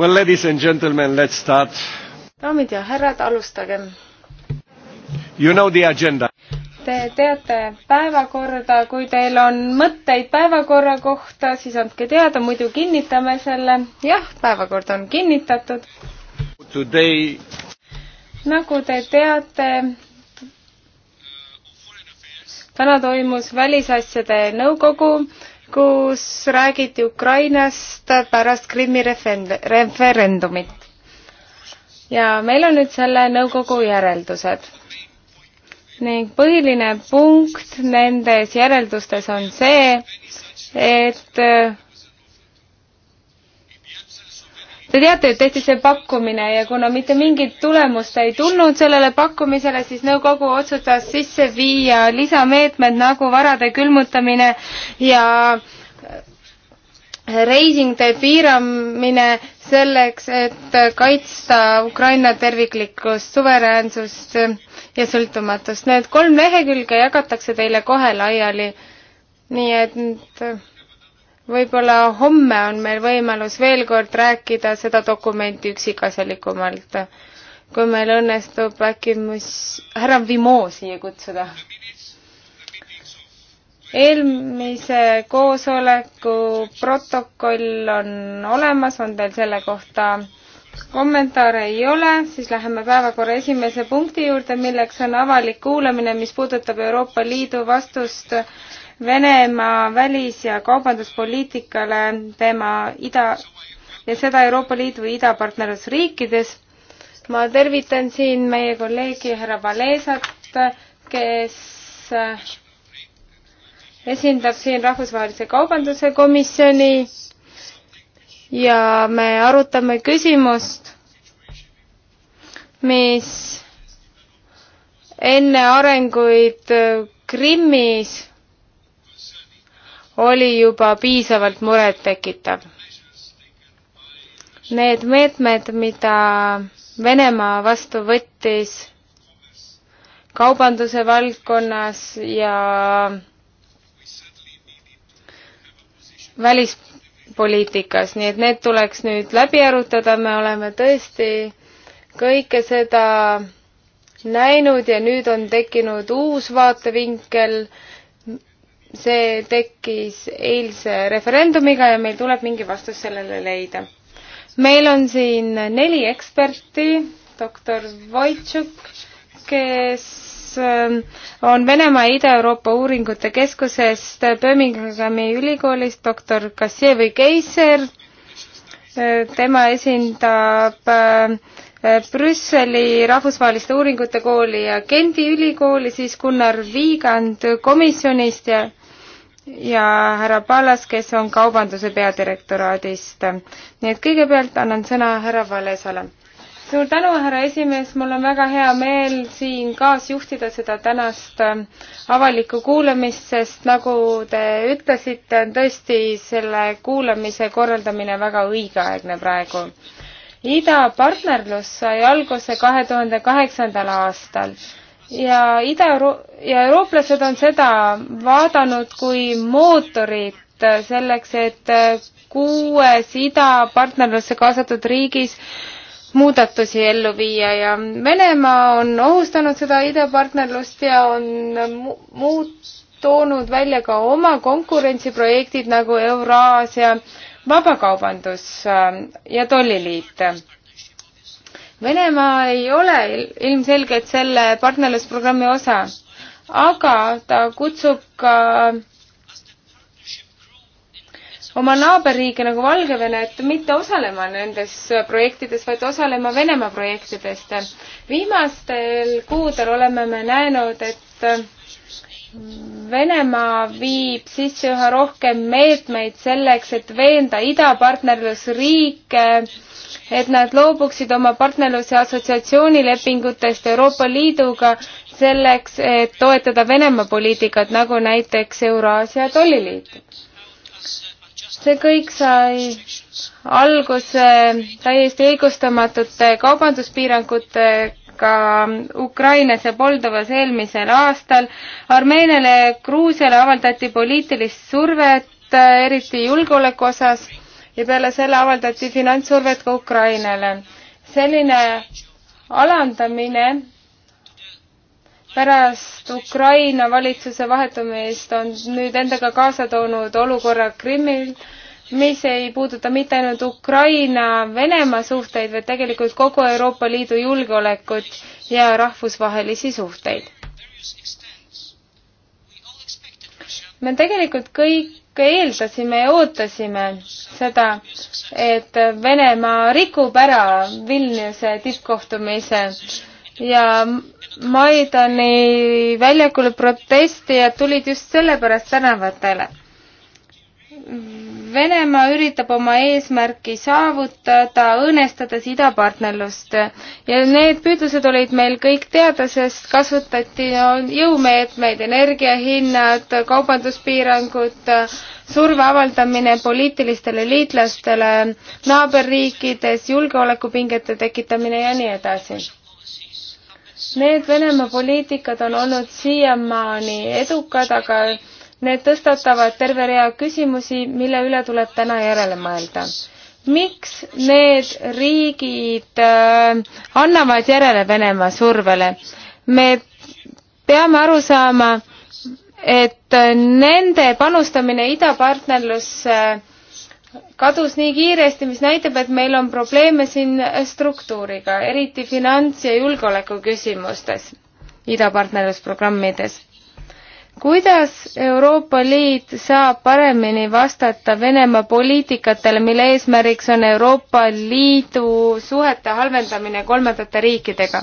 Well, ladies and gentlemen, let's start. daamid ja härrad, alustagem. You know the agenda. Te teate päevakorda, kui teil on mõtteid päevakorra kohta, siis andke teada, muidu kinnitame selle. jah, päevakord on kinnitatud. Today. nagu te teate, täna toimus Välisasjade Nõukogu kus räägiti Ukrainast pärast Krimmi referendumit. ja meil on nüüd selle nõukogu järeldused. ning põhiline punkt nendes järeldustes on see, et Te teate, et tehti see pakkumine ja kuna mitte mingit tulemust ei tulnud sellele pakkumisele, siis nõukogu otsustas sisse viia lisameetmed nagu varade külmutamine ja äh, reisingde piiramine selleks, et kaitsta Ukraina terviklikkust, suveräänsust ja sõltumatust. Need kolm lehekülge jagatakse teile kohe laiali. nii et äh, võib-olla homme on meil võimalus veel kord rääkida seda dokumenti üksikasjalikumalt. kui meil õnnestub äkki mis-, härra Vimo siia kutsuda. eelmise koosoleku protokoll on olemas, on teil selle kohta kommentaare ei ole, siis läheme päevakorra esimese punkti juurde, milleks on avalik kuulamine, mis puudutab Euroopa Liidu vastust Venemaa välis- ja kaubanduspoliitikale tema ida ja seda Euroopa Liidu idapartnerlusriikides. ma tervitan siin meie kolleegi härra Valesat, kes äh, esindab siin Rahvusvahelise Kaubanduse Komisjoni ja me arutame küsimust, mis enne arenguid Krimmis oli juba piisavalt murettekitav. Need meetmed, mida Venemaa vastu võttis kaubanduse valdkonnas ja välispoliitikas, nii et need tuleks nüüd läbi arutada, me oleme tõesti kõike seda näinud ja nüüd on tekkinud uus vaatevinkel äh, see tekkis eilse referendumiga ja meil tuleb mingi vastus sellele leida. meil on siin neli eksperti, doktor Vojtšuk, kes ähm, on Venemaa Ida-Euroopa Uuringute Keskusest Birminghami ülikoolist, doktor Kassievi Keiser, äh, tema esindab äh, Brüsseli Rahvusvaheliste Uuringute Kooli ja Gendi ülikooli, siis Gunnar Viigand komisjonist ja ja härra Pallas, kes on kaubanduse peadirektoraadist. nii et kõigepealt annan sõna härra Valesale. suur tänu, härra esimees, mul on väga hea meel siin kaasjuhtida seda tänast äh, avalikku kuulamist, sest nagu te ütlesite, on tõesti selle kuulamise korraldamine väga õigeaegne praegu idapartnerlus sai alguse kahe tuhande kaheksandal aastal ja Ida- ja eurooplased on seda vaadanud kui mootorit selleks, et kuues idapartnerlusse kaasatud riigis muudatusi ellu viia ja Venemaa on ohustanud seda idapartnerlust ja on muut-, toonud välja ka oma konkurentsiprojektid nagu Euraasia vabakaubandus äh, ja tolliliit Venemaa ei ole ilmselgelt selle partnerlusprogrammi osa, aga ta kutsub ka oma naaberriike nagu Valgevenet mitte osalema nendes projektides, vaid osalema Venemaa projektidest. viimastel kuudel oleme me näinud, et Venemaa viib sisse üha rohkem meetmeid selleks, et veenda idapartnerlusriike äh, et nad loobuksid oma partnerluse assotsiatsioonilepingutest Euroopa Liiduga selleks, et toetada Venemaa poliitikat, nagu näiteks Euraasia tolliliit. see kõik sai alguse täiesti õigustamatute kaubanduspiirangutega Ukrainas ja Moldovas eelmisel aastal. Armeeniale ja Gruusiale avaldati poliitilist survet, eriti julgeoleku osas ja peale selle avaldati finantssurvet ka Ukrainale. selline alandamine pärast Ukraina valitsuse vahetumist on nüüd endaga kaasa toonud olukorra Krimmil, mis ei puuduta mitte ainult Ukraina-Venemaa suhteid, vaid tegelikult kogu Euroopa Liidu julgeolekut ja rahvusvahelisi suhteid. me tegelikult kõik ka eeldasime ja ootasime seda, et Venemaa rikub ära Vilniuse tippkohtumise ja Maidani väljakul protestijad tulid just sellepärast tänavatele Venemaa üritab oma eesmärki saavutada, õõnestades idapartnerlust. ja need püüdlused olid meil kõik teada, sest kasutati jõumeetmeid, energiahinnad, kaubanduspiirangud, surve avaldamine poliitilistele liitlastele naaberriikides, julgeolekupingete tekitamine ja nii edasi Need Venemaa poliitikad on olnud siiamaani edukad, aga Need tõstatavad terve rea küsimusi, mille üle tuleb täna järele mõelda. miks need riigid äh, annavad järele Venemaa survele? me peame aru saama, et äh, nende panustamine idapartnerlusse äh, kadus nii kiiresti, mis näitab, et meil on probleeme siin äh, struktuuriga, eriti finants- ja julgeoleku küsimustes idapartnerlusprogrammides kuidas Euroopa Liit saab paremini vastata Venemaa poliitikatele, mille eesmärgiks on Euroopa Liidu suhete halvendamine kolmandate riikidega?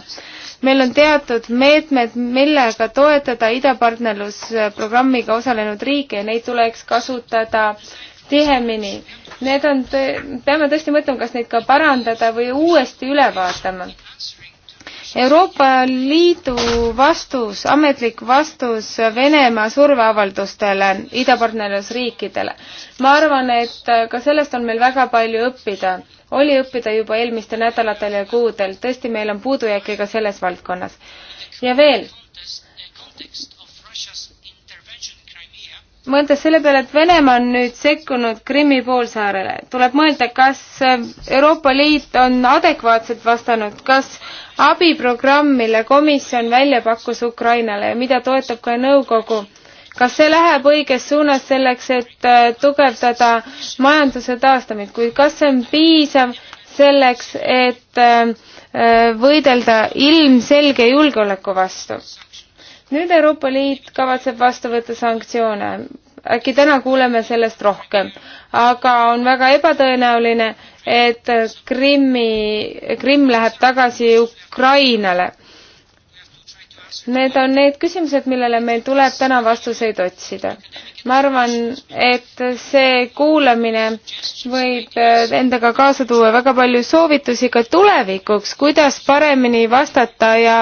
meil on teatud meetmed, millega toetada idapartnerlusprogrammiga osalenud riike ja neid tuleks kasutada tihemini. Need on, peame tõesti mõtlema, kas neid ka parandada või uuesti üle vaatama Euroopa Liidu vastus, ametlik vastus Venemaa surveavaldustele idapartnerlusriikidele. ma arvan, et ka sellest on meil väga palju õppida. oli õppida juba eelmistel nädalatel ja kuudel, tõesti, meil on puudujääke ka selles valdkonnas. ja veel, mõeldes selle peale, et Venemaa on nüüd sekkunud Krimmi poolsaarele, tuleb mõelda, kas Euroopa Liit on adekvaatselt vastanud, kas abiprogramm, mille komisjon välja pakkus Ukrainale ja mida toetab ka nõukogu, kas see läheb õiges suunas selleks, et äh, tugevdada majanduse taastamist, kuid kas see on piisav selleks, et äh, äh, võidelda ilmselge julgeoleku vastu? nüüd Euroopa Liit kavatseb vastu võtta sanktsioone. äkki täna kuuleme sellest rohkem, aga on väga ebatõenäoline, et Krimmi, Krimm läheb tagasi Ukrainale Need on need küsimused, millele meil tuleb täna vastuseid otsida. ma arvan, et see kuulamine võib äh, endaga kaasa tuua väga palju soovitusi ka tulevikuks, kuidas paremini vastata ja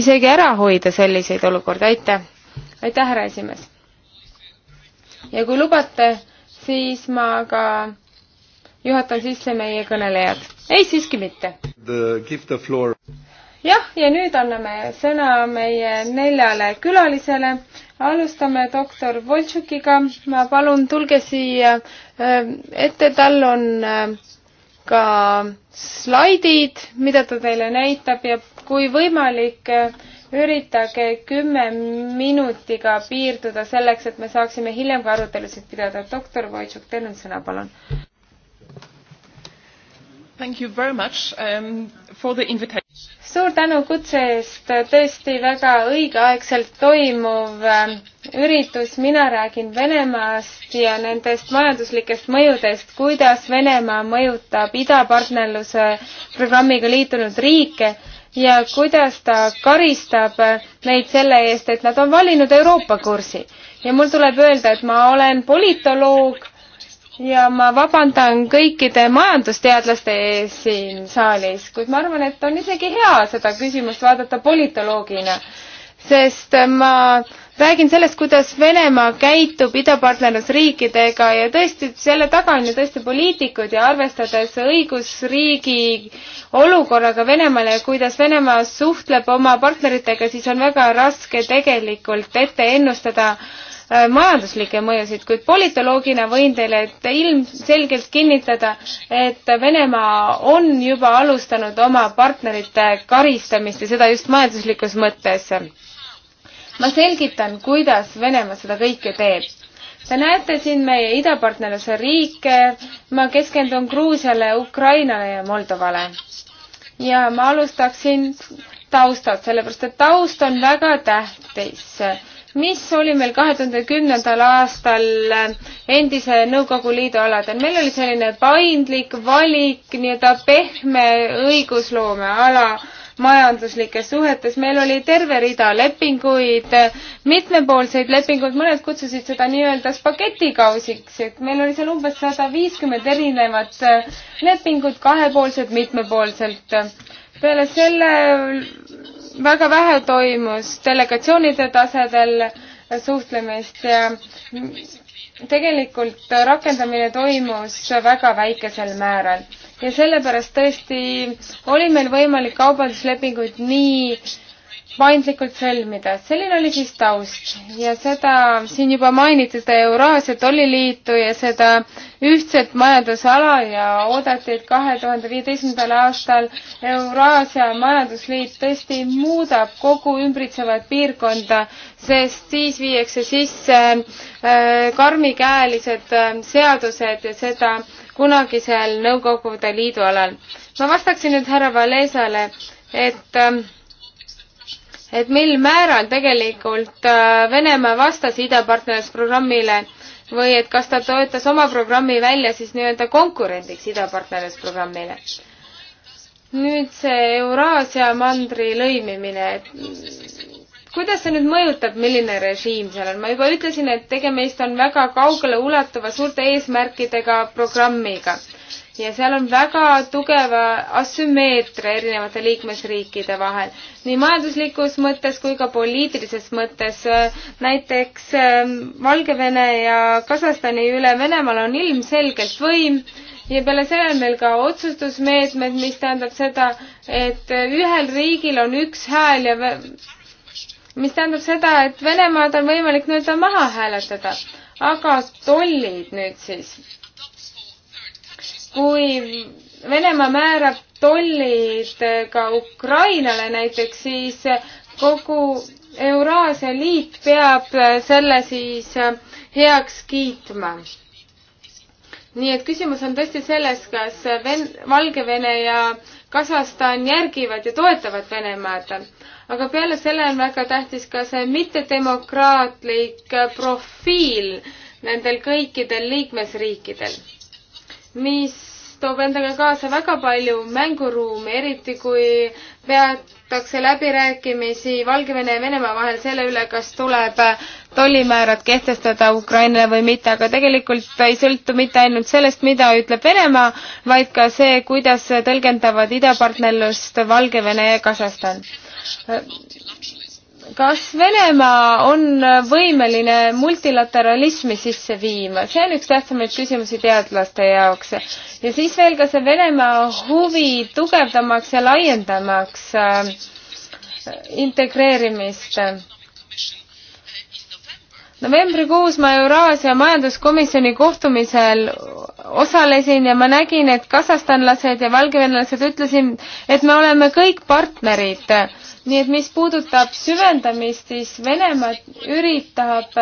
isegi ära hoida selliseid olukordi, aitäh. aitäh, härra esimees. ja kui lubate, siis ma ka juhatan sisse meie kõnelejad. ei, siiski mitte jah, ja nüüd anname sõna meie neljale külalisele. alustame doktor Voltšukiga. ma palun, tulge siia ehm, ette, tal on ehm, ka slaidid, mida ta teile näitab ja kui võimalik, ehm, üritage kümme minutiga piirduda selleks, et me saaksime hiljem ka arutelusid pidada. doktor Vojtšuk, teil on sõna, palun. Thank you very much um, for the invitation suur tänu kutse eest, tõesti väga õigeaegselt toimuv äh, üritus, mina räägin Venemaast ja nendest majanduslikest mõjudest, kuidas Venemaa mõjutab idapartnerluse programmiga liitunud riike ja kuidas ta karistab äh, neid selle eest, et nad on valinud Euroopa kursi. ja mul tuleb öelda, et ma olen politoloog ja ma vabandan kõikide majandusteadlaste ees siin saalis, kuid ma arvan, et on isegi hea seda küsimust vaadata politoloogina, sest ma räägin sellest, kuidas Venemaa käitub idapartnerlusriikidega ja tõesti, selle taga on ju tõesti poliitikud ja arvestades õigusriigi olukorraga Venemaal ja kuidas Venemaa suhtleb oma partneritega, siis on väga raske tegelikult ette ennustada äh, Äh, majanduslikke mõjusid, kuid politoloogina võin teile et ilmselgelt kinnitada, et Venemaa on juba alustanud oma partnerite karistamist ja seda just majanduslikus mõttes. ma selgitan, kuidas Venemaa seda kõike teeb. Te näete siin meie idapartnerluse riike, ma keskendun Gruusiale, Ukrainale ja Moldovale. ja ma alustaksin taustalt, sellepärast et taust on väga tähtis mis oli meil kahe tuhande kümnendal aastal endise Nõukogu Liidu aladel. meil oli selline paindlik valik, nii-öelda pehme õigusloome ala majanduslikes suhetes, meil oli terve rida lepinguid, mitmepoolseid lepinguid, mõned kutsusid seda nii-öelda spagetikausiks, et meil oli seal umbes sada viiskümmend erinevat lepingut kahepoolselt, mitmepoolselt. peale selle väga vähe toimus delegatsioonide tasemel suhtlemist ja tegelikult rakendamine toimus väga väikesel määral ja sellepärast tõesti oli meil võimalik kaubanduslepinguid nii paindlikult sõlmida. selline oli siis taust ja seda siin juba mainiti, seda Euraasia tolliliitu ja seda ühtset majandusala ja oodati, et kahe tuhande viieteistkümnendal aastal Euraasia majandusliit tõesti muudab kogu ümbritsevat piirkonda, sest siis viiakse sisse äh, karmikäelised äh, seadused ja seda kunagisel Nõukogude Liidu alal. ma vastaksin nüüd härra Valesale, et äh, et mil määral tegelikult äh, Venemaa vastas idapartnerlusprogrammile või et kas ta toetas oma programmi välja siis nii-öelda konkurendiks idapartnerlusprogrammile. nüüd see Euraasia mandri lõimimine, et kuidas see nüüd mõjutab, milline režiim seal on? ma juba ütlesin, et tegemist on väga kaugele ulatuva suurte eesmärkidega programmiga ja seal on väga tugeva asümmeetria erinevate liikmesriikide vahel. nii majanduslikus mõttes kui ka poliitilises mõttes. Äh, näiteks ähm, Valgevene ja Kasahstani üle Venemaal on ilmselgelt võim ja peale selle on meil ka otsustusmeetmed, mis tähendab seda, et äh, ühel riigil on üks hääl ja mis tähendab seda, et Venemaad on võimalik nii-öelda maha hääletada. aga tollid nüüd siis kui Venemaa määrab tollid ka Ukrainale näiteks, siis kogu Euraasia Liit peab selle siis heaks kiitma. nii et küsimus on tõesti selles, kas Ven-, Valgevene ja Kasahstan järgivad ja toetavad Venemaad. aga peale selle on väga tähtis ka see mittedemokraatlik profiil nendel kõikidel liikmesriikidel mis toob endaga kaasa väga palju mänguruumi, eriti kui peatakse läbirääkimisi Valgevene ja Venemaa vahel selle üle, kas tuleb tollimäärad kehtestada Ukrainale või mitte, aga tegelikult ta ei sõltu mitte ainult sellest, mida ütleb Venemaa, vaid ka see, kuidas tõlgendavad idapartnerlust Valgevene ja Kasahstan kas Venemaa on võimeline multilateralismi sisse viima, see on üks tähtsamaid küsimusi teadlaste jaoks. ja siis veel ka see Venemaa huvi tugevdamaks ja laiendamaks äh, integreerimist novembrikuus ma Euraasia majanduskomisjoni kohtumisel osalesin ja ma nägin, et kasahstanlased ja valgevenelased ütlesid, et me oleme kõik partnerid. nii et mis puudutab süvendamist, siis Venemaa üritab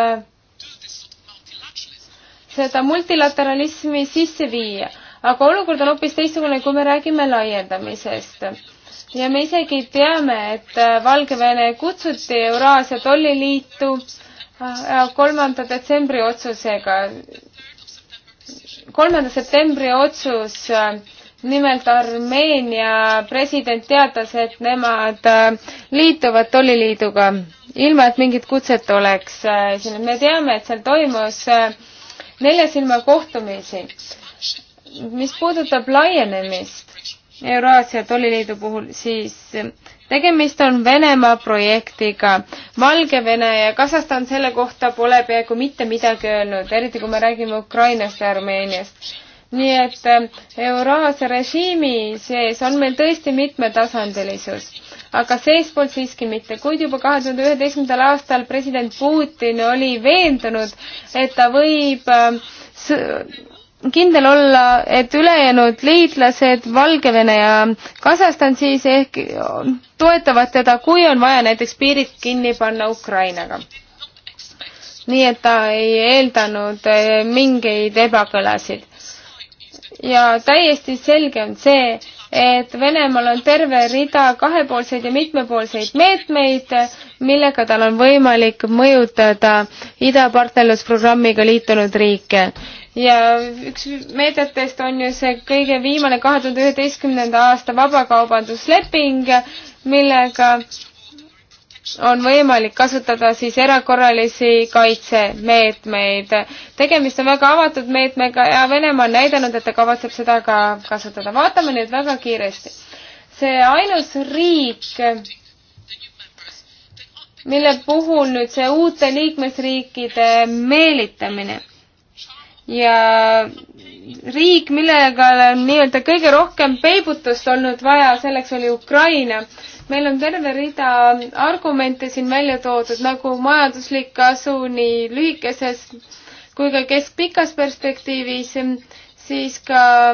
seda multilateralismi sisse viia, aga olukord on hoopis teistsugune, kui me räägime laiendamisest ja me isegi teame, et Valgevene kutsuti Euraasia tolliliitu Äh, kolmanda detsembri otsusega. kolmanda septembri otsus, äh, nimelt Armeenia president teatas, et nemad äh, liituvad tolliliiduga, ilma et mingit kutset oleks. me teame, et seal toimus nelja silma kohtumisi. mis puudutab laienemist Euraasia tolliliidu puhul, siis tegemist on Venemaa projektiga Valgevene ja Kasahstan selle kohta pole peaaegu mitte midagi öelnud, eriti kui me räägime Ukrainast ja Armeeniast. nii et eh, Euraasia režiimi sees on meil tõesti mitmetasandilisus, aga seestpoolt siiski mitte, kuid juba kahe tuhande üheteistkümnendal aastal president Putin oli veendunud, et ta võib eh, kindel olla, et ülejäänud liitlased, Valgevene ja Kasahstan siis ehk toetavad teda, kui on vaja näiteks piirid kinni panna Ukrainaga. nii et ta ei eeldanud eh, mingeid ebakõlasid. ja täiesti selge on see, et Venemaal on terve rida kahepoolseid ja mitmepoolseid meetmeid, millega tal on võimalik mõjutada idapartnerlusprogrammiga liitunud riike ja üks meedetest on ju see kõige viimane kahe tuhande üheteistkümnenda aasta vabakaubandusleping, millega on võimalik kasutada siis erakorralisi kaitsemeetmeid. tegemist on väga avatud meetmega ja Venemaa on näidanud, et ta kavatseb seda ka kasutada. vaatame nüüd väga kiiresti. see ainus riik, mille puhul nüüd see uute liikmesriikide meelitamine ja riik, millega on nii-öelda kõige rohkem peibutust olnud vaja, selleks oli Ukraina. meil on terve rida argumente siin välja toodud, nagu majanduslik kasu nii lühikeses kui ka keskpikas perspektiivis, siis ka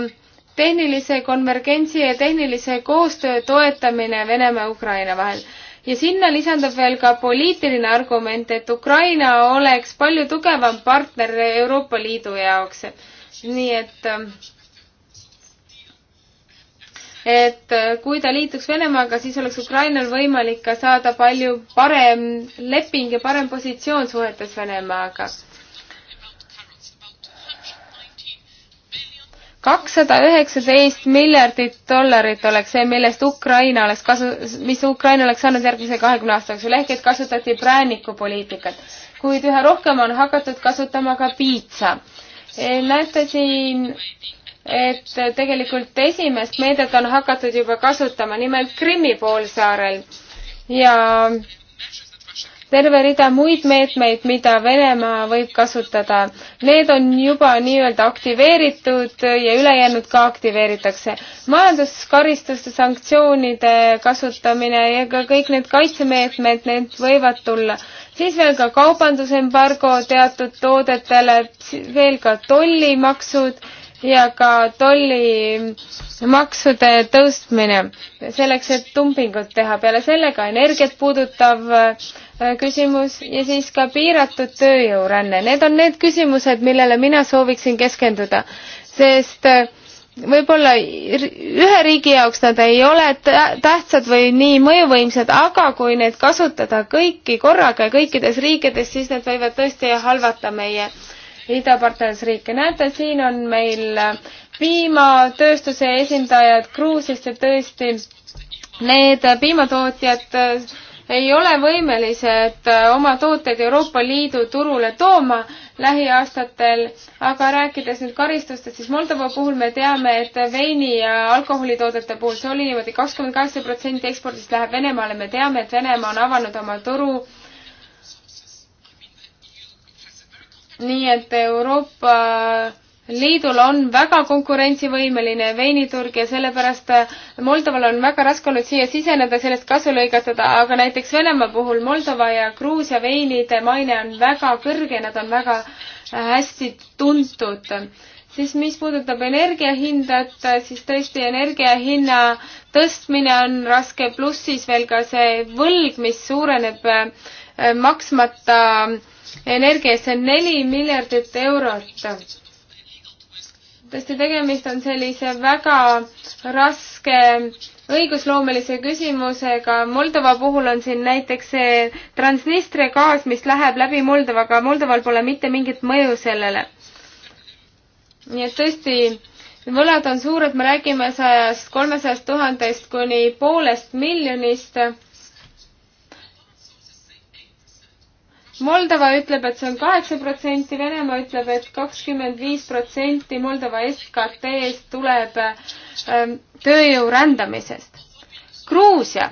tehnilise konvergentsi ja tehnilise koostöö toetamine Venemaa ja Ukraina vahel ja sinna lisandub veel ka poliitiline argument, et Ukraina oleks palju tugevam partner Euroopa Liidu jaoks. nii et et kui ta liituks Venemaaga, siis oleks Ukrainal võimalik ka saada palju parem leping ja parem positsioon suhetes Venemaaga kakssada üheksateist miljardit dollarit oleks see, millest Ukraina oleks kasu, mis Ukraina oleks saanud järgmise kahekümne aasta jooksul, ehk et kasutati präänikupoliitikat. kuid üha rohkem on hakatud kasutama ka piitsa. E, näete siin, et tegelikult esimest meedet on hakatud juba kasutama, nimelt Krimmi poolsaarel ja terve rida muid meetmeid, mida Venemaa võib kasutada. Need on juba nii-öelda aktiveeritud ja ülejäänud ka aktiveeritakse. majanduskaristuste, sanktsioonide kasutamine ja ka kõik need kaitsemeetmed, need võivad tulla. siis veel ka kaubandusembargo teatud toodetele, veel ka tollimaksud ja ka tollimaksude tõstmine selleks, et dumpingut teha. peale selle ka energiat puudutav äh, küsimus ja siis ka piiratud tööjõuränne. Need on need küsimused, millele mina sooviksin keskenduda, sest äh, võib-olla ühe riigi jaoks nad ei ole tähtsad või nii mõjuvõimsad, aga kui need kasutada kõiki korraga ja kõikides riikides, siis need võivad tõesti halvata meie äh, idapartnerlusriike. näete, siin on meil piimatööstuse esindajad Gruusiast ja tõesti need piimatootjad äh, ei ole võimelised äh, oma tooteid Euroopa Liidu turule tooma lähiaastatel, aga rääkides nüüd karistustest, siis Moldova puhul me teame, et veini ja alkoholitoodete puhul see oli niimoodi kakskümmend kaheksa protsenti ekspordist läheb Venemaale, me teame, et Venemaa on avanud oma turu äh, nii et Euroopa Liidul on väga konkurentsivõimeline veiniturg ja sellepärast Moldoval on väga raske olnud siia siseneda, sellest kasu lõigatada, aga näiteks Venemaa puhul Moldova ja Gruusia veinide maine on väga kõrge, nad on väga äh, hästi tuntud. siis mis puudutab energiahindat, siis tõesti energiahinna tõstmine on raske, pluss siis veel ka see võlg, mis suureneb äh, maksmata äh, energiasse on neli miljardit eurot. tõesti, tegemist on sellise väga raske õigusloomelise küsimusega. Moldova puhul on siin näiteks see Transnistria gaas, mis läheb läbi Moldovaga. Moldoval pole mitte mingit mõju sellele. nii et tõesti, võlad on suured, me räägime sajast, kolmesajast tuhandest kuni poolest miljonist Moldova ütleb, et see on kaheksa protsenti, Venemaa ütleb, et kakskümmend viis protsenti Moldova SKT-st tuleb ähm, tööjõu rändamisest. Gruusia,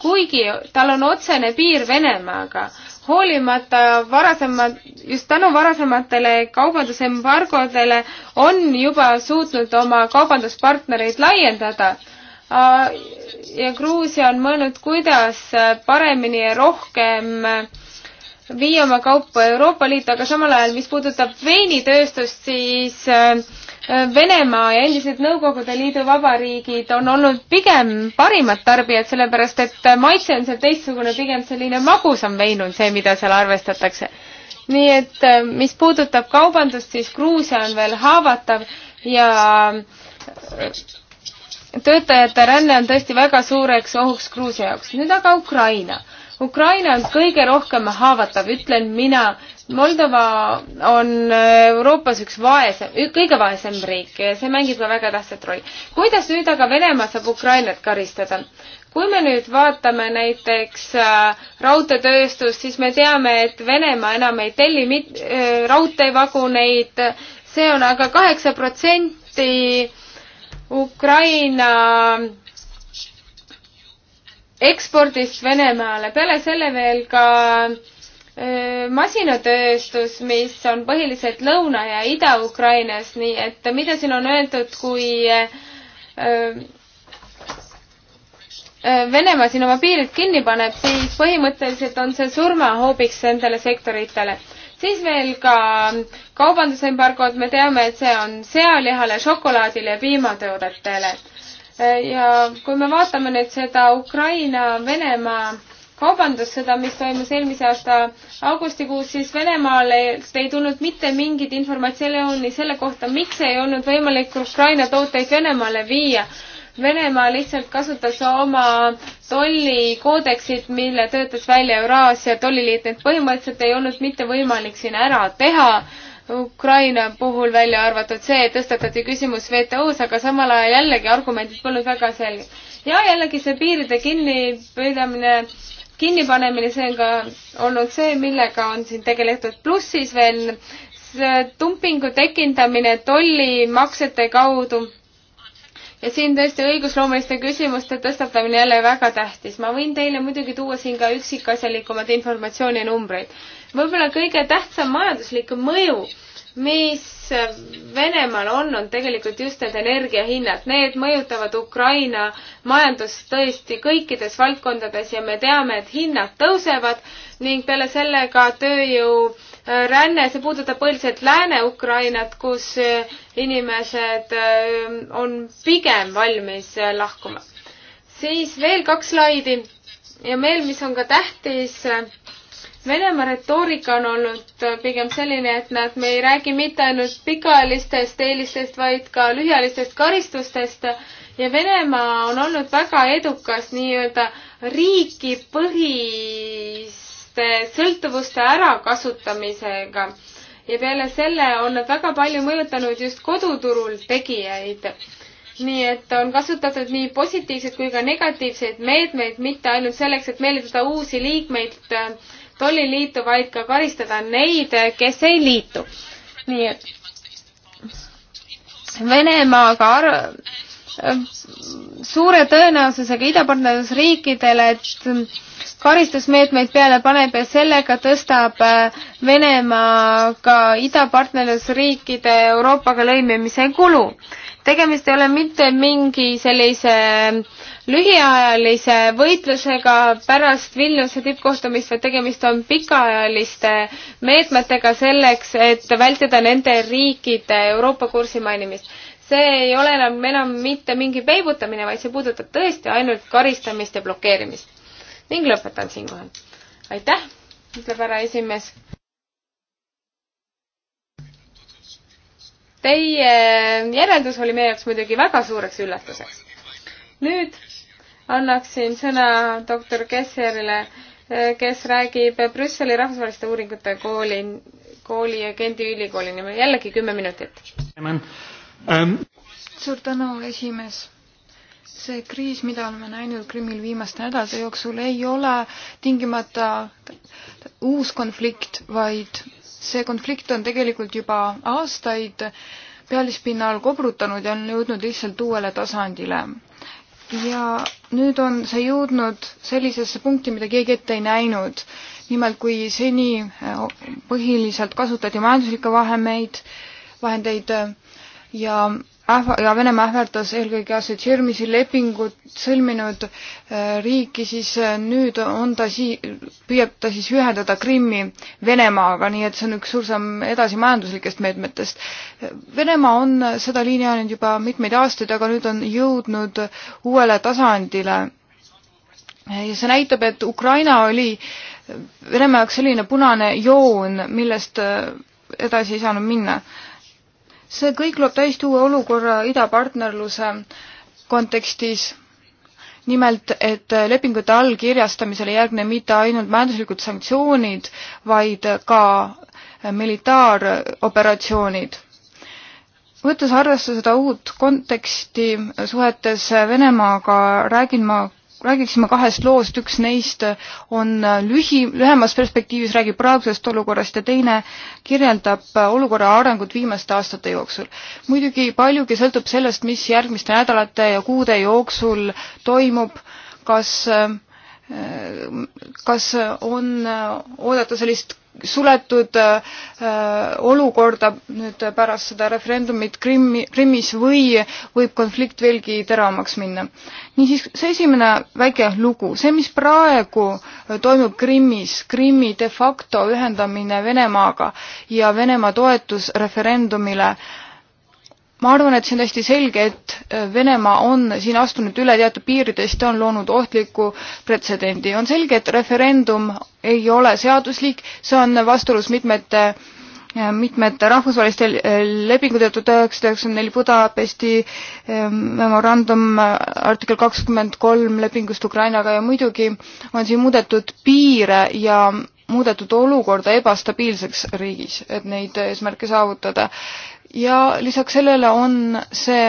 kuigi tal on otsene piir Venemaaga, hoolimata varasema, just tänu varasematele kaubandusembargodele on juba suutnud oma kaubanduspartnereid laiendada ja Gruusia on mõelnud, kuidas äh, paremini ja rohkem äh, viia oma kaupa Euroopa Liitu, aga samal ajal, mis puudutab veinitööstust, siis äh, Venemaa ja endised Nõukogude Liidu vabariigid on olnud pigem parimad tarbijad, sellepärast et maitse on seal teistsugune, pigem selline magusam vein on see, mida seal arvestatakse. nii et äh, mis puudutab kaubandust, siis Gruusia on veel haavatav ja äh, töötajate ränne on tõesti väga suureks ohuks Gruusia jaoks. nüüd aga Ukraina Ukraina on kõige rohkem haavatav, ütlen mina. Moldova on äh, Euroopas üks vaesem, kõige vaesem riik ja see mängib ka väga tähtsat rolli. kuidas nüüd aga Venemaa saab Ukrainat karistada? kui me nüüd vaatame näiteks äh, raudteetööstust, siis me teame, et Venemaa enam ei telli mit- äh,, raudteevaguneid, see on aga kaheksa protsenti Ukraina äh, ekspordist Venemaale, peale selle veel ka äh, masinatööstus, mis on põhiliselt Lõuna- ja Ida-Ukrainas, nii et mida siin on öeldud, kui äh, äh, Venemaa siin oma piirid kinni paneb, siis põhimõtteliselt on see surmahoobiks nendele sektoritele. siis veel ka kaubandusembargod, me teame, et see on sealihale, šokolaadile ja piimatoodetele ja kui me vaatame nüüd seda Ukraina-Venemaa kaubandussõda, mis toimus eelmise aasta augustikuus, siis Venemaale ei tulnud mitte mingit informatsiooni selle kohta, miks ei olnud võimalik Ukraina tooteid Venemaale viia. Venemaa lihtsalt kasutas oma tollikoodekstit, mille töötas välja Euraasia tolliliit, et põhimõtteliselt ei olnud mitte võimalik siin ära teha äh, Ukraina puhul välja arvatud see, et tõstatati küsimus WTO-s, aga samal ajal jällegi argumendid polnud väga selged. ja jällegi see piiride kinnipidamine, kinnipanemine, see on ka olnud see, millega on siin tegeletud, pluss siis veel dumpingu tekitamine tollimaksete kaudu. ja siin tõesti õigusloomeliste küsimuste tõstatamine jälle väga tähtis. ma võin teile muidugi tuua siin ka üksikasjalikumat informatsiooninumbreid võib-olla kõige tähtsam majanduslik mõju, mis Venemaal on, on tegelikult just need energiahinnad, need mõjutavad Ukraina majandust tõesti kõikides valdkondades ja me teame, et hinnad tõusevad ning peale selle ka tööjõu äh, ränne, see puudutab põhiliselt Lääne-Ukrainat, kus äh, inimesed äh, on pigem valmis lahkuma. siis veel kaks slaidi ja meil, mis on ka tähtis Venemaa retoorika on olnud pigem selline, et nad, me ei räägi mitte ainult pikaajalistest eelistest, vaid ka lühiajalistest karistustest ja Venemaa on olnud väga edukas nii-öelda riigipõhiste sõltuvuste ärakasutamisega. ja peale selle on nad väga palju mõjutanud just koduturul tegijaid nii et on kasutatud nii positiivseid kui ka negatiivseid meetmeid, mitte ainult selleks, et meelitada uusi liikmeid tolliliitu, vaid ka karistada neid, kes ei liitu. nii et Venemaaga ar-, suure tõenäosusega idapartnerlusriikidele, et karistusmeetmeid peale paneb ja sellega tõstab äh, Venemaaga idapartnerlusriikide Euroopaga lõimimise kulu. tegemist ei ole mitte mingi sellise äh, lühiajalise võitlusega pärast Vilniuse tippkohtumist, vaid tegemist on pikaajaliste meetmetega selleks, et vältida nende riikide Euroopa kursi mainimist. see ei ole enam, enam mitte mingi peibutamine, vaid see puudutab tõesti ainult karistamist ja blokeerimist. ning lõpetan siinkohal. aitäh, ütleb härra esimees. Teie järeldus oli meie jaoks muidugi väga suureks üllatuseks nüüd annaksin sõna doktor Kesserile, eh, kes räägib Brüsseli Rahvusvaheliste Uuringute Kooli, kooli ja Gendi ülikooli nimel, jällegi kümme minutit. Um, suur tänu, esimees see kriis, mida oleme näinud Krimmil viimaste nädalate jooksul, ei ole tingimata uus konflikt, vaid see konflikt on tegelikult juba aastaid pealispinnal kobrutanud ja on jõudnud lihtsalt uuele tasandile ja nüüd on see jõudnud sellisesse punkti, mida keegi ette ei näinud. nimelt, kui seni äh, põhiliselt kasutati majanduslikke vahemeid, vahendeid äh, ja ähva- ja Venemaa ähvardas eelkõige assotsieerimise lepingut sõlminud äh, riiki, siis äh, nüüd on ta sii-, püüab ta siis ühendada Krimmi Venemaaga, nii et see on üks suur samm edasi majanduslikest meetmetest. Venemaa on seda liini ajanud juba mitmeid aastaid, aga nüüd on jõudnud uuele tasandile. ja see näitab, et Ukraina oli Venemaa jaoks selline punane joon, millest äh, edasi ei saanud minna see kõik loob täiesti uue olukorra idapartnerluse kontekstis. nimelt, et lepingute allkirjastamisele ei järgne mitte ainult majanduslikud sanktsioonid, vaid ka militaaroperatsioonid. võttes arvesse seda uut konteksti suhetes Venemaaga, räägin ma räägiksime kahest loost, üks neist on lühi, lühemas perspektiivis räägib praegusest olukorrast ja teine kirjeldab olukorra arengut viimaste aastate jooksul. muidugi paljugi sõltub sellest, mis järgmiste nädalate ja kuude jooksul toimub, kas kas on oodata sellist suletud äh, äh, olukorda nüüd pärast seda referendumit Krimmi, Krimmis või võib konflikt veelgi teravamaks minna. niisiis, see esimene väike lugu, see, mis praegu äh, toimub Krimmis, Krimmi de facto ühendamine Venemaaga ja Venemaa toetus referendumile äh, ma arvan, et see on täiesti selge, et äh, Venemaa on siin astunud üle teatud piiridest ja on loonud ohtliku pretsedendi. on selge, et referendum ei ole seaduslik, see on vastuolus mitmete äh, mitmete rahvusvaheliste äh, lepingute tuhat üheksasada üheksakümmend neli Budapesti ähm, memorandum artikkel kakskümmend kolm lepingust Ukrainaga ja muidugi on siin muudetud piire ja muudetud olukorda ebastabiilseks riigis, et neid eesmärke saavutada ja lisaks sellele on see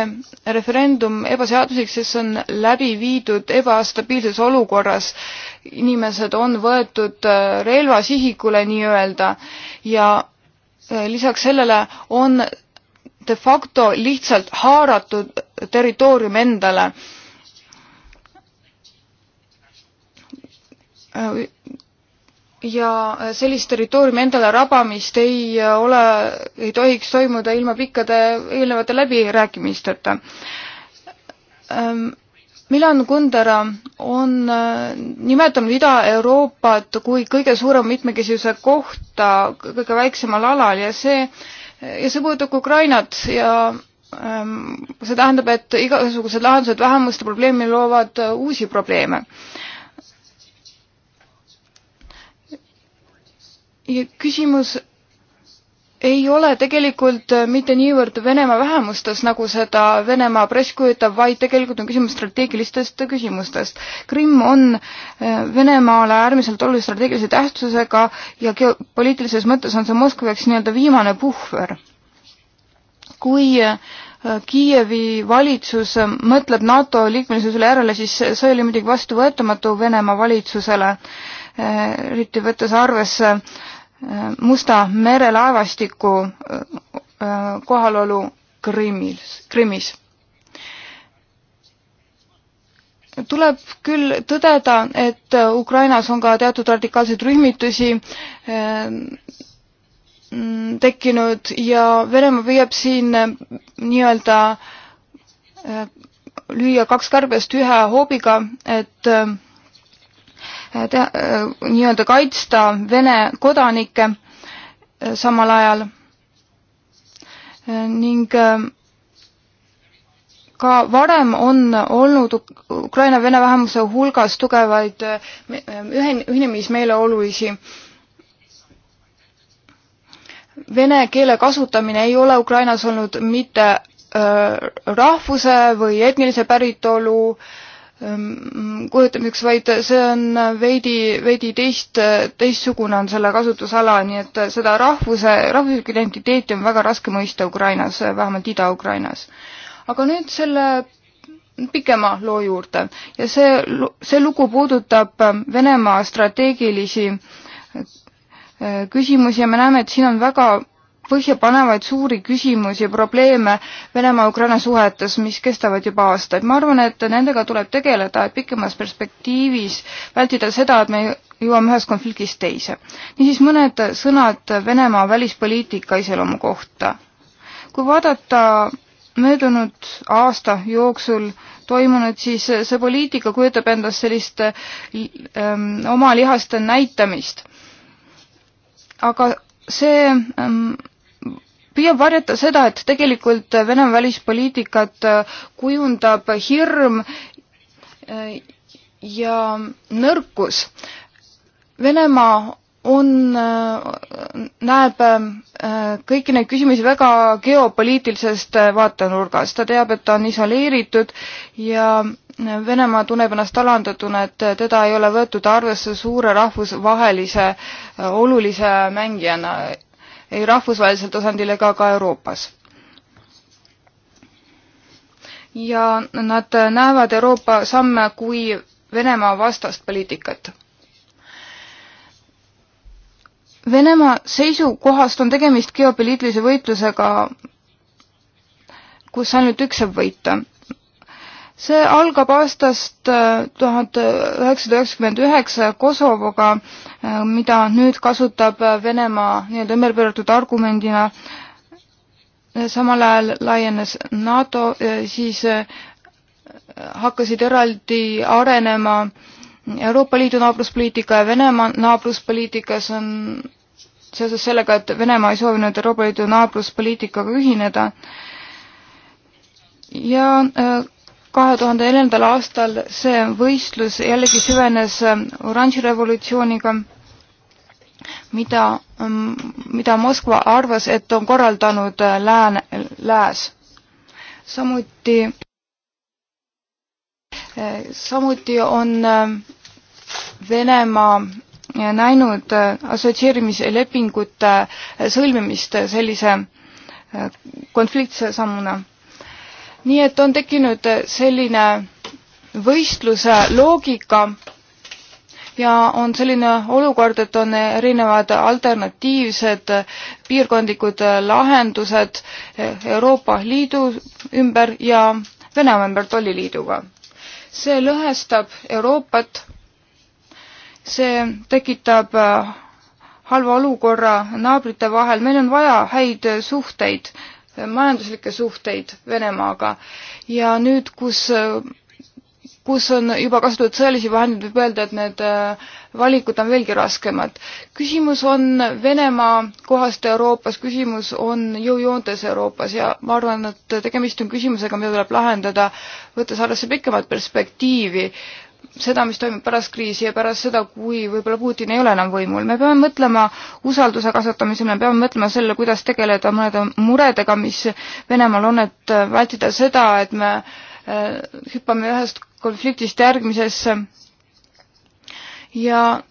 referendum ebaseaduslik, sest see on läbi viidud ebastabiilses olukorras. inimesed on võetud äh, relva sihikule nii-öelda ja äh, lisaks sellele on de facto lihtsalt haaratud territoorium endale äh, ja äh, sellist territooriumi endale rabamist ei äh, ole, ei tohiks toimuda ilma pikkade eelnevate läbirääkimisteta. Ähm, Milan Kundera on äh, nimetanud Ida-Euroopat kui kõige suurema mitmekesisuse kohta kõige väiksemal alal ja see, ja see puudutab Ukrainat ja ähm, see tähendab, et igasugused lahendused vähemuste probleemi loovad uusi probleeme küsimus ei ole tegelikult äh, mitte niivõrd Venemaa vähemustes, nagu seda Venemaa press kujutab, vaid tegelikult on küsimus strateegilistest küsimustest. Krimm on äh, Venemaale äärmiselt olulise strateegilise tähtsusega ja geopoliitilises mõttes on see Moskva jaoks nii-öelda viimane puhver. kui äh, Kiievi valitsus mõtleb NATO liikmelisuse üle järele, siis see oli muidugi vastuvõetamatu Venemaa valitsusele, eriti võttes arvesse äh, Musta mere laevastiku äh, äh, kohalolu Krimmis, Krimmis. tuleb küll tõdeda, et Ukrainas on ka teatud radikaalseid rühmitusi äh, tekkinud ja Venemaa püüab siin nii-öelda lüüa kaks kärbest ühe hoobiga, et äh, Äh, äh, nii-öelda kaitsta Vene kodanikke äh, samal ajal ning ka varem on olnud Ukraina vene vähemuse hulgas tugevaid ühen-, ühinemismeeleolulisi. Vene keele kasutamine ei ole Ukrainas olnud mitte rahvuse või etnilise päritolu äh, Ehm, kujutamiseks, vaid see on veidi, veidi teist, teistsugune on selle kasutusala, nii et seda rahvuse, rahvuslikku identiteeti on väga raske mõista Ukrainas, vähemalt Ida-Ukrainas. aga nüüd selle pikema loo juurde ja see, see lugu puudutab Venemaa strateegilisi eh, küsimusi ja me näeme, et siin on väga põhjapanevaid suuri küsimusi ja probleeme Venemaa-Ukraina suhetes, mis kestavad juba aastaid. ma arvan, et nendega tuleb tegeleda, et pikemas perspektiivis vältida seda, et me jõuame ühest konfliktist teise. niisiis mõned sõnad Venemaa välispoliitika iseloomu kohta. kui vaadata möödunud aasta jooksul toimunud, siis see poliitika kujutab endast sellist ähm, oma lihaste näitamist. aga see ähm, püüab varjata seda, et tegelikult Venemaa välispoliitikat äh, kujundab hirm äh, ja nõrkus. Venemaa on, äh, näeb kõiki neid küsimusi väga geopoliitilisest vaatenurgast, ta teab, et ta on isoleeritud ja Venemaa tunneb ennast alandatuna, et teda ei ole võetud arvesse suure rahvusvahelise olulise mängijana ei rahvusvahelisel tasandil ega ka Euroopas. ja nad näevad Euroopa samme kui Venemaa vastast poliitikat. Venemaa seisukohast on tegemist geopoliitilise võitlusega, kus ainult üks saab võita see algab aastast äh, tuhat üheksasada üheksakümmend üheksa Kosovoga, äh, mida nüüd kasutab äh, Venemaa nii-öelda ümberpööratud argumendina. samal ajal laienes NATO, siis hakkasid eraldi arenema Euroopa Liidu naabruspoliitika ja Venemaa naabruspoliitikas on seoses sellega, et Venemaa ei soovinud Euroopa Liidu naabruspoliitikaga ühineda ja kahe tuhande neljandal aastal see võistlus jällegi süvenes ähm, oranži revolutsiooniga, mida, ähm, mida Moskva arvas, et on korraldanud äh, lääne, lääs. samuti, äh, samuti on ähm, Venemaa äh, näinud assotsieerimislepingute sõlmimist sellise konfliktse sammuna nii et on tekkinud selline võistluse loogika ja on selline olukord, et on erinevad alternatiivsed piirkondlikud lahendused Euroopa Liidu ümber ja Venemaa ümber tolliliiduga. see lõhestab Euroopat, see tekitab halva olukorra naabrite vahel, meil on vaja häid suhteid majanduslikke suhteid Venemaaga ja nüüd, kus, kus on juba kasutatud sõjalisi vahendeid, võib öelda, et need äh, valikud on veelgi raskemad. küsimus on Venemaa kohast Euroopas, küsimus on jõujoontes Euroopas ja ma arvan, et tegemist on küsimusega, mida tuleb lahendada, võttes arvesse pikemat perspektiivi seda, mis toimub pärast kriisi ja pärast seda, kui võib-olla Putin ei ole enam võimul. me peame mõtlema usalduse kasvatamisele, me peame mõtlema sellele, kuidas tegeleda mõnede muredega, mis Venemaal on, et vältida seda, et me äh, hüppame ühest konfliktist järgmisesse. ja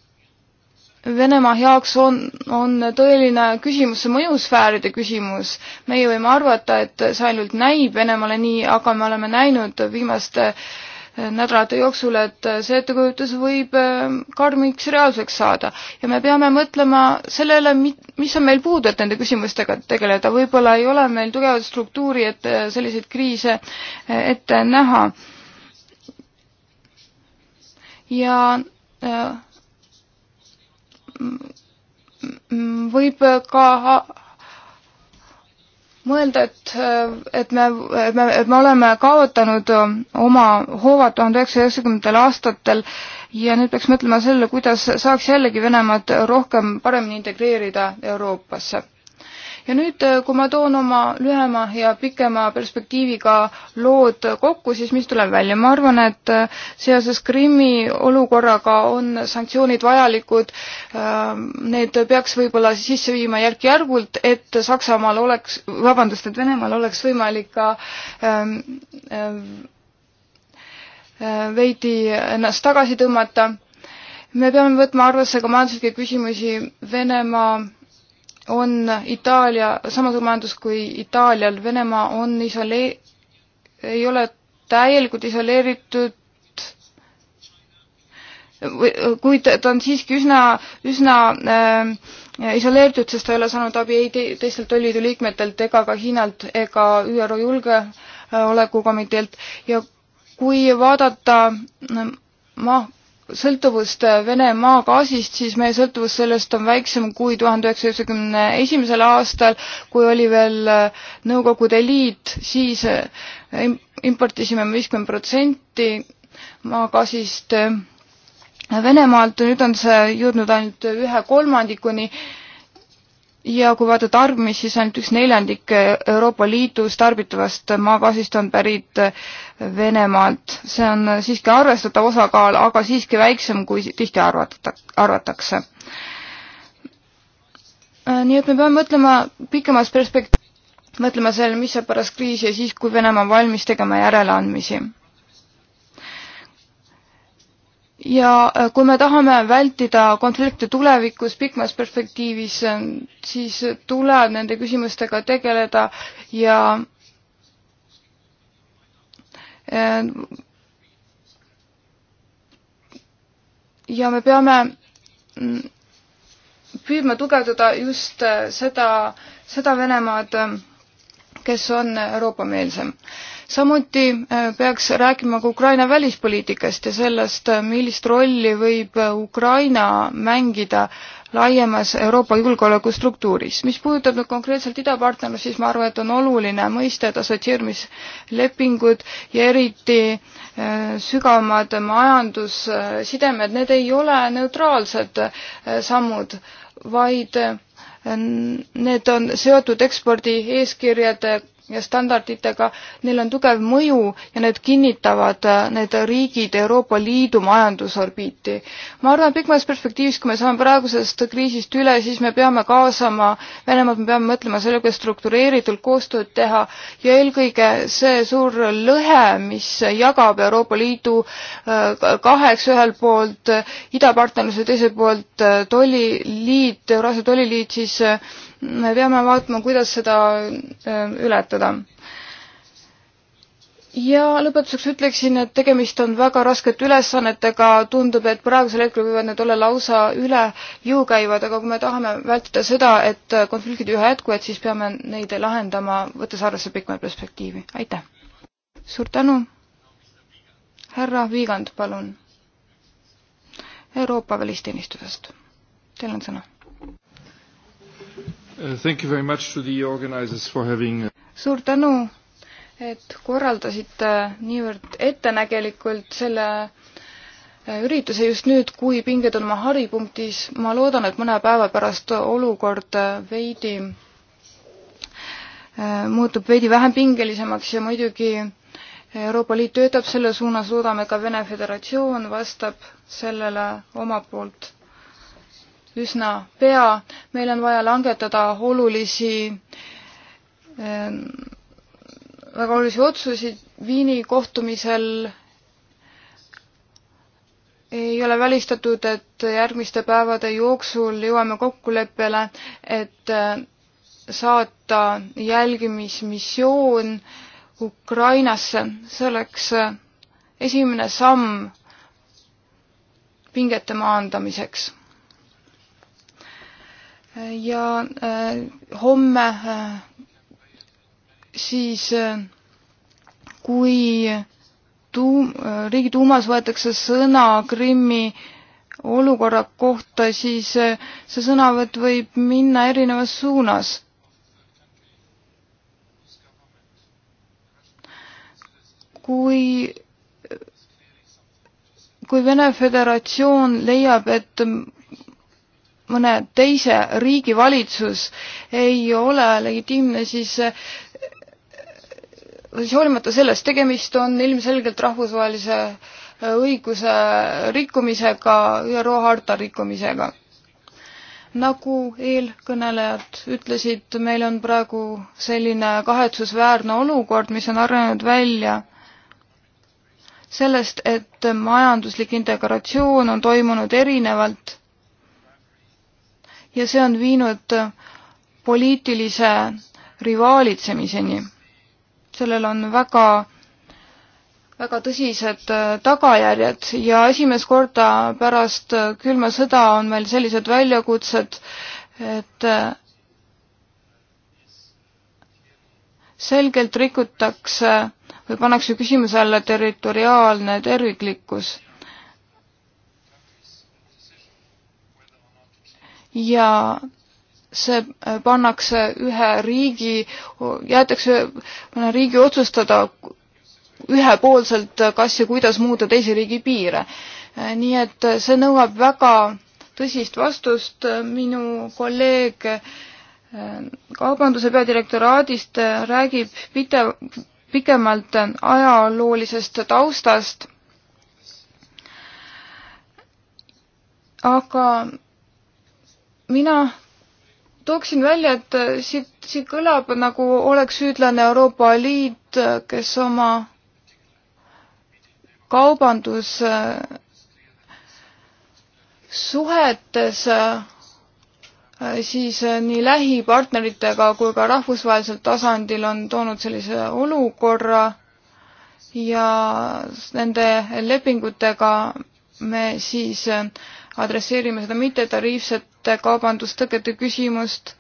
Venemaa jaoks on, on tõeline küsimus see mõjusfääride küsimus. meie võime arvata, et see ainult näib Venemaale nii, aga me oleme näinud viimaste äh, nädalate jooksul, et see ettekujutus võib äh, karmiks reaalsuseks saada. ja me peame mõtlema sellele, mis on meil puudu, et nende küsimustega tegeleda, võib-olla ei ole meil tugevat struktuuri, et äh, selliseid kriise äh, ette näha. ja võib ka mõelda, et, et me, et me, et me oleme kaotanud oma hoovad tuhande üheksasaja üheksakümnendatel aastatel ja nüüd peaks mõtlema sellele, kuidas saaks jällegi Venemaad rohkem, paremini integreerida Euroopasse ja nüüd, äh, kui ma toon oma lühema ja pikema perspektiiviga lood kokku, siis mis tuleb välja? ma arvan, et äh, seoses Krimmi olukorraga on sanktsioonid vajalikud. Ähm, need peaks võib-olla sisse viima järk-järgult, et Saksamaal oleks, vabandust, et Venemaal oleks võimalik ka ähm, ähm äh, veidi ennast tagasi tõmmata. me peame võtma arvesse ka majanduslikke küsimusi Venemaa on Itaalia, samasugune majandus kui Itaalial, Venemaa on isolee-, ei ole täielikult isoleeritud kuid ta on siiski üsna, üsna äh, isoleeritud, sest ta ei ole saanud abi ei te teistelt Liidu liikmetelt ega ka Hiinalt ega ÜRO Julgeolekukomiteelt ja kui vaadata ma-, sõltuvust Vene maagaasist, siis meie sõltuvus sellest on väiksem kui tuhande üheksasaja üheksakümne esimesel aastal, kui oli veel äh, Nõukogude Liit, siis äh, importisime me viiskümmend protsenti maagaasist äh, Venemaalt, nüüd on see jõudnud ainult ühe kolmandikuni ja kui vaadata tarbimist, siis ainult üks neljandik Euroopa Liidus tarbitavast maagaasist on pärit Venemaalt. see on siiski arvestatav osakaal, aga siiski väiksem, kui tihti arvata, arvatakse. nii et me peame mõtlema pikemas perspekt-, mõtlema sellele, mis saab pärast kriisi ja siis, kui Venemaa on valmis tegema järeleandmisi ja äh, kui me tahame vältida konflikte tulevikus pikmas perspektiivis, äh, siis tuleb nende küsimustega tegeleda ja äh, ja me peame mm, püüdma tugevdada just seda, seda Venemaad, kes on Euroopa-meelsem samuti äh, peaks rääkima ka Ukraina välispoliitikast ja sellest, äh, millist rolli võib äh, Ukraina mängida laiemas Euroopa julgeolekustruktuuris. mis puudutab nüüd konkreetselt idapartnerlust, siis ma arvan, et on oluline mõista, et assotsieerimislepingud ja eriti sügavamad majandussidemed, need ei ole neutraalsed sammud, vaid need on seotud ekspordieeskirjade ja standarditega, neil on tugev mõju ja need kinnitavad äh, need riigid Euroopa Liidu majandusorbiiti. ma arvan, et pikemas perspektiivis, kui me saame praegusest kriisist üle, siis me peame kaasama Venemaad, me peame mõtlema selle, kuidas struktureeritult koostööd teha ja eelkõige see suur lõhe, mis jagab Euroopa Liidu äh, kaheks, ühelt poolt idapartnerluse, teiselt poolt äh, tolliliit, Euraasia tolliliit, siis me peame vaatama, kuidas seda ületada. ja lõpetuseks ütleksin, et tegemist on väga raskete ülesannetega, tundub, et praegusel hetkel võivad need olla lausa üle jõu käivad, aga kui me tahame vältida seda, et konfliktid üha jätkuvad, siis peame neid lahendama, võttes arvesse pikema perspektiivi. aitäh! suur tänu! härra Viigand, palun! Euroopa välisteenistusest. Teil on sõna Uh, having... Uh, suur tänu, et korraldasite niivõrd ettenägelikult selle uh, ürituse just nüüd, kui pinged on oma haripunktis. ma loodan, et mõne päeva pärast olukord veidi muutub veidi vähem pingelisemaks ja muidugi Euroopa Liit töötab selle suunas, loodame ka Vene Föderatsioon vastab sellele omalt poolt üsna pea. meil on vaja langetada olulisi, ähm, väga olulisi otsuseid Viini kohtumisel ei ole välistatud, et järgmiste päevade jooksul jõuame kokkuleppele, et äh, saata jälgimismissioon Ukrainasse, see oleks äh, esimene samm pingete maandamiseks ja äh, homme äh, siis äh, kui tuum- äh,, Riigiduumas võetakse sõna Krimmi olukorra kohta, siis äh, see sõnavõtt võib minna erinevas suunas. kui, kui Vene Föderatsioon leiab, et mõne teise riigi valitsus ei ole legitiimne, siis siis hoolimata sellest, tegemist on ilmselgelt rahvusvahelise õiguse rikkumisega, ÜRO harta rikkumisega. nagu eelkõnelejad ütlesid, meil on praegu selline kahetsusväärne olukord, mis on arenenud välja sellest, et majanduslik integratsioon on toimunud erinevalt ja see on viinud poliitilise rivaalitsemiseni. sellel on väga, väga tõsised äh, tagajärjed ja esimest korda pärast külma sõda on meil sellised väljakutsed, et äh, selgelt rikutakse või pannakse küsimuse alla territoriaalne terviklikkus ja see äh, pannakse ühe riigi, jäetakse mõne riigi otsustada ühepoolselt, kas ja kuidas muuta teise riigi piire. Äh, nii et äh, see nõuab väga tõsist vastust, minu kolleeg kaubanduse peadirektoraadist räägib pide-, pikemalt ajaloolisest taustast, aga mina tooksin välja, et äh, siit, siit kõlab nagu oleks süüdlane Euroopa Liit, äh, kes oma kaubandussuhetes äh, siis nii lähipartneritega kui ka rahvusvahelisel tasandil on toonud sellise olukorra ja nende lepingutega me siis adresseerime seda mittetariifset heitmete kaubandustõkete küsimust,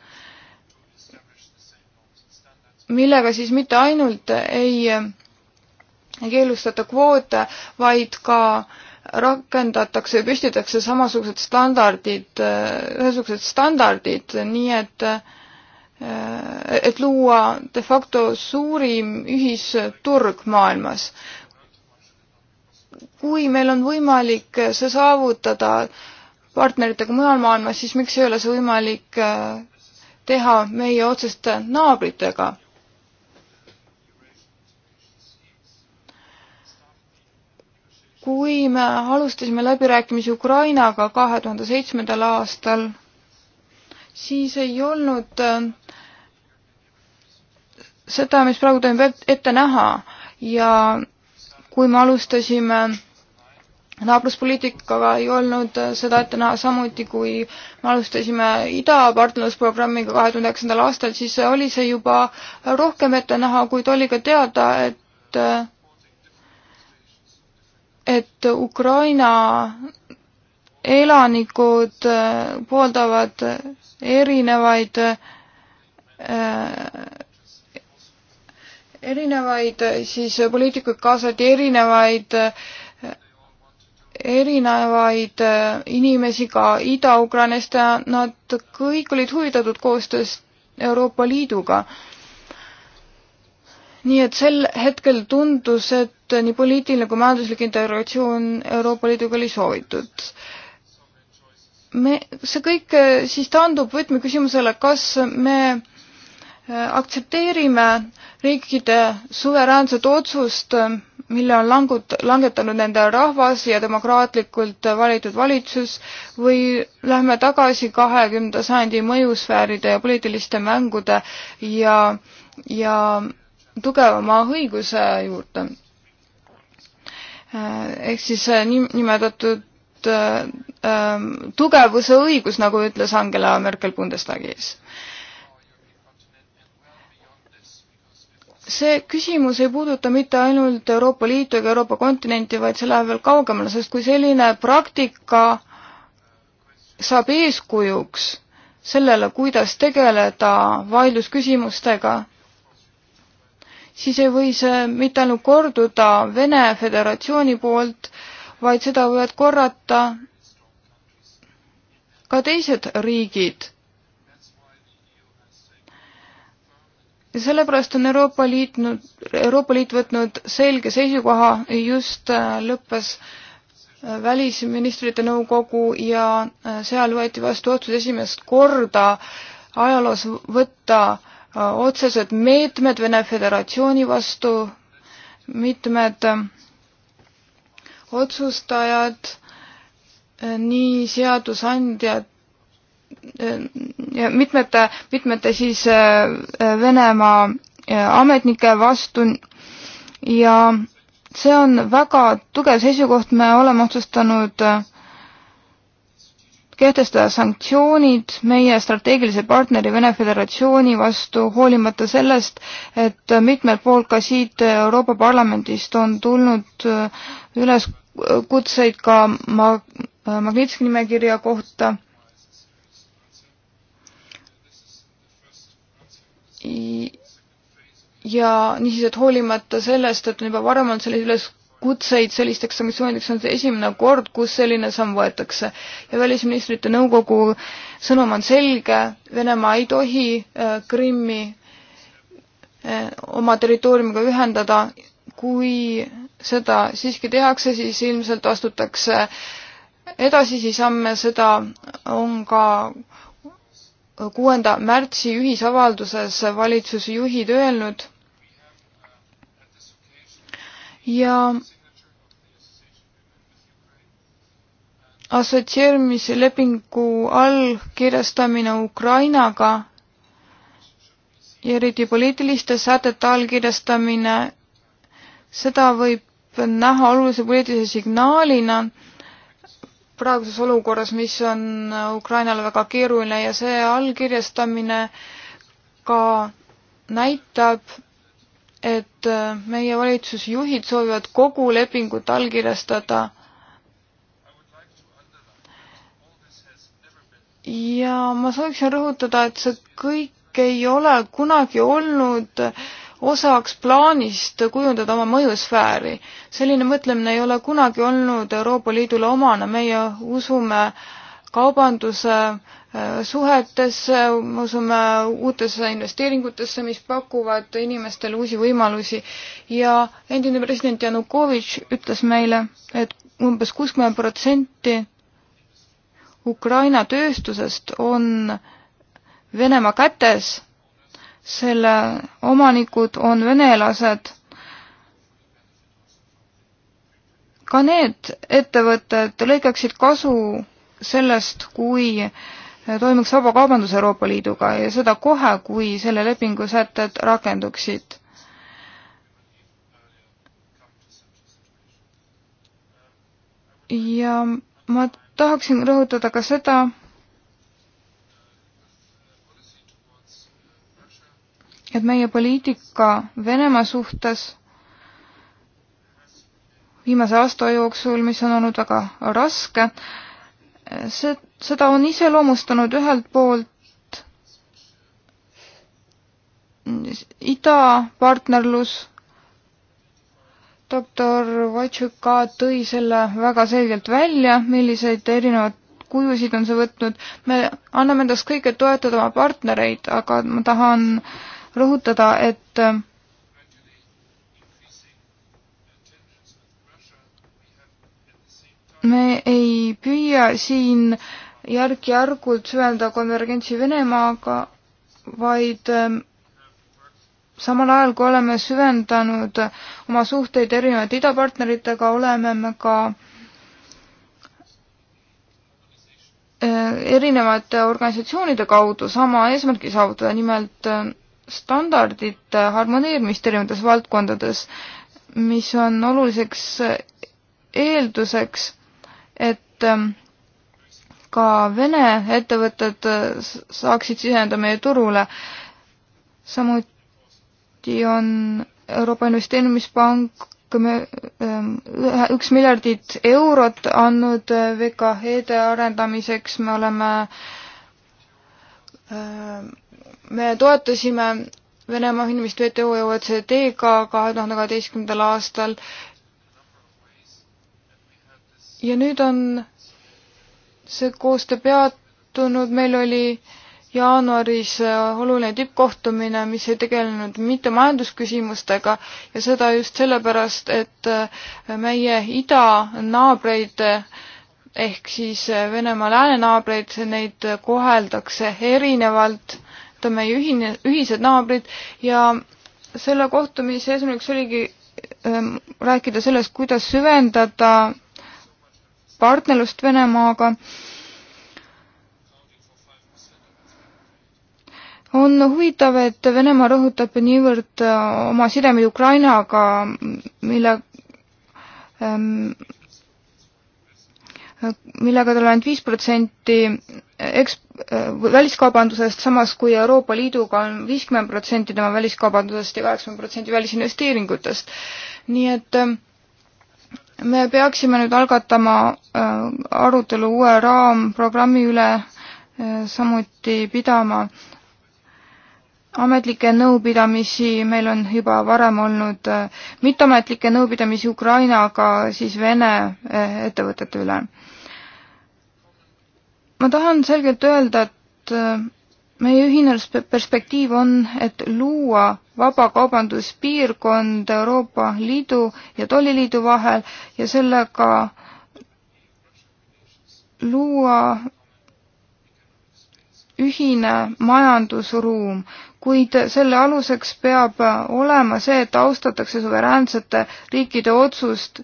millega siis mitte ainult ei keelustata kvoote, vaid ka rakendatakse ja püstitatakse samasugused standardid, ühesugused standardid, nii et et luua de facto suurim ühisturg maailmas. kui meil on võimalik see saavutada partneritega mujal maailmas, siis miks ei ole see võimalik äh, teha meie otseste naabritega? kui me alustasime läbirääkimisi Ukrainaga kahe tuhande seitsmendal aastal, siis ei olnud äh, seda, mis praegu toimub, ette näha ja kui me alustasime naabruspoliitikaga ei olnud äh, seda ette näha, samuti kui me alustasime idapartnerlusprogrammiga kahe tuhande üheksandal aastal, siis äh, oli see juba rohkem ette näha, kuid oli ka teada, et äh, et Ukraina elanikud pooldavad erinevaid erinevaid siis poliitikuid kaasati erinevaid äh, erinevaid äh, inimesi ka Ida-Ukrainast ja nad kõik olid huvitatud koostööst Euroopa Liiduga. nii et sel hetkel tundus, et nii poliitiline kui majanduslik integratsioon Euroopa Liiduga oli soovitud. me, see kõik äh, siis taandub võtmeküsimusele, kas me äh, aktsepteerime riikide suveräänset otsust äh, mille on langut-, langetanud nende rahvas ja demokraatlikult valitud valitsus või lähme tagasi kahekümnenda sajandi mõjusfääride ja poliitiliste mängude ja, ja tugevama õiguse juurde. ehk siis äh, nim-, nimetatud äh, äh, tugevuse õigus, nagu ütles Angela Merkel Bundestagis see küsimus ei puuduta mitte ainult Euroopa Liitu ega Euroopa kontinenti, vaid see läheb veel kaugemale, sest kui selline praktika saab eeskujuks sellele, kuidas tegeleda vaidlusküsimustega, siis ei või see mitte ainult korduda Vene Föderatsiooni poolt, vaid seda võivad korrata ka teised riigid ja sellepärast on Euroopa Liit nüüd, Euroopa Liit võtnud selge seisukoha, just äh, lõppes äh, välisministrite nõukogu ja äh, seal võeti vastu otsus esimest korda ajaloos võtta otsesed meetmed Vene Föderatsiooni vastu, mitmed otsustajad, nii seadusandjad Äh, ja mitmete, mitmete siis äh, äh, Venemaa ametnike vastu ja see on väga tugev seisukoht, me oleme otsustanud kehtestada sanktsioonid meie strateegilise partneri Vene Föderatsiooni vastu, hoolimata sellest, et mitmelt poolt ka siit Euroopa Parlamendist on tulnud üleskutseid ka Magnitski nimekirja kohta ja niisiis, et hoolimata sellest, et on juba varem olnud selliseid üleskutseid sellisteks sanktsioonideks, on see esimene kord, kus selline samm võetakse. ja Välisministrite Nõukogu sõnum on selge, Venemaa ei tohi äh, Krimmi äh, oma territooriumiga ühendada, kui seda siiski tehakse, siis ilmselt astutakse edasisi samme, seda on ka kuuenda märtsi ühisavalduses valitsusjuhid öelnud ja assotsieerimislepingu allkirjastamine Ukrainaga ja eriti poliitiliste sätete allkirjastamine, seda võib näha olulise poliitilise signaalina praeguses olukorras, mis on Ukrainale väga keeruline ja see allkirjastamine ka näitab, et meie valitsusjuhid soovivad kogu lepingut allkirjastada. ja ma sooviksin rõhutada, et see kõik ei ole kunagi olnud äh, osaks plaanist kujundada oma mõjusfääri. selline mõtlemine ei ole kunagi olnud Euroopa Liidule omane, meie usume kaubanduse äh, suhetesse, me usume uutesse investeeringutesse, mis pakuvad inimestele uusi võimalusi ja endine president Janukovitš ütles meile, et umbes kuuskümmend protsenti Ukraina tööstusest on Venemaa kätes selle omanikud on venelased. ka need ettevõtted lõikaksid kasu sellest, kui toimuks vabakaubandus Euroopa Liiduga ja seda kohe, kui selle lepingu sätted rakenduksid. ja ma tahaksin rõhutada ka seda, et meie poliitika Venemaa suhtes viimase aasta jooksul, mis on olnud väga raske, see, seda on iseloomustanud ühelt poolt idapartnerlus doktor Vatšuka tõi selle väga selgelt välja, milliseid erinevaid kujusid on see võtnud. me anname endast kõike toetada oma partnereid, aga ma tahan äh, rõhutada, et äh, me ei püüa siin järk-järgult süvendada konvergentsi Venemaaga, vaid äh, samal ajal, kui oleme süvendanud oma suhteid erinevate idapartneritega, oleme me ka äh, erinevate organisatsioonide kaudu sama eesmärgi saavutada, nimelt standardite harmoneerimist erinevates valdkondades, mis on oluliseks eelduseks, et ähm, ka Vene ettevõtted saaksid siseneda meie turule. samuti on Euroopa Investeerimispank ähm, üks miljardit eurot andnud äh, VKE-de arendamiseks, me oleme ähm, me toetasime Venemaa ühinemist WTO ja OECD-ga kahe tuhande kaheteistkümnendal aastal. ja nüüd on see koostöö peatunud, meil oli jaanuaris äh, oluline tippkohtumine, mis ei tegelenud mitte majandusküsimustega ja seda just sellepärast, et äh, meie idanaabreid ehk siis äh, Venemaa läänenaabreid, neid koheldakse erinevalt vaata meie ühine, ühised naabrid ja selle kohtumise eesmärgiks oligi ähm, rääkida sellest, kuidas süvendada partnerlust Venemaaga. on huvitav, et Venemaa rõhutab niivõrd äh, oma sidemeid Ukrainaga, mille ähm, millega tal on ainult viis protsenti eks-, äh, väliskaubandusest, samas kui Euroopa Liiduga on viiskümmend protsenti tema väliskaubandusest ja kaheksakümmend protsenti välisinvesteeringutest. nii et äh, me peaksime nüüd algatama äh, arutelu uue raamprogrammi üle, samuti pidama ametlikke nõupidamisi, meil on juba varem olnud äh, mitteametlikke nõupidamisi Ukrainaga, siis Vene äh, ettevõtete üle. ma tahan selgelt öelda, et äh, meie ühine perspektiiv on, et luua vabakaubanduspiirkond Euroopa Liidu ja tolliliidu vahel ja sellega luua ühine majandusruum kuid selle aluseks peab olema see, et austatakse suveräänsete riikide otsust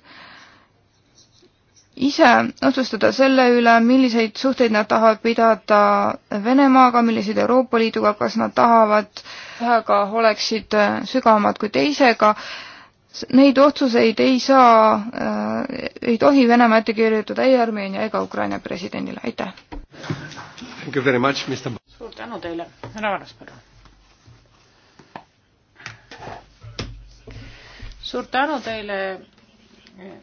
ise otsustada selle üle, milliseid suhteid nad tahavad pidada Venemaaga, milliseid Euroopa Liiduga, kas nad tahavad ühega oleksid sügavamad kui teisega. Neid otsuseid ei saa äh,, ei tohi Venemaa ette kirjutada ei Armeenia ega Ukraina presidendile, aitäh! suur tänu teile, härra Varaspalu! suur tänu teile eh,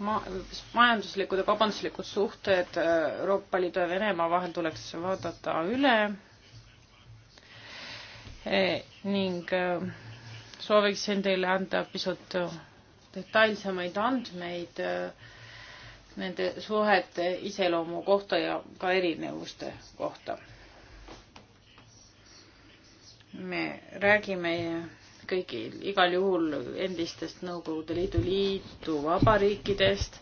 ma-, majanduslikud ja kaubanduslikud suhted eh, Euroopa Liidu ja Venemaa vahel tuleks vaadata üle e, ning sooviksin teile anda pisut detailsemaid andmeid nende suhete iseloomu kohta ja ka erinevuste kohta. me räägime kõigil, igal juhul endistest Nõukogude Liidu liitu vabariikidest,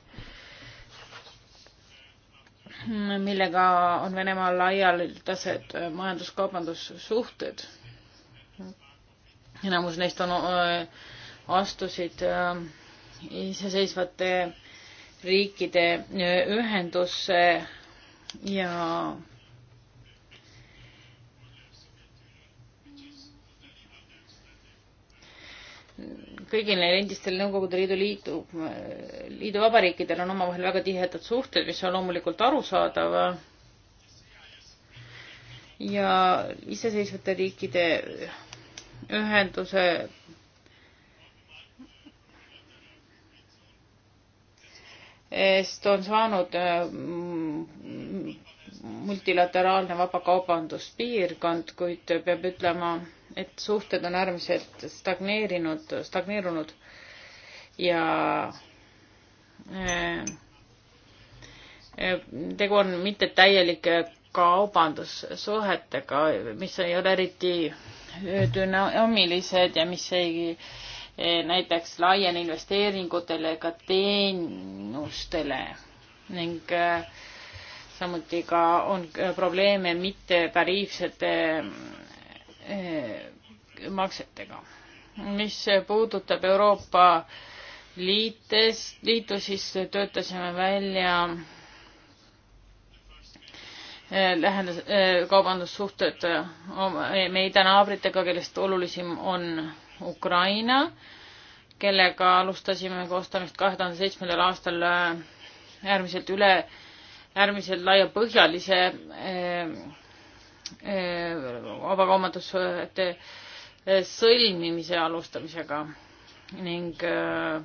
millega on Venemaal laialdased majandus-kaubandussuhted. enamus neist on, äh, astusid äh, iseseisvate riikide äh, ühendusse ja kõigil neil endistel Nõukogude Liidu liidu, liiduvabariikidel on omavahel väga tihedad suhted, mis on loomulikult arusaadav. ja iseseisvate riikide ühenduse eest on saanud mm, multilateraalne vabakaubanduspiirkond, kuid peab ütlema, et suhted on äärmiselt stagneerinud, stagneerunud ja äh, äh, tegu on mittetäielike kaubandussuhetega, mis ei ole eriti dünaamilised ja mis ei äh, näiteks laiene investeeringutele ega teenustele ning samuti ka on probleeme mittetariifsete Eh, maksetega. mis puudutab Euroopa liites, liitu, siis töötasime välja eh, lähendas-, eh, kaubandussuhted meie idanaabritega, kellest olulisim on Ukraina, kellega alustasime koostamist kahe tuhande seitsmendal aastal äärmiselt üle, äärmiselt laiapõhjalise Eh, vabakaubandussuhete eh, sõlmimise alustamisega ning eh,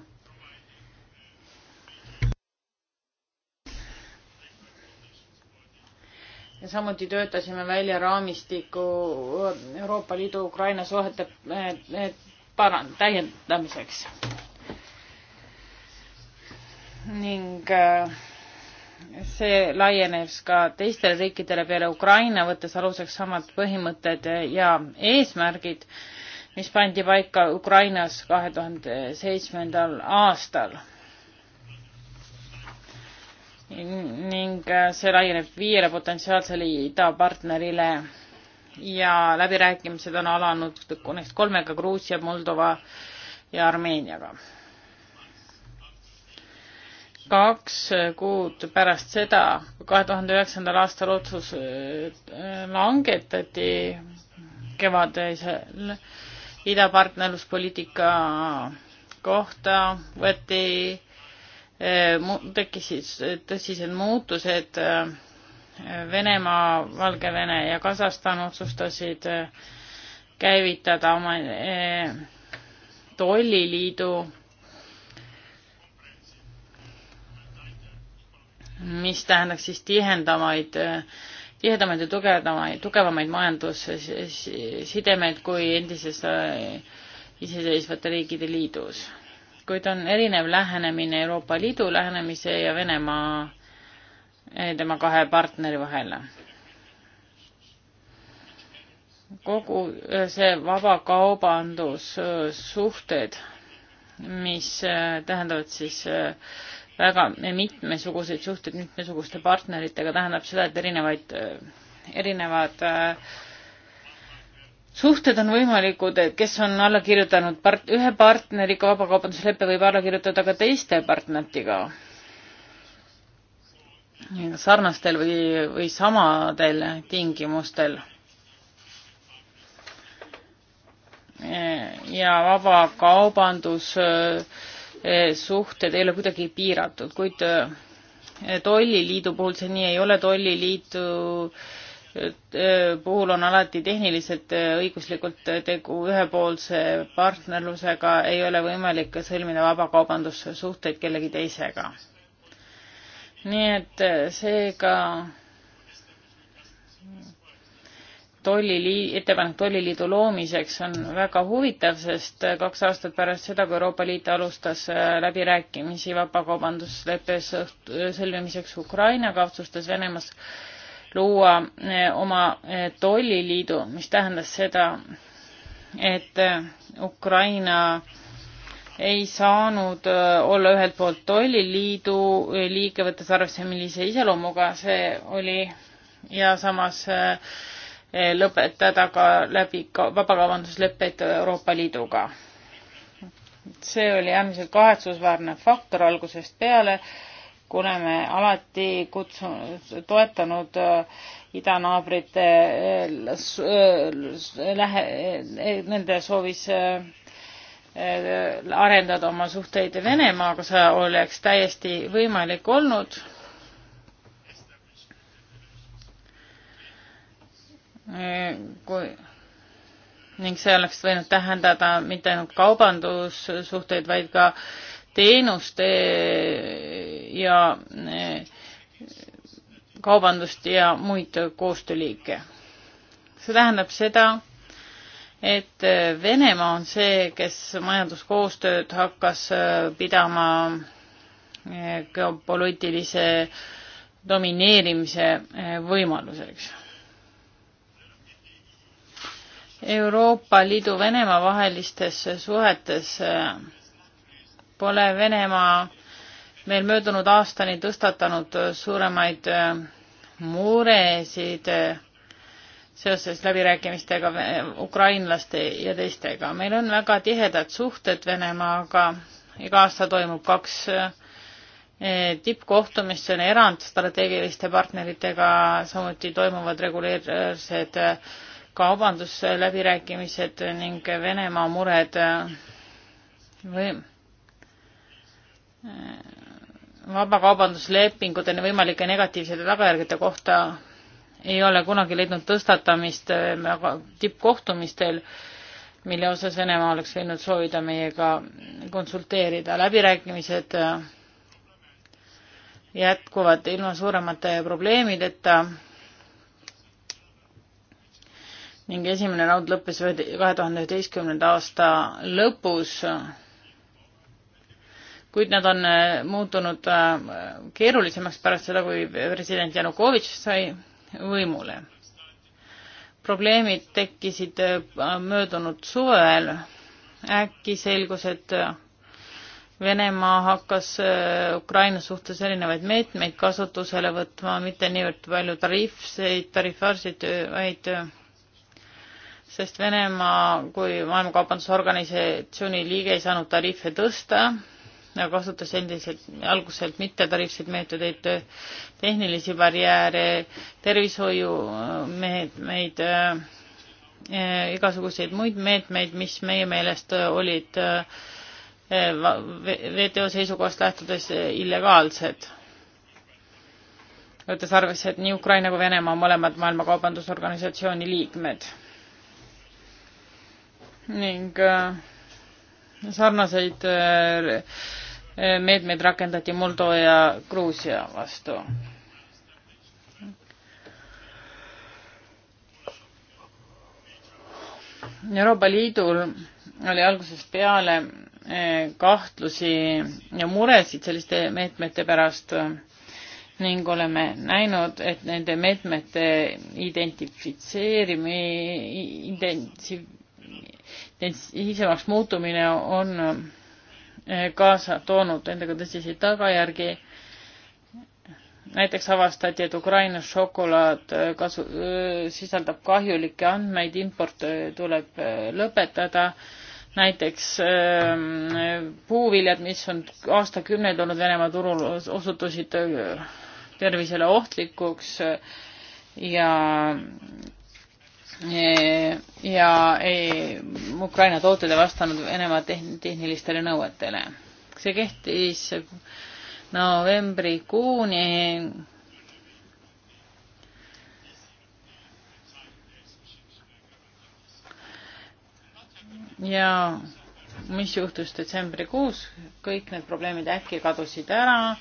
ja samuti töötasime välja raamistiku Euroopa Liidu Ukraina suhete parand-, täiendamiseks. ning äh, see laieneks ka teistele riikidele peale Ukraina, võttes aluseks samad põhimõtted ja eesmärgid, mis pandi paika Ukrainas kahe tuhande seitsmendal aastal. ning see laieneb viiele potentsiaalsele idapartnerile ja läbirääkimised on alanud neist kolmega Gruusia, Moldova ja Armeeniaga kaks kuud pärast seda, kui kahe tuhande üheksandal aastal otsus äh, langetati kevadisel idapartnerluspoliitika kohta, võeti, äh, tekkisid tõsised muutused. Äh, Venemaa, Valgevene ja Kasahstan otsustasid käivitada oma tolliliidu mis tähendaks siis tihendamaid, tihedamaid ja tugevamaid, tugevamaid majandussidemeid kui endises äh, iseseisvate riikide liidus. kuid on erinev lähenemine Euroopa Liidu lähenemise ja Venemaa, äh, tema kahe partneri vahel. kogu äh, see vabakaubandussuhted, mis tähendavad siis väga mitmesuguseid suhteid mitmesuguste partneritega, tähendab seda, et erinevaid, erinevad äh, suhted on võimalikud, et kes on alla kirjutanud part-, ühe partneriga vabakaubanduslepe võib alla kirjutada ka teiste partneritega. sarnastel või, või samadel tingimustel ja vabakaubandus äh, Eh, suhted ei ole kuidagi piiratud, kuid eh, tolliliidu puhul see nii ei ole, tolliliidu eh, puhul on alati tehniliselt õiguslikult tegu ühepoolse partnerlusega, ei ole võimalik sõlmida vabakaubandussuhteid kellegi teisega. nii et seega tollilii-, ettepanek tolliliidu loomiseks on väga huvitav, sest kaks aastat pärast seda, kui Euroopa Liit alustas äh, läbirääkimisi vabakaubandusleppe äh, sõlmimiseks Ukrainaga, otsustas Venemaas luua äh, oma tolliliidu, mis tähendas seda, et Ukraina ei saanud olla ühelt poolt tolliliidu liige, võttes arvesse, millise iseloomuga see oli ja samas Eh, lõpetada ka läbi vabakaubanduslepet Euroopa Liiduga. see oli äärmiselt kahetsusväärne faktor algusest peale, kuna me alati kutsu-, toetanud eh, idanaabrite eh, lähe-, nende soovis arendada oma suhteid Venemaaga, see oleks täiesti võimalik olnud kui ning see oleks võinud tähendada mitte ainult kaubandussuhteid, vaid ka teenuste ja e, kaubandust ja muid koostööliike. see tähendab seda, et Venemaa on see, kes majanduskoostööd hakkas pidama e, geopoliitilise domineerimise e, võimaluseks Euroopa Liidu Venemaa vahelistes suhetes äh, pole Venemaa meil möödunud aastani tõstatanud suuremaid äh, muresid äh, seoses läbirääkimistega ukrainlaste ja teistega. meil on väga tihedad suhted Venemaaga, iga aasta toimub kaks tippkohtumist, see on erand strateegiliste partneritega, samuti toimuvad reguleersed kaubandusläbirääkimised ning Venemaa mured või vabakaubanduslepinguteni võimalike negatiivsete tagajärgede kohta ei ole kunagi leidnud tõstatamist tippkohtumistel, mille osas Venemaa oleks võinud soovida meiega konsulteerida. läbirääkimised jätkuvad ilma suuremate probleemideta ning esimene raud lõppes kahe tuhande üheteistkümnenda aasta lõpus. kuid nad on äh, muutunud äh, keerulisemaks pärast seda, kui president Janukovitš sai võimule. probleemid tekkisid äh, möödunud suvel. äkki selgus, et Venemaa hakkas Ukraina suhtes erinevaid meetmeid kasutusele võtma, mitte niivõrd palju tariifseid, tarifaarseid, vaid sest Venemaa kui maailmakaubandusorganisatsiooni liige ei saanud tariife tõsta ja kasutas endiselt alguselt mittetariifseid meetodeid, tehnilisi barjääre, tervishoiumeetmeid äh, äh, äh,, igasuguseid muid meetmeid, mis meie meelest olid äh, äh WTO seisukohast lähtudes illegaalsed. võttes arvesse, et nii Ukraina kui Venemaa on mõlemad maailmakaubandusorganisatsiooni liikmed ning äh, sarnaseid äh, meetmeid rakendati Moldova ja Gruusia vastu. Euroopa Liidul oli algusest peale äh, kahtlusi ja muresid selliste meetmete pärast ning oleme näinud, et nende meetmete identifitseerimi-, intensiiv-, intensiivsemaks muutumine on eh, kaasa toonud endaga tõsiseid tagajärgi. näiteks avastati, et Ukraina šokolaad eh, kasu-, eh, sisaldab kahjulikke andmeid, import tuleb lõpetada. näiteks puuviljad, mis on aastakümneid olnud Venemaa turul, osutusid tervisele ohtlikuks ja Eh, ja ei, Ukraina tooted ei vastanud Venemaa tehnilistele nõuetele. see kehtis novembrikuuni ja mis juhtus detsembrikuus, kõik need probleemid äkki kadusid ära,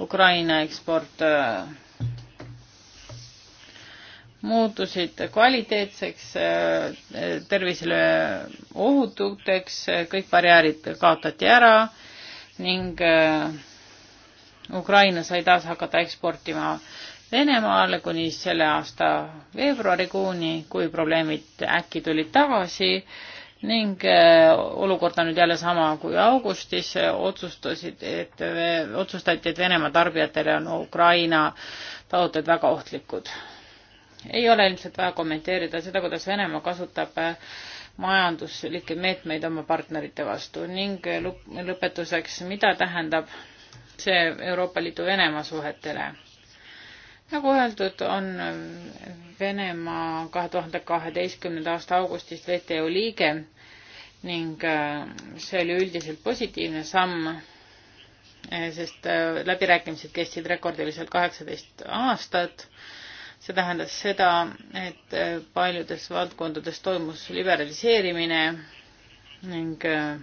Ukraina eksport äh, muutusid kvaliteetseks, äh, tervisele ohututeks, kõik barjäärid kaotati ära ning äh, Ukraina sai taas hakata eksportima Venemaale kuni selle aasta veebruarikuuni, kui probleemid äkki tulid tagasi ning äh, olukord on nüüd jälle sama kui augustis, otsustasid, et, otsustati, et Venemaa tarbijatele on Ukraina tooted väga ohtlikud ei ole ilmselt vaja kommenteerida seda, kuidas Venemaa kasutab äh, majanduslikke meetmeid oma partnerite vastu ning äh, lõpetuseks, mida tähendab see Euroopa Liidu Venemaa suhetele? nagu öeldud, on äh, Venemaa kahe tuhande kaheteistkümnenda aasta augustist WTO liige ning see oli üldiselt positiivne samm, sest läbirääkimised kestsid rekordiliselt kaheksateist aastat see tähendas seda, et äh, paljudes valdkondades toimus liberaliseerimine ning äh,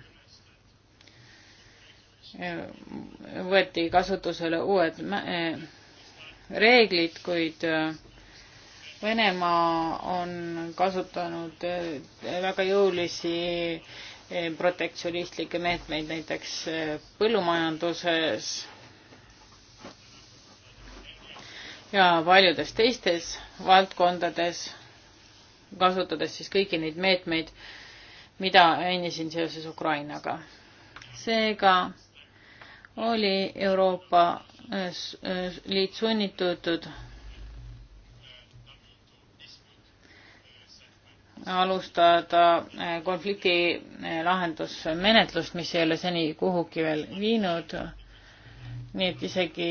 äh, võeti kasutusele uued reeglid, kuid Venemaa on kasutanud väga jõulisi protektsionistlikke meetmeid näiteks põllumajanduses ja paljudes teistes valdkondades, kasutades siis kõiki neid meetmeid, mida mainisin seoses Ukrainaga. seega oli Euroopa äh, äh, Liit sunnitud alustada äh, konflikti lahendusmenetlust, mis ei ole seni kuhugi veel viinud nii et isegi,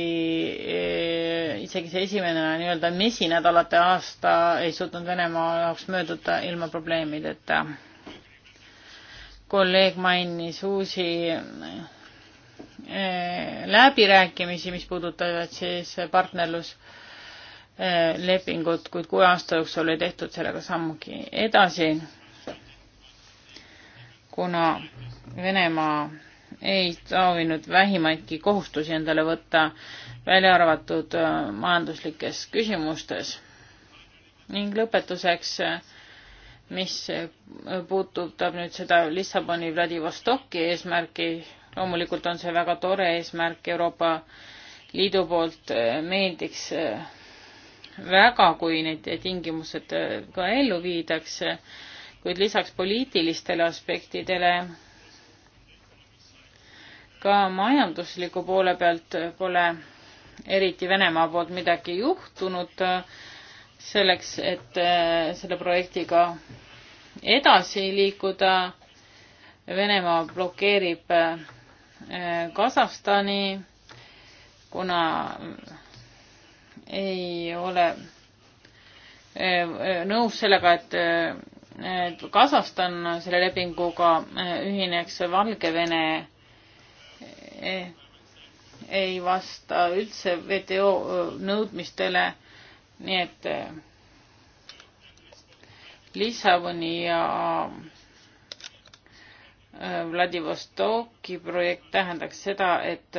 eh, isegi see esimene nii-öelda mesinädalate aasta ei suutnud Venemaa jaoks mööduda ilma probleemideta. kolleeg mainis uusi eh, läbirääkimisi, mis puudutavad siis partnerluslepingut, eh, kuid kuue aasta jooksul ei tehtud sellega sammugi edasi, kuna Venemaa ei soovinud vähimaidki kohustusi endale võtta, välja arvatud äh, majanduslikes küsimustes. ning lõpetuseks, äh, mis äh, puudutab nüüd seda Lissaboni Vladivostoki eesmärki, loomulikult on see väga tore eesmärk Euroopa Liidu poolt, meeldiks väga, kui need tingimused ka ellu viidakse, kuid lisaks poliitilistele aspektidele ka majandusliku poole pealt pole eriti Venemaa poolt midagi juhtunud äh, selleks, et äh, selle projektiga edasi liikuda. Venemaa blokeerib äh, Kasahstani, kuna ei ole nõus sellega, et Kasahstan selle lepinguga ühineks Valgevene Eh, ei vasta üldse WTO eh, nõudmistele, nii et eh, Lissaboni ja Vladivostoki projekt tähendaks seda, et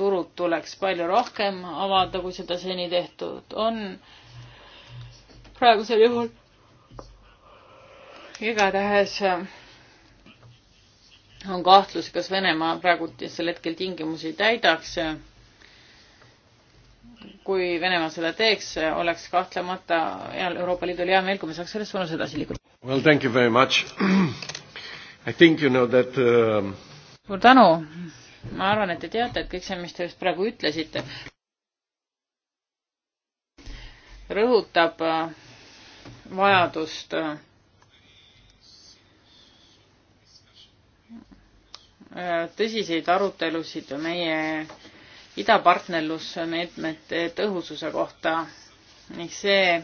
turud tuleks palju rohkem avada, kui seda seni tehtud on. praegusel juhul igatahes on kahtlusi, kas Venemaa praegu sel hetkel tingimusi täidaks. kui Venemaa seda teeks, oleks kahtlemata heal Euroopa Liidul hea meel, kui me saaks selles suunas edasi liikuda. Well, thank you very much. I think you know that uh.... suur tänu. ma arvan, et te teate, et kõik see, mis te just praegu ütlesite, rõhutab äh, vajadust uh, tõsiseid arutelusid meie idapartnerlusmeetmete tõhususe kohta ning see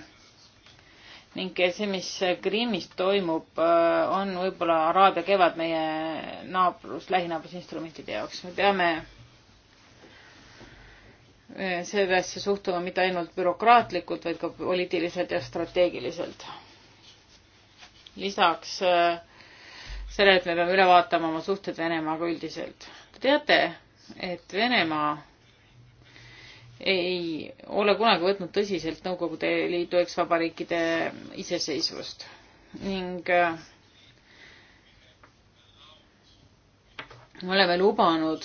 ning see, mis Krimmis toimub, on võib-olla Araabia kevad meie naabrus, lähinaabrusinstrumentide jaoks. me peame e, sellesse suhtuma mitte ainult bürokraatlikult, vaid ka poliitiliselt ja strateegiliselt. lisaks äh, selle, et me peame üle vaatama oma suhted Venemaaga üldiselt. Te teate, et Venemaa ei ole kunagi võtnud tõsiselt Nõukogude Liidu eksvabariikide iseseisvust ning äh, me oleme lubanud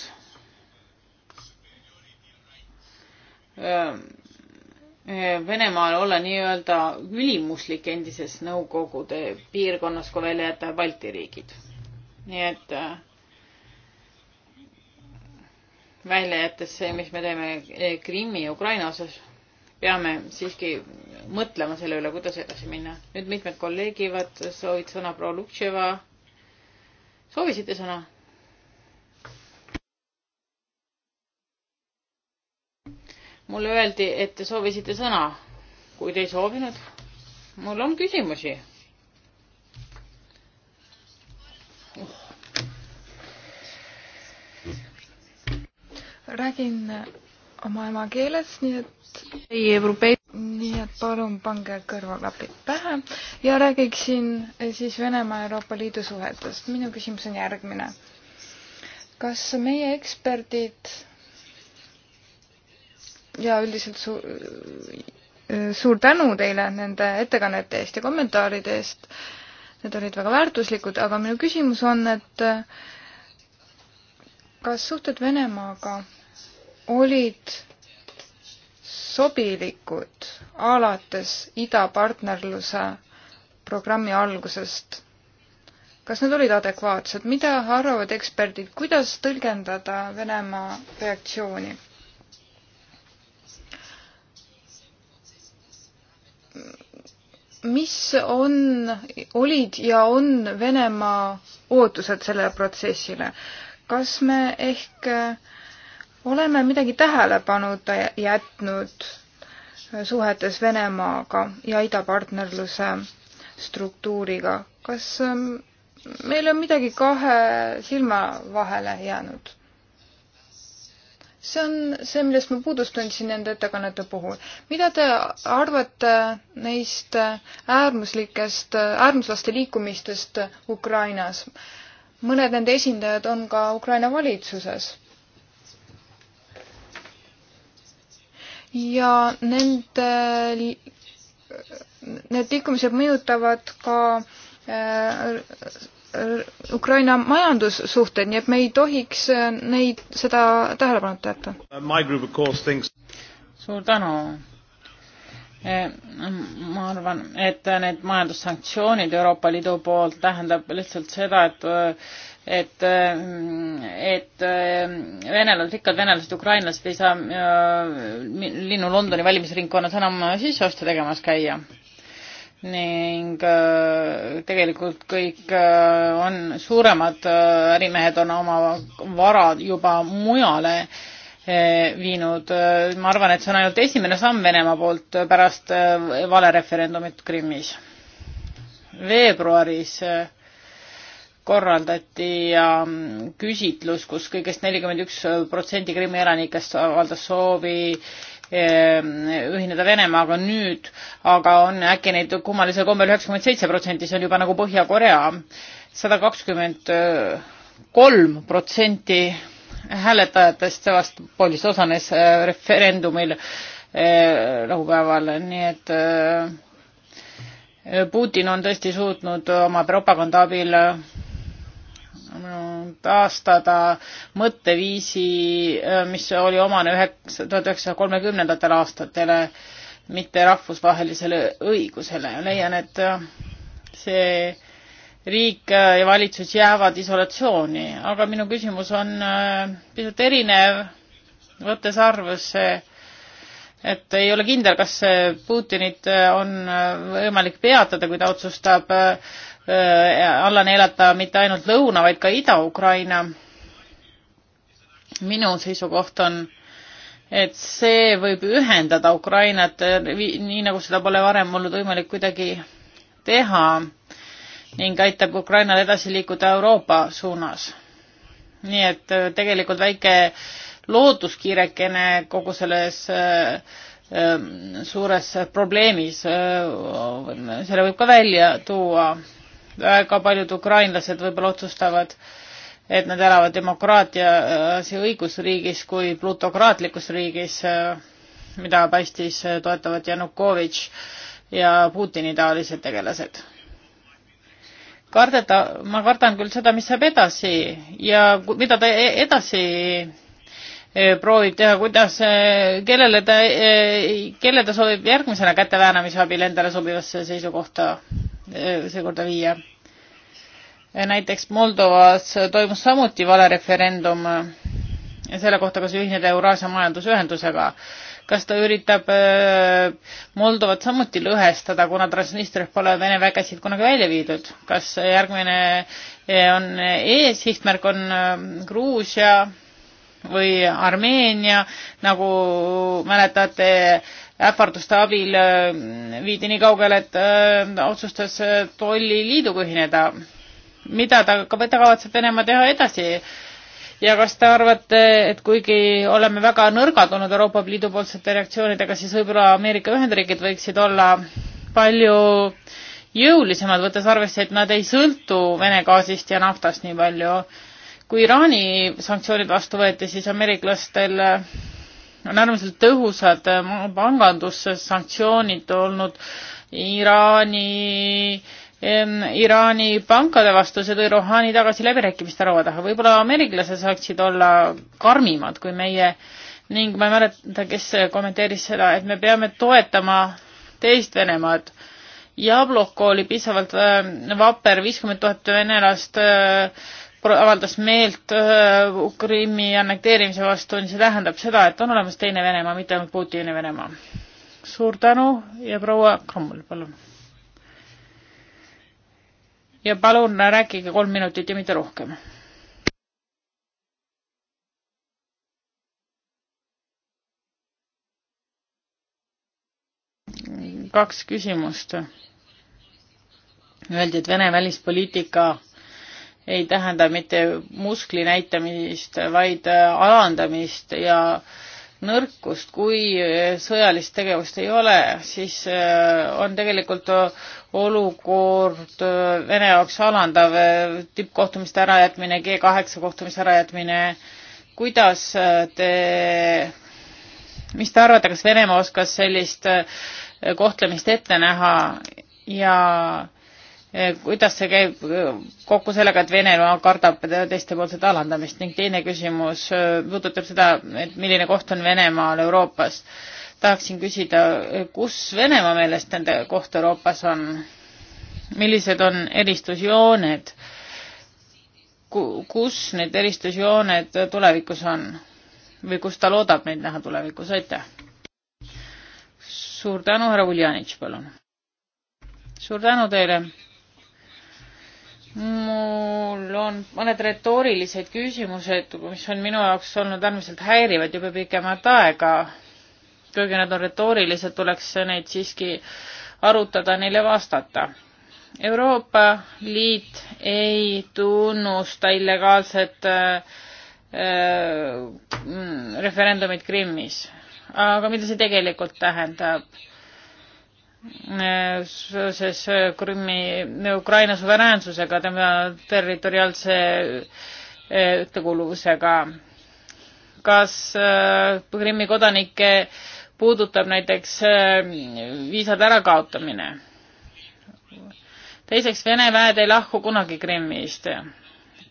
äh, Venemaal olla nii-öelda ülimuslik endises Nõukogude piirkonnas, kui välja jätta Balti riigid. nii et äh, välja jättes see, mis me teeme äh, Krimmi ja Ukraina osas, peame siiski mõtlema selle üle, kuidas edasi minna. nüüd mitmed kolleegivad soovid sõna, proua Lutševa. soovisite sõna? mulle öeldi, et te soovisite sõna. kui te ei soovinud, mul on küsimusi oh.. räägin oma emakeeles, nii et ei europei-, nii et palun pange kõrvaklapid pähe ja räägiksin siis Venemaa Euroopa Liidu suhetest. minu küsimus on järgmine. kas meie eksperdid ja üldiselt su-, äh, suur tänu teile nende ettekannete eest ja kommentaaride eest. Need olid väga väärtuslikud, aga minu küsimus on, et äh, kas suhted Venemaaga olid sobilikud alates idapartnerluse programmi algusest? kas need olid adekvaatsed, mida arvavad eksperdid, kuidas tõlgendada Venemaa reaktsiooni? mis on, olid ja on Venemaa ootused sellele protsessile? kas me ehk äh, oleme midagi tähele panuda jätnud suhetes Venemaaga ja idapartnerluse struktuuriga, kas ähm, meil on midagi kahe silma vahele jäänud? see on see, millest ma puudust tundsin nende ettekannete puhul. mida te arvate neist äärmuslikest, äärmuslaste liikumistest Ukrainas? mõned nende esindajad on ka Ukraina valitsuses. ja nende, need liikumised mõjutavad ka äh, Äh, Ukraina majandussuhteid, nii et me ei tohiks äh, neid, seda tähelepanuta jätta. Uh, suur tänu. E, ma arvan, et need majandussanktsioonid Euroopa Liidu poolt tähendab lihtsalt seda, et et, et venelased, rikkad venelased, ukrainlased ei saa äh, linnu Londoni valimisringkonnas enam sisseoste tegemas käia ning äh, tegelikult kõik äh, on, suuremad äh, ärimehed on oma vara juba mujale viinud. ma arvan, et see on ainult esimene samm Venemaa poolt pärast valereferendumit Krimmis. veebruaris korraldati mm, küsitlus, kus kõigest nelikümmend üks protsenti Krimmi elanikest avaldas soovi Eh, ühineda Venemaaga nüüd, aga on äkki neid kummalisel kombel üheksakümmend seitse protsenti, see on juba nagu Põhja-Korea, sada kakskümmend kolm protsenti hääletajatest vast poolist osanes eh, referendumil laupäeval, eh, nii et Putin on tõesti suutnud oma propaganda abil taastada mõtteviisi, äh, mis oli omane üheksa, tuhat üheksasaja kolmekümnendatel aastatele, mitte rahvusvahelisele õigusele. leian, et äh, see riik ja valitsus jäävad isolatsiooni, aga minu küsimus on äh, pisut erinev, võttes arvesse, et ei ole kindel, kas Putinit on võimalik peatada, kui ta otsustab äh, Äh, alla neelata mitte ainult Lõuna, vaid ka Ida-Ukraina. minu seisukoht on, et see võib ühendada Ukrainat äh, nii, nagu seda pole varem olnud võimalik kuidagi teha ning aitab Ukrainal edasi liikuda Euroopa suunas. nii et äh, tegelikult väike lootuskiirekene kogu selles suures probleemis, selle võib ka välja tuua väga paljud ukrainlased võib-olla otsustavad, et nad elavad demokraatias ja õigusriigis kui plutokraatlikus riigis, mida paistis toetavad Janukovitš ja Putini taolised tegelased. kardeta, ma kardan küll seda, mis saab edasi ja mida ta e-, edasi Eh, proovib teha, kuidas, eh, kellele ta, eh, kelle ta soovib järgmisena käteväänamise abil endale sobivasse seisukohta seekorda viia. näiteks Moldovas toimus samuti valereferendum selle kohta, kas ühineda Euraasia majandusühendusega. kas ta üritab Moldovat samuti lõhestada, kuna Transnistrias pole Vene vägesid kunagi välja viidud? kas järgmine on ees, sihtmärk on Gruusia? või Armeenia, nagu mäletate, ähvarduste abil äh, viidi nii kaugele, et äh, otsustas äh, tolliliiduga ühineda. mida ta, ta kavatseb Venemaa teha edasi? ja kas te arvate, et kuigi oleme väga nõrgad olnud Euroopa Liidu poolsete reaktsioonidega, siis võib-olla Ameerika Ühendriigid võiksid olla palju jõulisemad, võttes arvesse, et nad ei sõltu Vene gaasist ja naftast nii palju kui Iraani sanktsioonid vastu võeti, siis ameeriklastel äh, on äärmiselt tõhusad äh, pangandussanktsioonid olnud Iraani Iraani pankade vastu, see tõi Rohani tagasi läbirääkimiste laua taha. võib-olla ameeriklased saaksid olla karmimad kui meie ning ma ei mäleta, kes kommenteeris seda, et me peame toetama teist Venemaad. Jabloko oli piisavalt äh, vapper, viiskümmend tuhat venelast äh, avaldas meelt Krimmi annekteerimise vastu, see tähendab seda, et on olemas teine Venemaa, mitte ainult Putini Venemaa. suur tänu ja proua Krummel, palun. ja palun rääkige kolm minutit ja mitte rohkem. kaks küsimust. Öeldi, et Vene välispoliitika ei tähenda mitte muskli näitamist, vaid äh, alandamist ja nõrkust, kui äh, sõjalist tegevust ei ole, siis äh, on tegelikult olukord Vene jaoks alandav, tippkohtumiste ärajätmine, G kaheksa kohtumise ärajätmine, kuidas te, mis te arvate, kas Venemaa oskas sellist kohtlemist ette näha ja Eh, kuidas see käib eh, kokku sellega, et Venemaa kardab teistepoolset alandamist ning teine küsimus eh, puudutab seda, et milline koht on Venemaal Euroopas. tahaksin küsida, kus Venemaa meelest nende koht Euroopas on? millised on eristusjooned? kus need eristusjooned tulevikus on või kus ta loodab neid näha tulevikus, aitäh! suur tänu, härra Uljanitš, palun! suur tänu teile! mul on mõned retoorilised küsimused, mis on minu jaoks olnud äärmiselt häirivad juba pikemat aega. kuigi nad on retoorilised, tuleks neid siiski arutada, neile vastata. Euroopa Liit ei tunnusta illegaalset äh, äh, referendumit Krimmis. aga mida see tegelikult tähendab? seoses Krimmi, Ukraina suveräänsusega, tema territoriaalse eh, ühtekuuluvusega. kas eh, Krimmi kodanikke puudutab näiteks eh, viisade ärakaotamine? teiseks, Vene väed ei lahku kunagi Krimmist.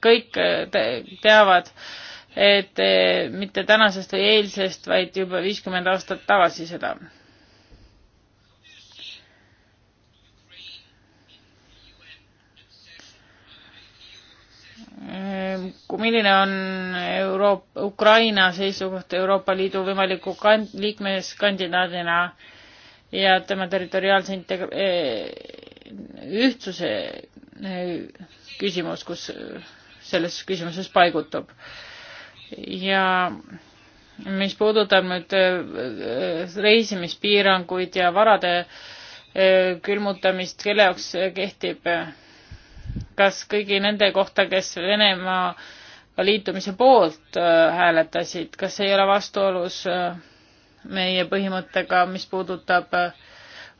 kõik te teavad, et mitte tänasest või eilsest, vaid juba viiskümmend aastat tagasi seda Mm, milline on Euroopa, Ukraina seisukoht Euroopa Liidu võimaliku kand-, liikmeskandidaadina ja tema territoriaalse integ-, eh, ühtsuse eh, küsimus, kus selles küsimuses paigutub. ja mis puudutab nüüd eh, reisimispiiranguid ja varade külmutamist, kelle jaoks kehtib kas kõigi nende kohta, kes Venemaaga liitumise poolt äh, hääletasid, kas ei ole vastuolus äh, meie põhimõttega, mis puudutab äh,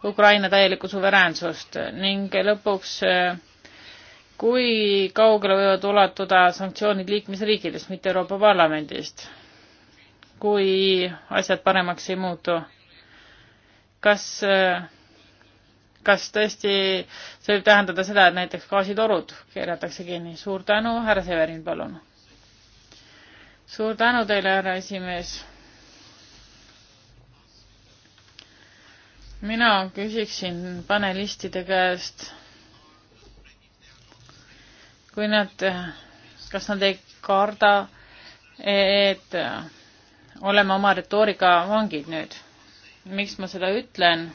Ukraina täielikku suveräänsust ning lõpuks kui kaugele võivad ulatuda sanktsioonid liikmesriikidest, mitte Euroopa Parlamendist, kui asjad paremaks ei muutu? kas äh, kas tõesti see võib tähendada seda, et näiteks gaasitorud keeratakse kinni? suur tänu, härra Severin, palun. suur tänu teile, härra esimees. mina küsiksin panelistide käest, kui nad, kas nad ei karda, et oleme oma retoorika vangid nüüd. miks ma seda ütlen?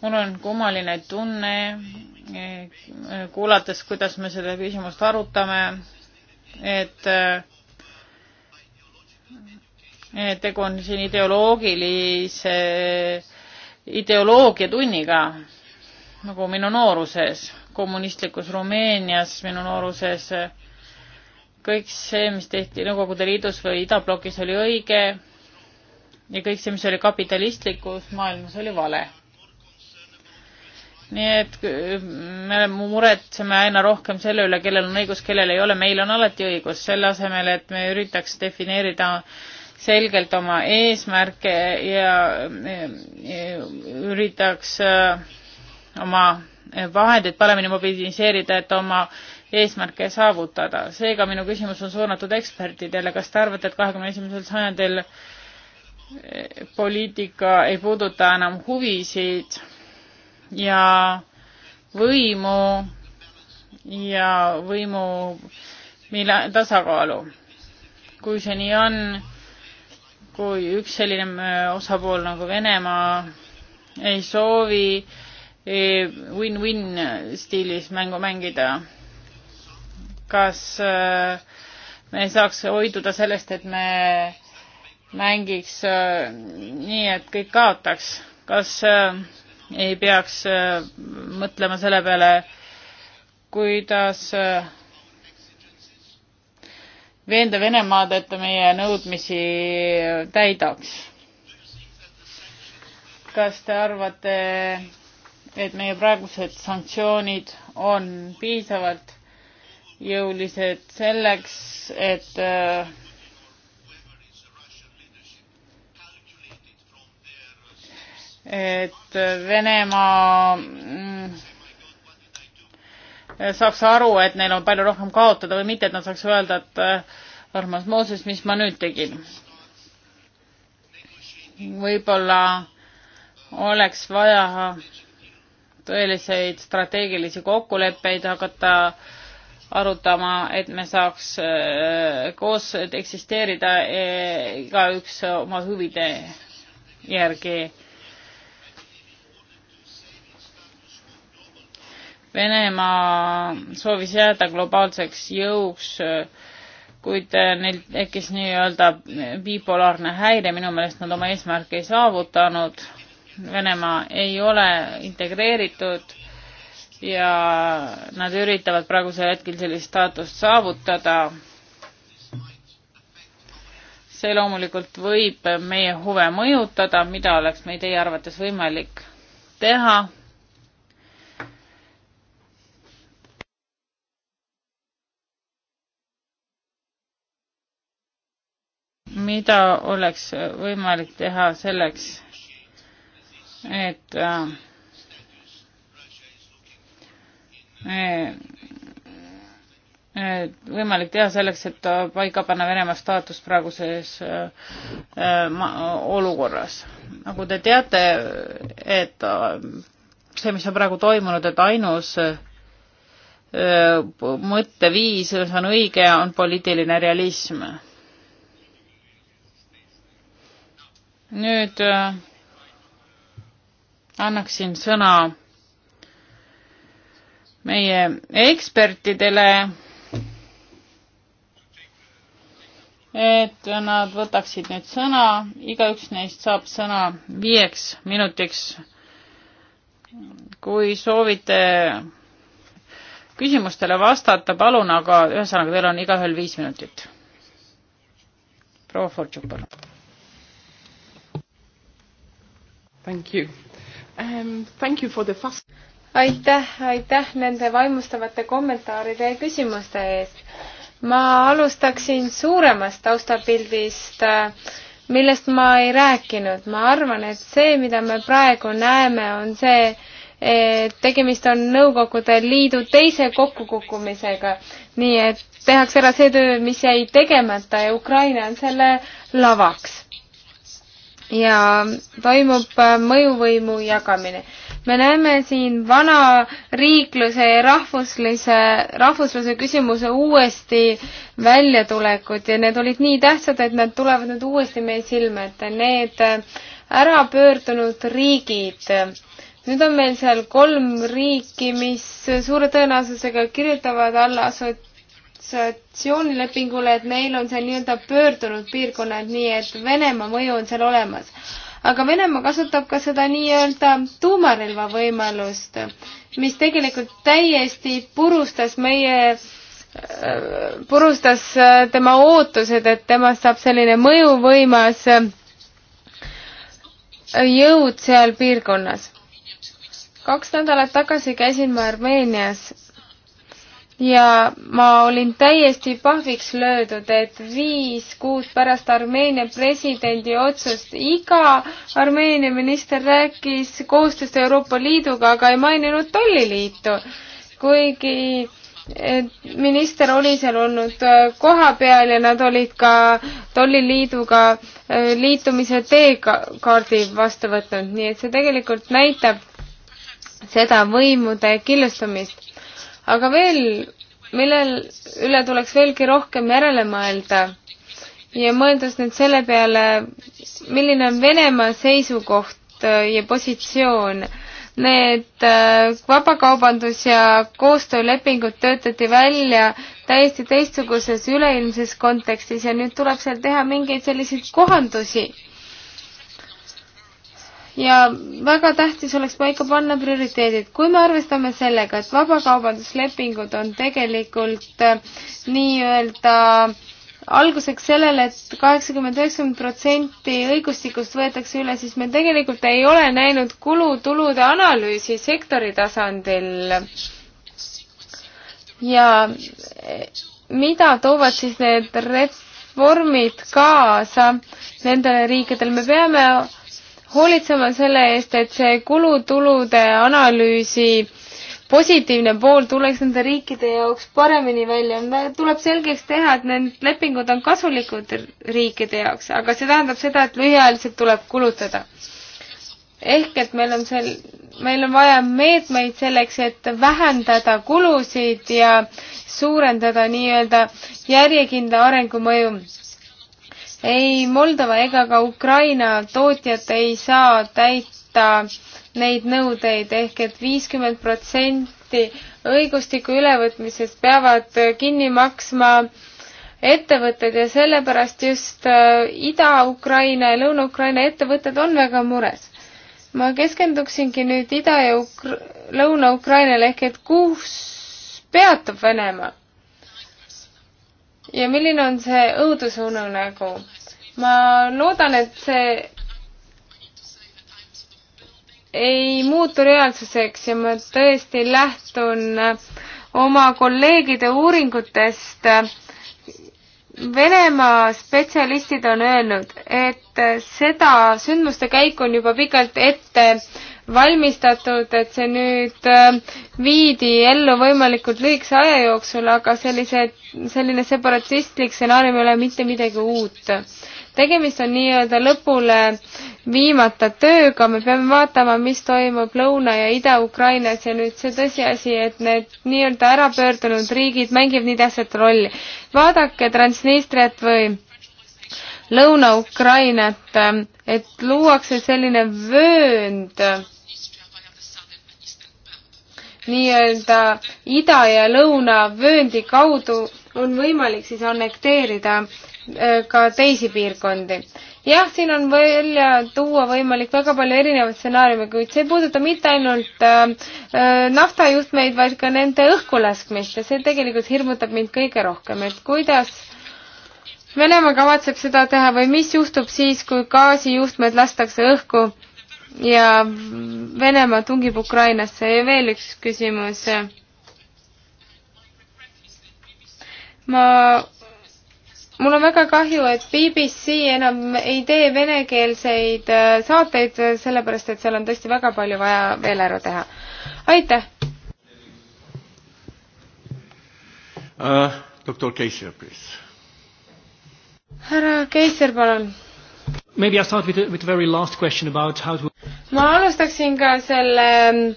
mul on kummaline tunne, eh, kuulates, kuidas me seda küsimust arutame, et eh, tegu on siin ideoloogilise, ideoloogia tunniga, nagu minu nooruses, kommunistlikus Rumeenias minu nooruses. kõik see, mis tehti Nõukogude Liidus või idablokis, oli õige ja kõik see, mis oli kapitalistlikus maailmas, oli vale nii et äh, me muretseme aina rohkem selle üle, kellel on õigus, kellel ei ole, meil on alati õigus, selle asemel, et me üritaks defineerida selgelt oma eesmärke ja äh, äh, üritaks oma vahendeid paremini mobiliseerida, et oma eesmärke saavutada. seega minu küsimus on suunatud ekspertidele, kas te arvate, et kahekümne esimesel sajandil poliitika ei puuduta enam huvisid ja võimu ja võimu mille tasakaalu. kui see nii on, kui üks selline äh, osapool nagu Venemaa ei soovi äh, win-win stiilis mängu mängida, kas äh, me saaks hoiduda sellest, et me mängiks nii, et kõik kaotaks, kas ei peaks äh, mõtlema selle peale, kuidas äh, veenda Venemaad, et ta meie nõudmisi täidaks. kas te arvate, et meie praegused sanktsioonid on piisavalt jõulised selleks, et äh, et Venemaa mm, saaks aru, et neil on palju rohkem kaotada või mitte, et nad saaks öelda, et eh, armas Mooses, mis ma nüüd tegin. võib-olla oleks vaja tõeliseid strateegilisi kokkuleppeid hakata arutama, et me saaks eh, koos eksisteerida eh, igaüks oma huvide järgi Venemaa soovis jääda globaalseks jõuks, kuid neil tekkis nii-öelda bipolaarne häire, minu meelest nad oma eesmärki ei saavutanud. Venemaa ei ole integreeritud ja nad üritavad praegusel hetkel sellist staatust saavutada. see loomulikult võib meie huve mõjutada, mida oleks meil teie arvates võimalik teha mida oleks võimalik teha selleks, et äh, äh, et võimalik teha selleks, et paika panna Venemaa staatus praeguses äh, olukorras. nagu te teate, et see, mis on praegu toimunud, et ainus mõtteviis, mis on õige, on poliitiline realism nüüd äh, annaksin sõna meie ekspertidele, et nad võtaksid nüüd sõna, igaüks neist saab sõna viieks minutiks. kui soovite küsimustele vastata, palun, aga ühesõnaga, teil on igaühel viis minutit. proua Fortšuk, palun Thank you um,. Thank you for the fast aitäh, aitäh nende vaimustavate kommentaaride ja küsimuste eest. ma alustaksin suuremast taustapildist, millest ma ei rääkinud. ma arvan, et see, mida me praegu näeme, on see, et tegemist on Nõukogude Liidu teise kokkukukkumisega. nii et tehakse ära see töö, mis jäi tegemata ja Ukraina on selle lavaks ja toimub äh, mõjuvõimu jagamine. me näeme siin vana riikluse ja rahvuslise, rahvusluse küsimuse uuesti väljatulekut ja need olid nii tähtsad, et nad tulevad nüüd uuesti meie silme ette. Need äh, ära pöördunud riigid, nüüd on meil seal kolm riiki, mis suure tõenäosusega kirjutavad alla asut-, assotsiatsioonilepingule, et neil on seal nii-öelda pöördunud piirkonnad, nii et Venemaa mõju on seal olemas. aga Venemaa kasutab ka seda nii-öelda tuumarelva võimalust, mis tegelikult täiesti purustas meie äh, purustas äh, tema ootused, et temast saab selline mõjuvõimas äh, jõud seal piirkonnas. kaks nädalat tagasi käisin ma Armeenias ja ma olin täiesti pahviks löödud, et viis kuud pärast Armeenia presidendi otsust iga Armeenia minister rääkis koostööst Euroopa Liiduga, aga ei maininud tolliliitu. kuigi minister oli seal olnud äh, kohapeal ja nad olid ka tolliliiduga äh, liitumise teekaardi vastu võtnud, nii et see tegelikult näitab seda võimude killustumist aga veel, millel üle tuleks veelgi rohkem järele mõelda ja mõeldes nüüd selle peale, milline on Venemaa seisukoht äh, ja positsioon. Need äh, vabakaubandus- ja koostöölepingud töötati välja täiesti teistsuguses üleilmses kontekstis ja nüüd tuleb seal teha mingeid selliseid kohandusi ja väga tähtis oleks paika panna prioriteedid. kui me arvestame sellega, et vabakaubanduslepingud on tegelikult äh, nii-öelda alguseks sellele et, et kaheksakümmend, üheksakümmend protsenti õigustikust võetakse üle, siis me tegelikult ei ole näinud kulutulude analüüsi sektori tasandil. ja eh, mida toovad siis need reformid kaasa nendele riikidele, me peame hoolitsema selle eest, et see kulutulude analüüsi positiivne pool tuleks nende riikide jaoks paremini välja, tuleb selgeks teha, et need lepingud on kasulikud riikide jaoks, aga see tähendab seda, et lühiajaliselt tuleb kulutada. ehk et meil on seal, meil on vaja meetmeid selleks, et vähendada kulusid ja suurendada nii-öelda järjekindla arengu mõju ei Moldova ega ka Ukraina tootjad ei saa täita neid nõudeid ehk et viiskümmend protsenti õigustiku ülevõtmisest peavad kinni maksma ettevõtted ja sellepärast just äh, Ida-Ukraina ja Lõuna-Ukraina ettevõtted on väga mures. ma keskenduksingi nüüd Ida- ja Lõuna-Ukrainale ehk et kus peatub Venemaa? ja milline on see õudusununägu? ma loodan, et see ei muutu reaalsuseks ja ma tõesti lähtun oma kolleegide uuringutest. Venemaa spetsialistid on öelnud, et seda sündmuste käiku on juba pikalt ette valmistatud, et see nüüd äh, viidi ellu võimalikult lühikese aja jooksul, aga sellise, selline separatistlik stsenaarium ei ole mitte midagi uut. tegemist on nii-öelda lõpule viimata tööga, me peame vaatama, mis toimub Lõuna- ja Ida-Ukrainas ja nüüd see tõsiasi, et need nii-öelda ärapöördunud riigid mängivad nii tähtsat rolli. vaadake Transnistriat või Lõuna-Ukrainat, äh, et luuakse selline vöönd nii-öelda ida ja lõuna vööndi kaudu on võimalik siis annekteerida äh, ka teisi piirkondi. jah, siin on välja tuua võimalik väga palju erinevaid stsenaariume, kuid see ei puuduta mitte ainult äh, äh, naftajuhtmeid, vaid ka nende õhkulaskmist ja see tegelikult hirmutab mind kõige rohkem, et kuidas Venemaa kavatseb seda teha või mis juhtub siis, kui gaasijuhtmed lastakse õhku ja Venemaa tungib Ukrainasse ja veel üks küsimus. ma, mul on väga kahju, et BBC enam ei tee venekeelseid äh, saateid, sellepärast et seal on tõesti väga palju vaja veel ära teha. aitäh uh,! doktor Keiser, please. härra Keiser, palun Maybe I start with, with the very last question about how to ma alustaksin ka selle mm,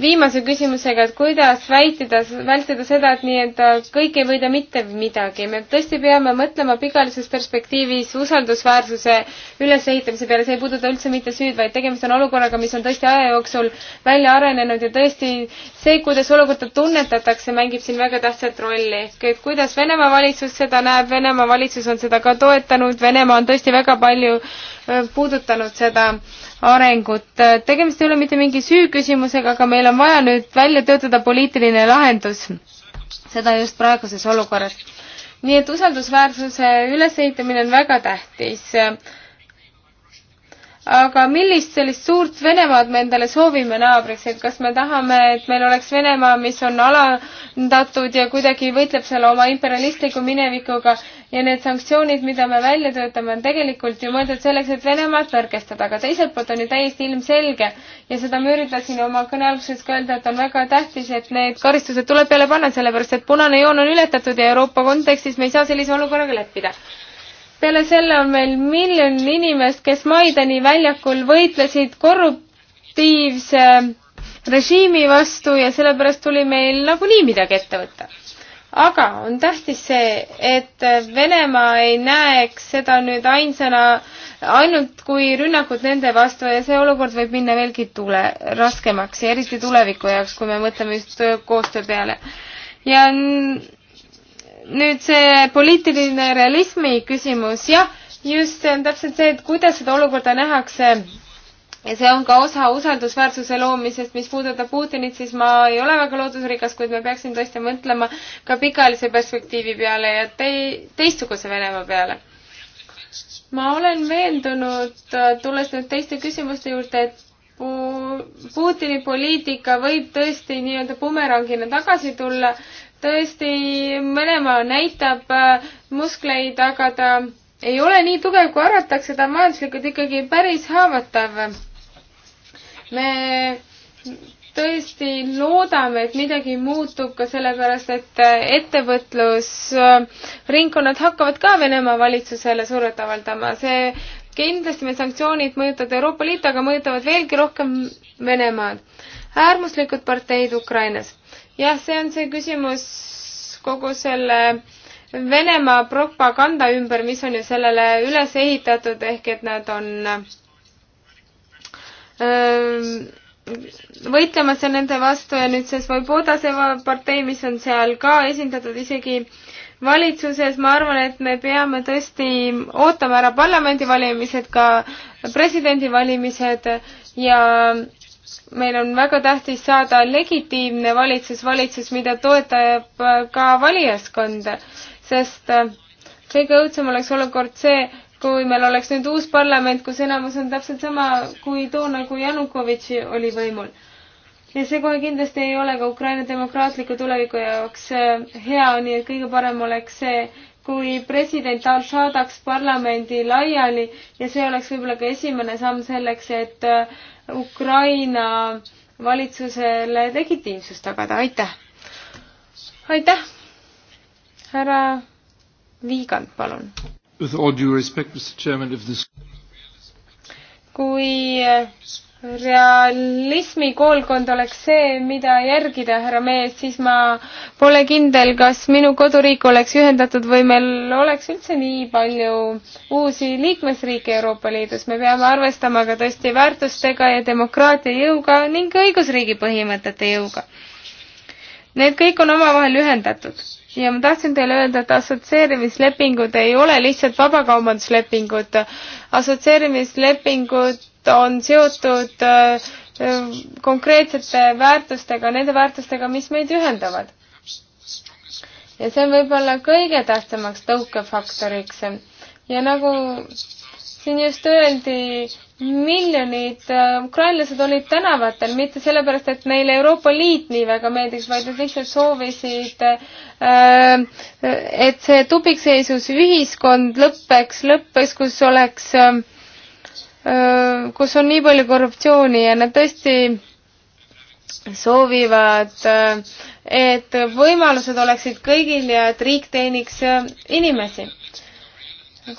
viimase küsimusega, et kuidas vältida, vältida seda, et nii-öelda kõik ei võida mitte midagi. me tõesti peame mõtlema pikaajalises perspektiivis usaldusväärsuse ülesehitamise peale, see ei puuduta üldse mitte süüd, vaid tegemist on olukorraga, mis on tõesti aja jooksul välja arenenud ja tõesti see, kuidas olukorda tunnetatakse, mängib siin väga tähtsat rolli. et kuidas Venemaa valitsus seda näeb, Venemaa valitsus on seda ka toetanud, Venemaa on tõesti väga palju äh, Äh, puudutanud seda arengut. Äh, tegemist ei ole mitte mingi süüküsimusega, aga meil on vaja nüüd välja töötada poliitiline lahendus. seda just praeguses olukorras. nii et usaldusväärsuse ülesehitamine on väga tähtis aga millist sellist suurt Venemaad me endale soovime naabriks, et kas me tahame, et meil oleks Venemaa, mis on alandatud ja kuidagi võitleb seal oma imperialistliku minevikuga ja need sanktsioonid, mida me välja töötame, on tegelikult ju mõeldud selleks, et Venemaad nõrgestada, aga teiselt poolt on ju täiesti ilmselge ja seda ma üritasin oma kõne alguses ka öelda, et on väga tähtis, et need karistused tuleb peale panna, sellepärast et punane joon on ületatud ja Euroopa kontekstis me ei saa sellise olukorraga leppida peale selle on meil miljon inimest, kes Maidani väljakul võitlesid korruptiivse režiimi vastu ja sellepärast tuli meil nagunii midagi ette võtta. aga on tähtis see, et Venemaa ei näeks seda nüüd ainsana, ainult kui rünnakud nende vastu ja see olukord võib minna veelgi tule, raskemaks ja eriti tuleviku jaoks, kui me mõtleme just koostöö peale. ja nüüd see poliitiline realismi küsimus, jah, just see on täpselt see, et kuidas seda olukorda nähakse ja see on ka osa usaldusväärsuse loomisest, mis puudutab Putinit, siis ma ei ole väga loodusrikas, kuid me peaksime tõesti mõtlema ka pikaajalise perspektiivi peale ja tei-, teistsuguse Venemaa peale. ma olen veendunud, tulles nüüd teiste küsimuste juurde, et Putini poliitika võib tõesti nii-öelda bumerangina tagasi tulla, tõesti, Venemaa näitab äh, muskleid, aga ta ei ole nii tugev, kui arvatakse, ta on majanduslikult ikkagi päris haavatav. me tõesti loodame, et midagi muutub ka sellepärast, et äh, ettevõtlusringkonnad hakkavad ka Venemaa valitsusele survet avaldama. see, kindlasti need sanktsioonid mõjutavad Euroopa Liitu, aga mõjutavad veelgi rohkem Venemaad. äärmuslikud parteid Ukrainas jah, see on see küsimus kogu selle Venemaa propaganda ümber, mis on ju sellele üles ehitatud, ehk et nad on ähm, võitlemas ja nende vastu ja nüüd see Svobodase partei, mis on seal ka esindatud isegi valitsuses, ma arvan, et me peame tõesti ootama ära parlamendivalimised, ka presidendivalimised ja meil on väga tähtis saada legitiimne valitsus, valitsus, mida toetab äh, ka valijaskond, sest äh, kõige õudsem oleks olukord see, kui meil oleks nüüd uus parlament, kus enamus on täpselt sama kui toona, kui Janukovitš oli võimul. ja see kohe kindlasti ei ole ka Ukraina demokraatliku tuleviku jaoks äh, hea, nii et kõige parem oleks see, kui president saadaks parlamendi laiali ja see oleks võib-olla ka esimene samm selleks, et äh, Ukraina valitsusele legitiimsust tagada, aitäh! aitäh! härra Viigand, palun. With all due respect, Mr Chairman, if this kui äh, realismi koolkond oleks see, mida järgida, härra mees, siis ma pole kindel, kas minu koduriik oleks ühendatud või meil oleks üldse nii palju uusi liikmesriike Euroopa Liidus. me peame arvestama ka tõesti väärtustega ja demokraatia jõuga ning õigusriigi põhimõtete jõuga. Need kõik on omavahel ühendatud ja ma tahtsin teile öelda, et assotsieerimislepingud ei ole lihtsalt vabakaubanduslepingud. assotsieerimislepingud on seotud äh, konkreetsete väärtustega, nende väärtustega, mis meid ühendavad. ja see on võib-olla kõige tähtsamaks tõukefaktoriks. ja nagu siin just öeldi, miljonid äh, ukrainlased olid tänavatel, mitte sellepärast, et neile Euroopa Liit nii väga meeldiks, vaid nad lihtsalt soovisid, äh, et see tupikseisus ühiskond lõpeks, lõppeks, kus oleks äh, Äh, kus on nii palju korruptsiooni ja nad tõesti soovivad, äh, et võimalused oleksid kõigil ja et riik teeniks äh, inimesi.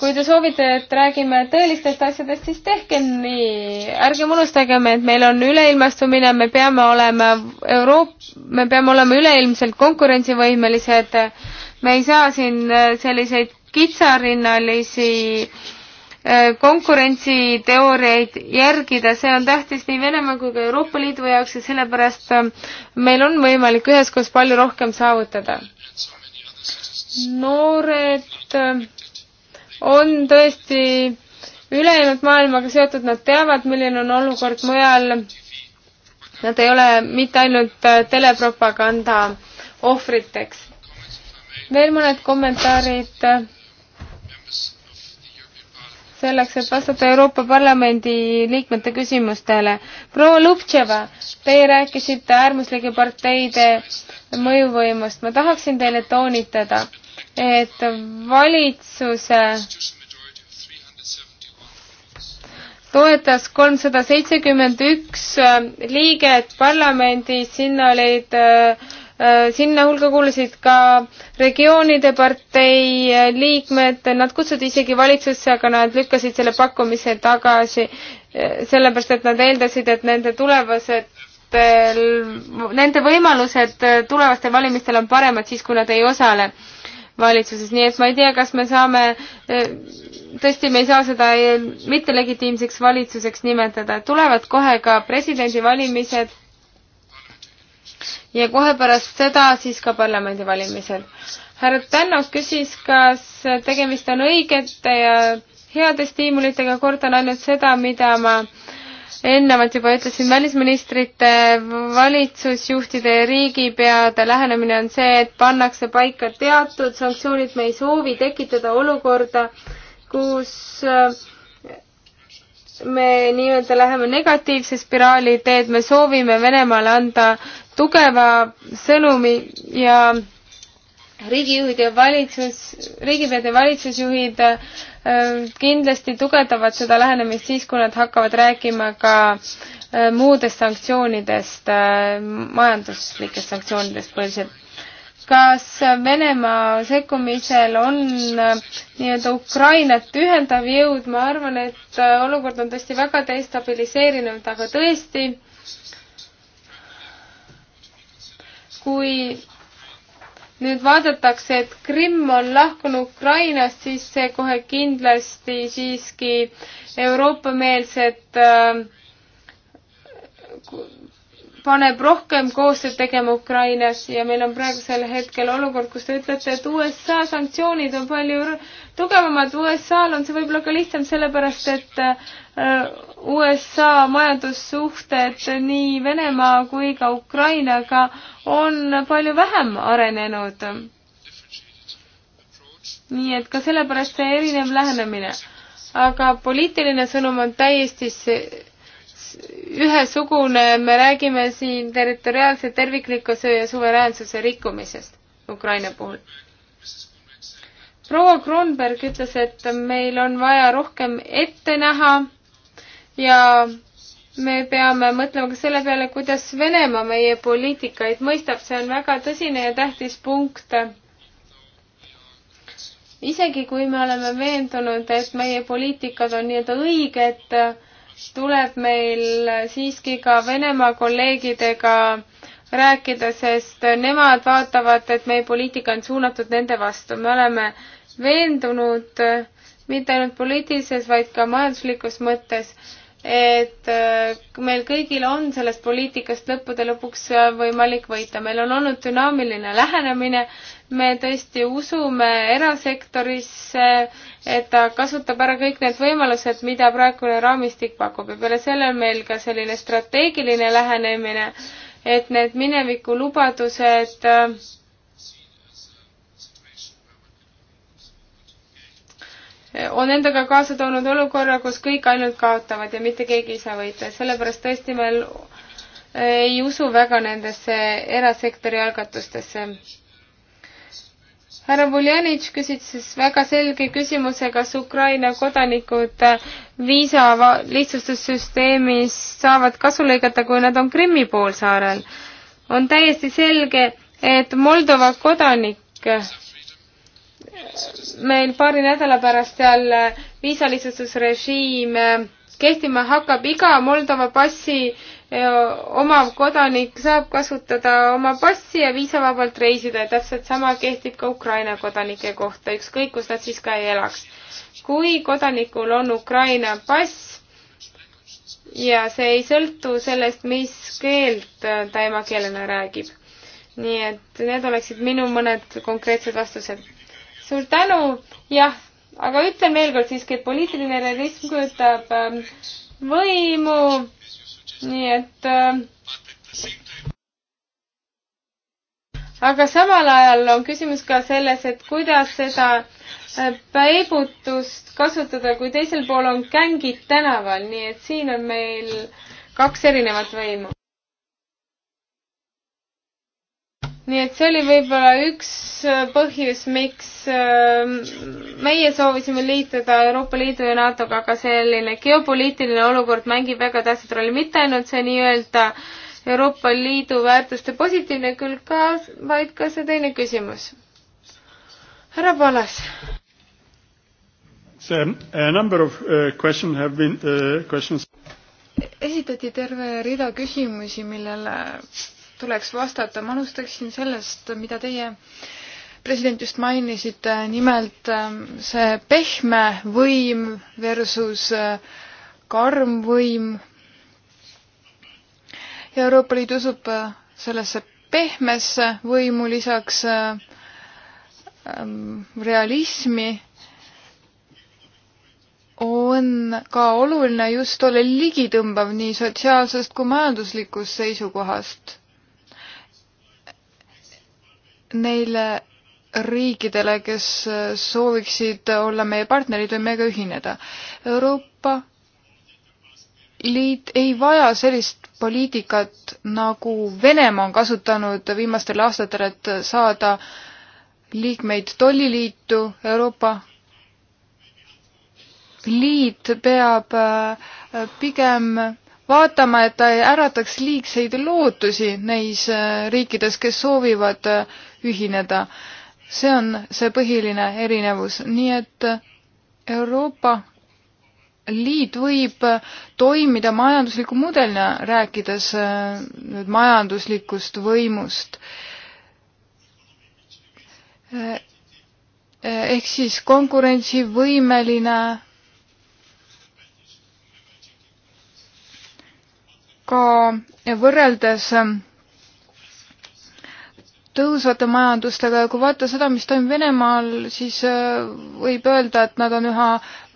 kui te soovite, et räägime tõelistest asjadest, siis tehke nii. ärgem unustagem, et meil on üleilmastumine, me peame olema Euroop-, me peame olema üleilmselt konkurentsivõimelised. me ei saa siin selliseid kitsarinnalisi äh, Äh, konkurentsiteooriaid järgida, see on tähtis nii Venemaa kui ka Euroopa Liidu jaoks ja sellepärast äh, meil on võimalik üheskoos palju rohkem saavutada. noored äh, on tõesti ülejäänud maailmaga seotud, nad teavad, milline on olukord mujal. Nad ei ole mitte ainult telepropaganda ohvriteks. veel mõned kommentaarid selleks, et vastata Euroopa Parlamendi liikmete küsimustele. proua Lubtševa, teie rääkisite äärmuslike parteide mõjuvõimust. ma tahaksin teile toonitada, et valitsuse toetas kolmsada seitsekümmend üks liiget parlamendis, sinna olid äh, Äh, sinna hulka kuulusid ka regioonide partei äh, liikmed, nad kutsuti isegi valitsusse, aga nad lükkasid selle pakkumise tagasi, äh, sellepärast et nad eeldasid, et nende tulevased Nende võimalused tulevastel valimistel on paremad siis, kui nad ei osale valitsuses, nii et ma ei tea, kas me saame, tõesti, me ei saa seda mittelegitiimseks valitsuseks nimetada, tulevad kohe ka presidendivalimised ja kohe pärast seda siis ka parlamendivalimised. härra Tännos küsis, kas tegemist on õigete ja heade stiimulitega, kordan ainult seda, mida ma eelnevalt juba ütlesin, välisministrite, valitsusjuhtide ja riigipeade lähenemine on see, et pannakse paika teatud sanktsioonid, me ei soovi tekitada olukorda, kus äh, me nii-öelda läheme negatiivse spiraali teed, me soovime Venemaale anda tugeva sõnumi ja riigijuhid ja valitsus, riigipead ja valitsusjuhid äh, kindlasti tugevdavad seda lähenemist siis, kui nad hakkavad rääkima ka äh, muudest sanktsioonidest, äh, majanduslikest sanktsioonidest põhiliselt kas Venemaa sekkumisel on nii-öelda Ukrainat ühendav jõud, ma arvan, et olukord on tõesti väga destabiliseerinud, aga tõesti, kui nüüd vaadatakse, et Krimm on lahkunud Ukrainast, siis see kohe kindlasti siiski Euroopa-meelset äh, paneb rohkem koostööd tegema Ukrainas ja meil on praegusel hetkel olukord, kus te ütlete, et USA sanktsioonid on palju tugevamad, USA-l on see võib-olla ka lihtsam, sellepärast et äh, Äh, USA majandussuhted nii Venemaa kui ka Ukrainaga on palju vähem arenenud. nii et ka sellepärast see erinev lähenemine. aga poliitiline sõnum on täiesti ühesugune, me räägime siin territoriaalse terviklikkuse ja suveräänsuse rikkumisest Ukraina puhul. proua Kronberg ütles, et meil on vaja rohkem ette näha ja me peame mõtlema ka selle peale, kuidas Venemaa meie poliitikaid mõistab, see on väga tõsine ja tähtis punkt. isegi kui me oleme veendunud, et meie poliitikad on nii-öelda õiged, tuleb meil siiski ka Venemaa kolleegidega rääkida, sest nemad vaatavad, et meie poliitika on suunatud nende vastu. me oleme veendunud mitte ainult poliitilises, vaid ka majanduslikus mõttes, et äh, meil kõigil on sellest poliitikast lõppude lõpuks äh, võimalik võita. meil on olnud dünaamiline lähenemine, me tõesti usume erasektorisse, et ta kasutab ära kõik need võimalused, mida praegune raamistik pakub ja peale selle on meil ka selline strateegiline lähenemine, et need mineviku lubadused äh, on endaga kaasa toonud olukorra, kus kõik ainult kaotavad ja mitte keegi ei saa võita, sellepärast tõesti ma ei usu väga nendesse erasektori algatustesse. härra Vuljanitš küsis siis väga selge küsimuse, kas Ukraina kodanikud viisa lihtsustussüsteemist saavad kasu lõigata, kui nad on Krimmi poolsaarel. on täiesti selge, et Moldova kodanik meil paari nädala pärast jälle viisalihtsustusrežiim kehtima hakkab, iga Moldova passi e, omav kodanik saab kasutada oma passi ja viisavabalt reisida ja täpselt sama kehtib ka Ukraina kodanike kohta, ükskõik kus nad siis ka ei elaks. kui kodanikul on Ukraina pass ja see ei sõltu sellest, mis keelt ta emakeelena räägib. nii et need oleksid minu mõned konkreetsed vastused suur tänu, jah, aga ütlen veelkord siiski, et poliitiline realism kujutab ähm, võimu, nii et äh, aga samal ajal on küsimus ka selles, et kuidas seda äh, peibutust kasutada, kui teisel pool on gängid tänaval, nii et siin on meil kaks erinevat võimu. nii et see oli võib-olla üks äh, põhjus, miks ähm, meie soovisime liituda Euroopa Liidu ja NATO-ga, aga selline geopoliitiline olukord mängib väga tähtsat rolli, mitte ainult see nii-öelda Euroopa Liidu väärtuste positiivne külg ka, vaid ka see teine küsimus. härra Palas. Uh, uh, esitati terve rida küsimusi, millele tuleks vastata. ma alustaksin sellest, mida teie president just mainisite, nimelt ähm, see pehme võim versus äh, karm võim. Euroopa Liit usub äh, sellesse pehmesse võimu lisaks äh, ähm, realismi on ka oluline just olla ligitõmbav nii sotsiaalsest kui majanduslikust seisukohast neile riikidele, kes äh, sooviksid äh, olla meie partnerid või meiega ühineda. Euroopa Liit ei vaja sellist poliitikat, nagu Venemaa on kasutanud viimastel aastatel, et saada liikmeid tolliliitu, Euroopa Liit peab äh, pigem vaatama, et ta ei ärataks liigseid lootusi neis riikides, kes soovivad ühineda. see on see põhiline erinevus, nii et Euroopa Liit võib toimida majandusliku mudelina, rääkides äh, nüüd majanduslikust võimust äh, äh, ehk siis konkurentsivõimeline ka võrreldes tõusvate majandustega ja kui vaadata seda, mis toimub Venemaal, siis äh, võib öelda, et nad on üha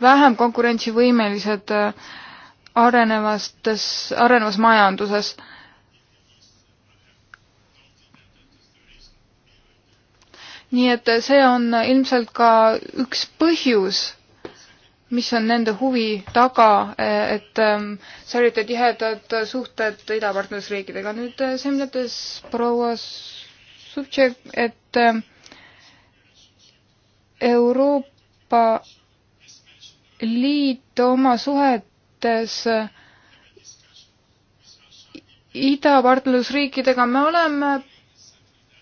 vähem konkurentsivõimelised äh, arenevates, arenevas majanduses. nii et see on ilmselt ka üks põhjus, mis on nende huvi taga, e, et ähm, see olid tihedad suhted idapartnerlusriikidega. nüüd äh, see, mida ütles proua Suvtšek, et äh, Euroopa Liit oma suhetes äh, idapartnerlusriikidega, me oleme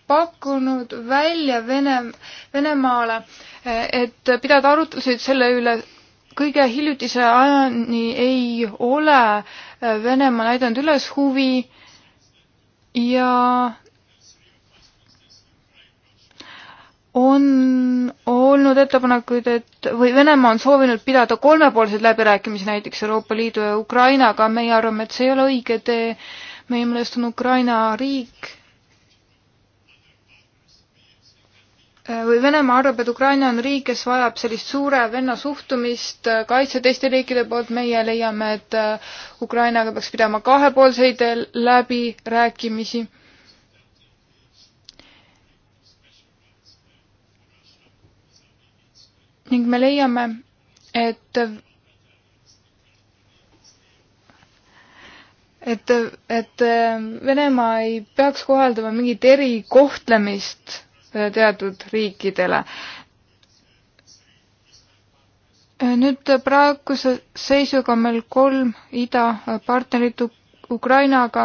pakkunud välja Vene, Venemaale, äh, et pidada arutlusid selle üle, kõige hiljutise ajani ei ole Venemaa näidanud üles huvi ja on olnud ettepanekuid, et või Venemaa on soovinud pidada kolmepoolseid läbirääkimisi näiteks Euroopa Liidu ja Ukrainaga, meie arvame, et see ei ole õige tee. meie meelest on Ukraina riik äh, või Venemaa arvab, et Ukraina on riik, kes vajab sellist suure venna suhtumist äh, kaitse teiste riikide poolt, meie leiame, et äh, Ukrainaga peaks pidama kahepoolseid läbirääkimisi ning me leiame, et et, et Venemaa ei peaks kohaldama mingit erikohtlemist teatud riikidele. nüüd praeguse seisuga on meil kolm idapartnerit Ukrainaga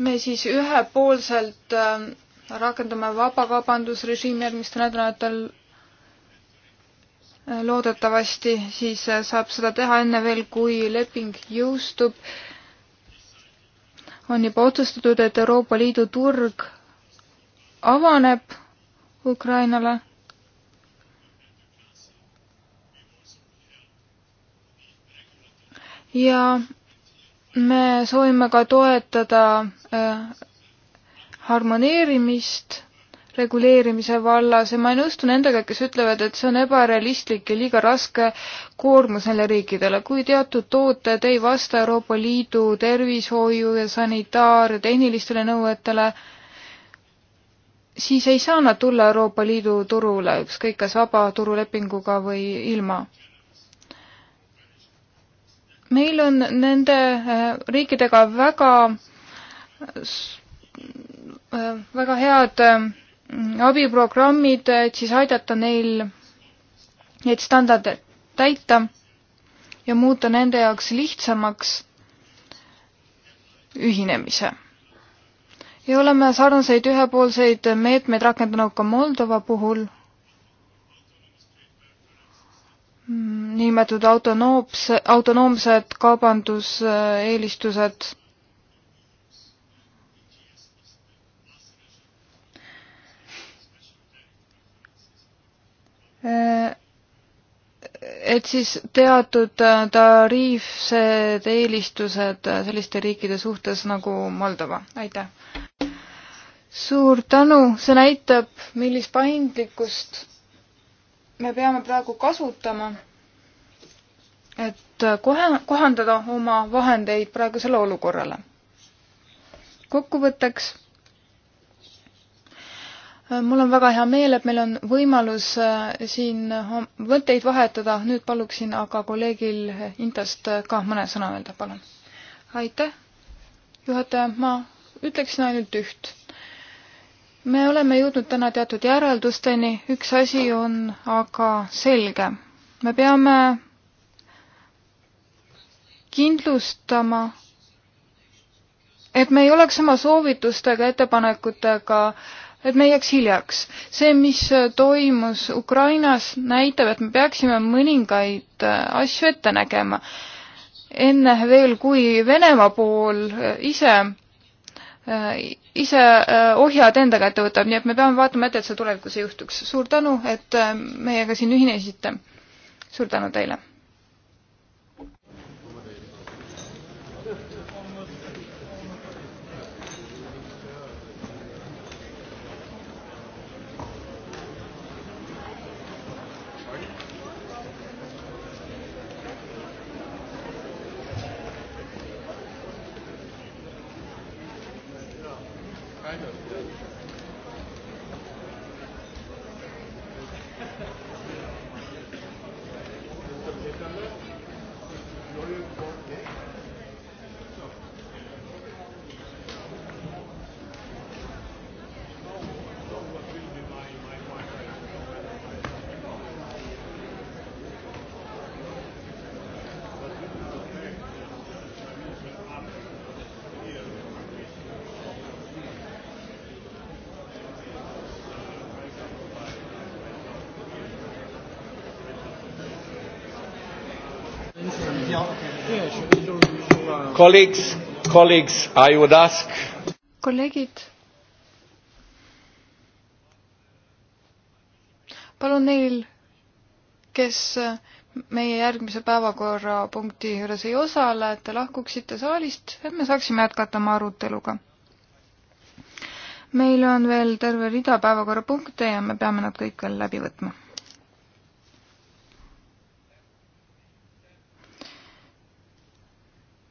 me siis ühepoolselt äh, rakendame vabakaubandusrežiimi järgmistel nädalatel. Äh, loodetavasti siis äh, saab seda teha enne veel, kui leping jõustub. on juba otsustatud, et Euroopa Liidu turg avaneb Ukrainale ja me soovime ka toetada äh, harmoneerimist reguleerimise vallas ja ma ei nõustu nendega, kes ütlevad, et see on ebarealistlik ja liiga raske koormus neile riikidele. kui teatud tooted ei vasta Euroopa Liidu tervishoiu ja sanitaar- ja tehnilistele nõuetele, siis ei saa nad tulla Euroopa Liidu turule, ükskõik kas vaba turulepinguga või ilma meil on nende äh, riikidega väga, äh, väga head ähm, abiprogrammid, et siis aidata neil neid standardeid täita ja muuta nende jaoks lihtsamaks ühinemise. ja oleme sarnaseid ühepoolseid meetmeid rakendanud ka Moldova puhul Mm, niinimetatud autonoomse, autonoomsed kaubanduseelistused. Äh, et siis teatud äh, tariifsed eelistused äh, selliste riikide suhtes nagu Moldova, aitäh! suur tänu, see näitab, millist paindlikkust me peame praegu kasutama, et kohe, kohandada oma vahendeid praegusele olukorrale. kokkuvõtteks, mul on väga hea meel, et meil on võimalus äh, siin mõtteid äh, vahetada, nüüd paluksin aga kolleegil Intast ka mõne sõna öelda, palun. aitäh, juhataja, ma ütleksin ainult üht me oleme jõudnud täna teatud järeldusteni, üks asi on aga selge. me peame kindlustama, et me ei oleks oma soovitustega, ettepanekutega, et me ei jääks hiljaks. see, mis toimus Ukrainas, näitab, et me peaksime mõningaid asju ette nägema. enne veel, kui Venemaa pool ise Äh, ise äh, ohjad enda kätte võtab, nii et me peame vaatama ette, et see tulevikus ei juhtuks. suur tänu, et äh, meiega siin ühinesite. suur tänu teile! Colleagues, colleagues, I would ask. kolleegid. palun neil, kes meie järgmise päevakorrapunkti juures ei osale, et te lahkuksite saalist, et me saaksime jätkata oma aruteluga. meil on veel terve rida päevakorrapunkte ja me peame nad kõik veel läbi võtma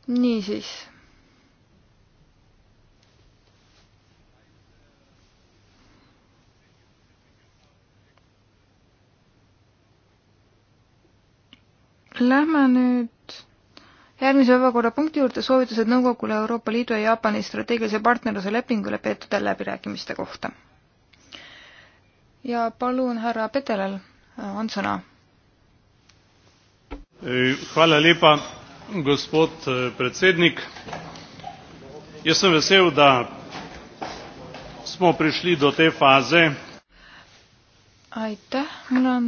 niisiis. Lähme nüüd järgmise päevakorrapunkti juurde soovitused nõukogule Euroopa Liidu ja Jaapani strateegilise partnerluse lepingule peetud läbirääkimiste kohta. ja palun, härra Petelel äh, on sõna. Hvala lepa gospod eh, predsednik jaz sem vesel da smo prišli do te faze aitäh mul on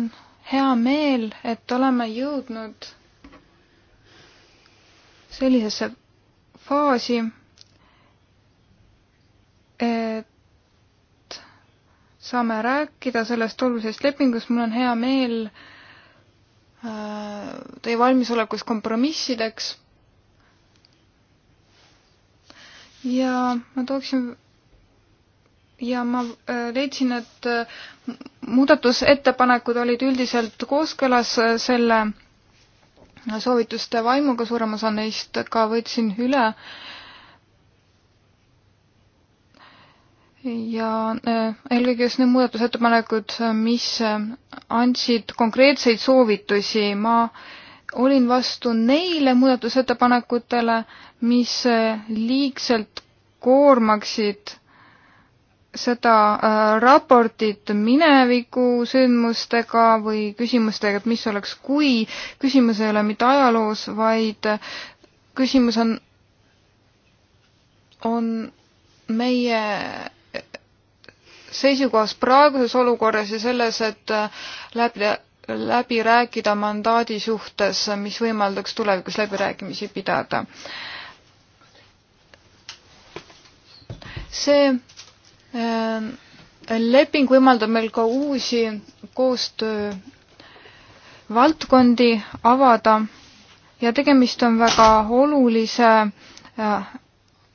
hea meel et oleme jõudnud sellisesse faasi et saame rääkida sellest olulisest lepingust mul on hea meel et teie valmisolekus kompromissideks. ja ma tooksin ja ma äh, leidsin, et äh, muudatusettepanekud olid üldiselt kooskõlas äh, selle soovituste vaimuga, suurem osa neist ka võtsin üle äh, ja äh, eelkõige just need muudatusettepanekud, äh, mis äh, andsid konkreetseid soovitusi, ma olin vastu neile muudatusettepanekutele, mis liigselt koormaksid seda raportit mineviku sündmustega või küsimustega, et mis oleks kui. küsimus ei ole mitte ajaloos, vaid küsimus on, on meie seisukohas praeguses olukorras ja selles, et äh, läbi, läbi rääkida mandaadi suhtes, mis võimaldaks tulevikus läbirääkimisi pidada. see äh, leping võimaldab meil ka uusi koostöövaldkondi avada ja tegemist on väga olulise äh,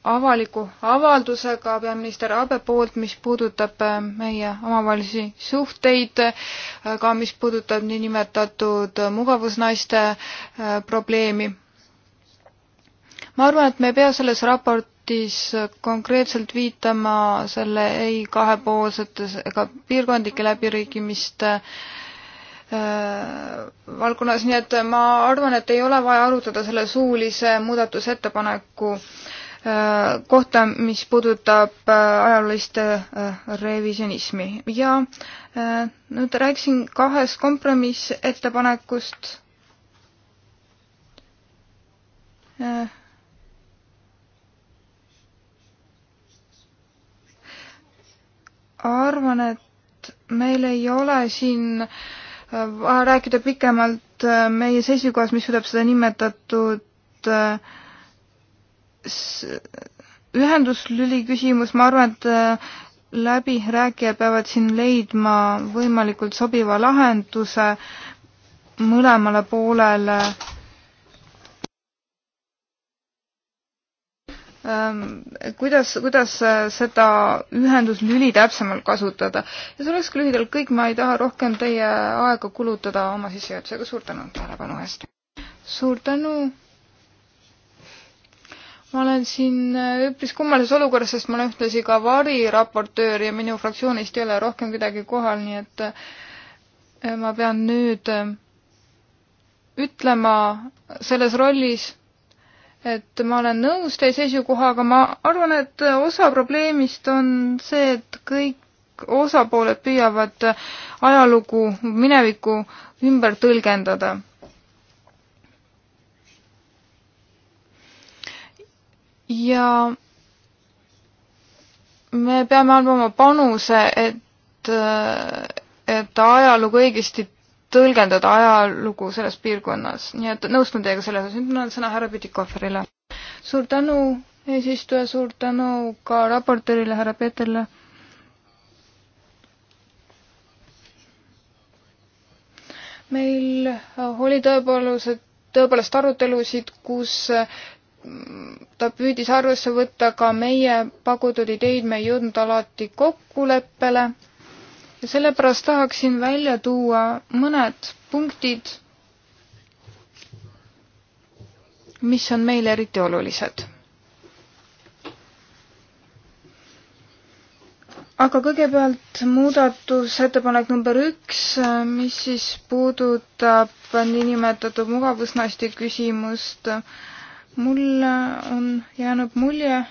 avaliku avaldusega peaminister Abe poolt, mis puudutab äh, meie omavahelisi suhteid, äh, ka mis puudutab niinimetatud mugavusnaiste äh, probleemi. ma arvan, et me ei pea selles raportis konkreetselt viitama selle ei kahepoolsetes ega piirkondlike läbirääkimiste valdkonnas, nii et ma arvan, et ei ole vaja arutada selle suulise muudatusettepaneku äh, Äh, kohta, mis puudutab äh, ajaloolist äh, revisjonismi ja nüüd rääkisin kahest kompromissettepanekust. arvan, et meil ei ole siin vaja rääkida pikemalt meie seisukohast, mis puudutab seda nimetatud äh, ühenduslüli küsimus, ma arvan, et äh, läbirääkijad peavad siin leidma võimalikult sobiva lahenduse mõlemale poolele ähm, kuidas, kuidas äh, seda ühenduslüli täpsemalt kasutada. ja see olekski lühidalt kõik, ma ei taha rohkem teie aega kulutada oma sissejuhatusega, suur tänu tähelepanu eest! suur tänu! ma olen siin äh, üpris kummalises olukorras, sest ma olen ühtlasi ka variraportöör ja minu fraktsioonist ei ole rohkem kedagi kohal, nii et äh, ma pean nüüd äh, ütlema selles rollis, et ma olen nõus teie seisukohaga, ma arvan, et osa probleemist on see, et kõik osapooled püüavad ajalugu, minevikku ümber tõlgendada ja me peame andma oma panuse, et, äh, et ajalugu õigesti tõlgendada, ajalugu selles piirkonnas. nii et nõustun teiega selles osas. nüüd ma annan sõna härra Pütikoferile. suur tänu, eesistuja, suur tänu ka raportöörile, härra Peeterle. meil oli tõepoolest, tõepoolest arutelusid, kus ta püüdis arvesse võtta ka meie pakutud ideid, me ei jõudnud alati kokkuleppele ja sellepärast tahaksin välja tuua mõned punktid, mis on meile eriti olulised. aga kõigepealt muudatusettepanek number üks, mis siis puudutab niinimetatud mugavusnaiste küsimust äh, mulle on jäänud mulje,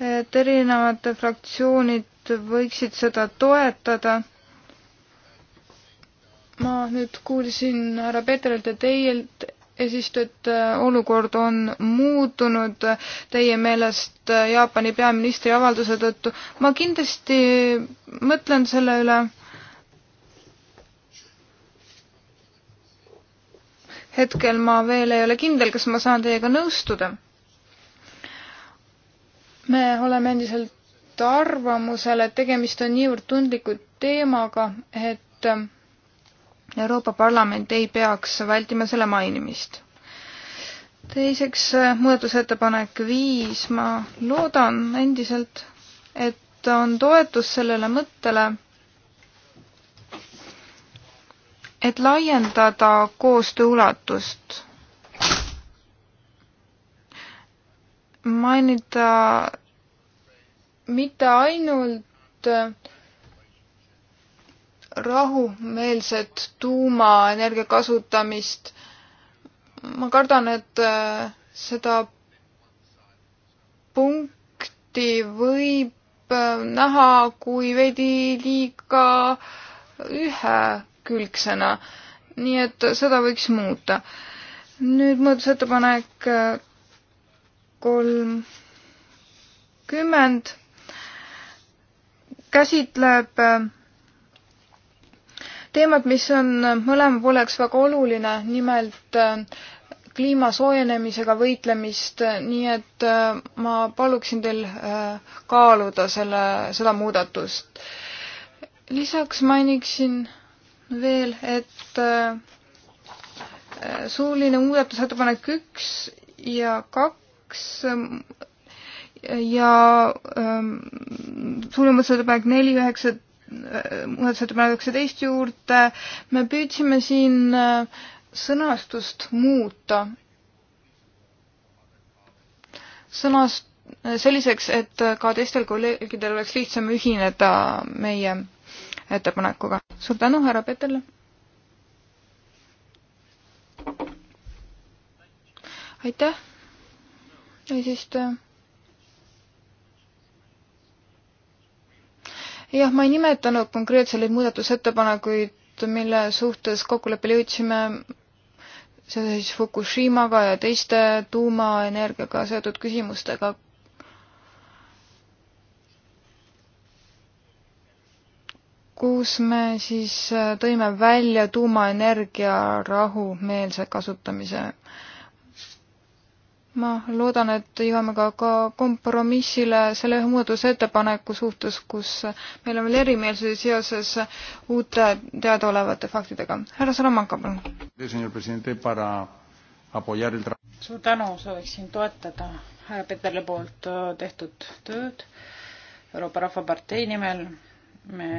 et erinevad fraktsioonid võiksid seda toetada. ma nüüd kuulsin härra Peeterilt ja teilt ja siis, et olukord on muutunud teie meelest Jaapani peaministri avalduse tõttu. ma kindlasti mõtlen selle üle hetkel ma veel ei ole kindel, kas ma saan teiega nõustuda. me oleme endiselt arvamusel, et tegemist on niivõrd tundliku teemaga, et Euroopa Parlament ei peaks vältima selle mainimist. teiseks muudatusettepanek viis, ma loodan endiselt, et on toetus sellele mõttele et laiendada koostöö ulatust. mainida mitte ainult äh, rahumeelset tuumaenergia kasutamist. ma kardan, et äh, seda punkti võib äh, näha kui veidi liiga ühe külgsõna. nii et seda võiks muuta. nüüd muudatusettepanek äh, kolmkümmend käsitleb äh, teemat, mis on mõlema pooleks väga oluline, nimelt äh, kliima soojenemisega võitlemist, nii et ma paluksin teil kaaluda selle, seda muudatust. lisaks mainiksin veel, et äh, suuline muudatusettepanek üks ja kaks ja ähm, suuline muudatusettepanek neli, üheksa, äh, muudatusettepanek üheksateist juurde, me püüdsime siin äh, sõnastust muuta. sõnast selliseks, et ka teistel kolleegidel oleks lihtsam ühineda meie ettepanekuga. suur tänu, härra Peterle. aitäh, eesistuja. jah, ma ei nimetanud konkreetseid muudatusettepanekuid, mille suhtes kokkuleppele jõudsime seoses Fukushimaga ja teiste tuumaenergiaga seotud küsimustega, kus me siis äh, tõime välja tuumaenergia rahumeelse kasutamise. ma loodan, et jõuame ka, ka kompromissile selle muudatusettepaneku suhtes, kus meil on veel erimeelsusi seoses uute teadaolevate faktidega. härra Salamanka, palun. suur tänu, sooviksin toetada härra Peterle poolt äh, tehtud tööd Euroopa Rahvapartei nimel me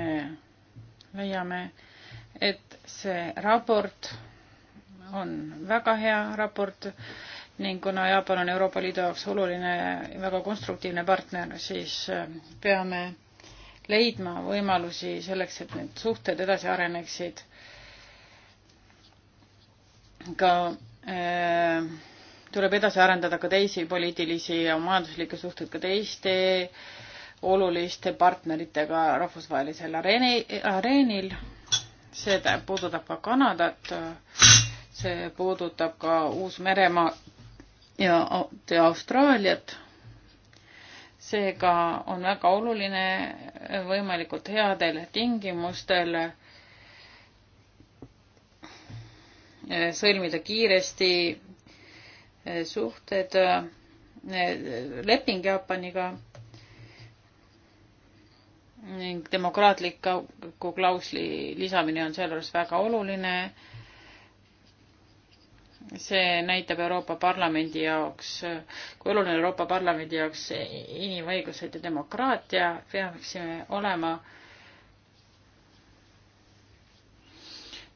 leiame, et see raport on väga hea raport ning kuna Jaapan on Euroopa Liidu jaoks oluline ja väga konstruktiivne partner, siis äh, peame leidma võimalusi selleks, et need suhted edasi areneksid. ka äh, tuleb edasi arendada ka teisi poliitilisi ja majanduslikke suhteid ka teiste äh, oluliste partneritega rahvusvahelisel areeni, areenil. see puudutab ka Kanadat, see puudutab ka Uus-Meremaa ja, ja Austraaliat. seega on väga oluline võimalikult headel tingimustel sõlmida kiiresti suhted, eh, leping Jaapaniga ning demokraatliku klausli lisamine on sealjuures väga oluline. see näitab Euroopa Parlamendi jaoks, kui oluline Euroopa Parlamendi jaoks inimõigused ja demokraatia peaksime olema.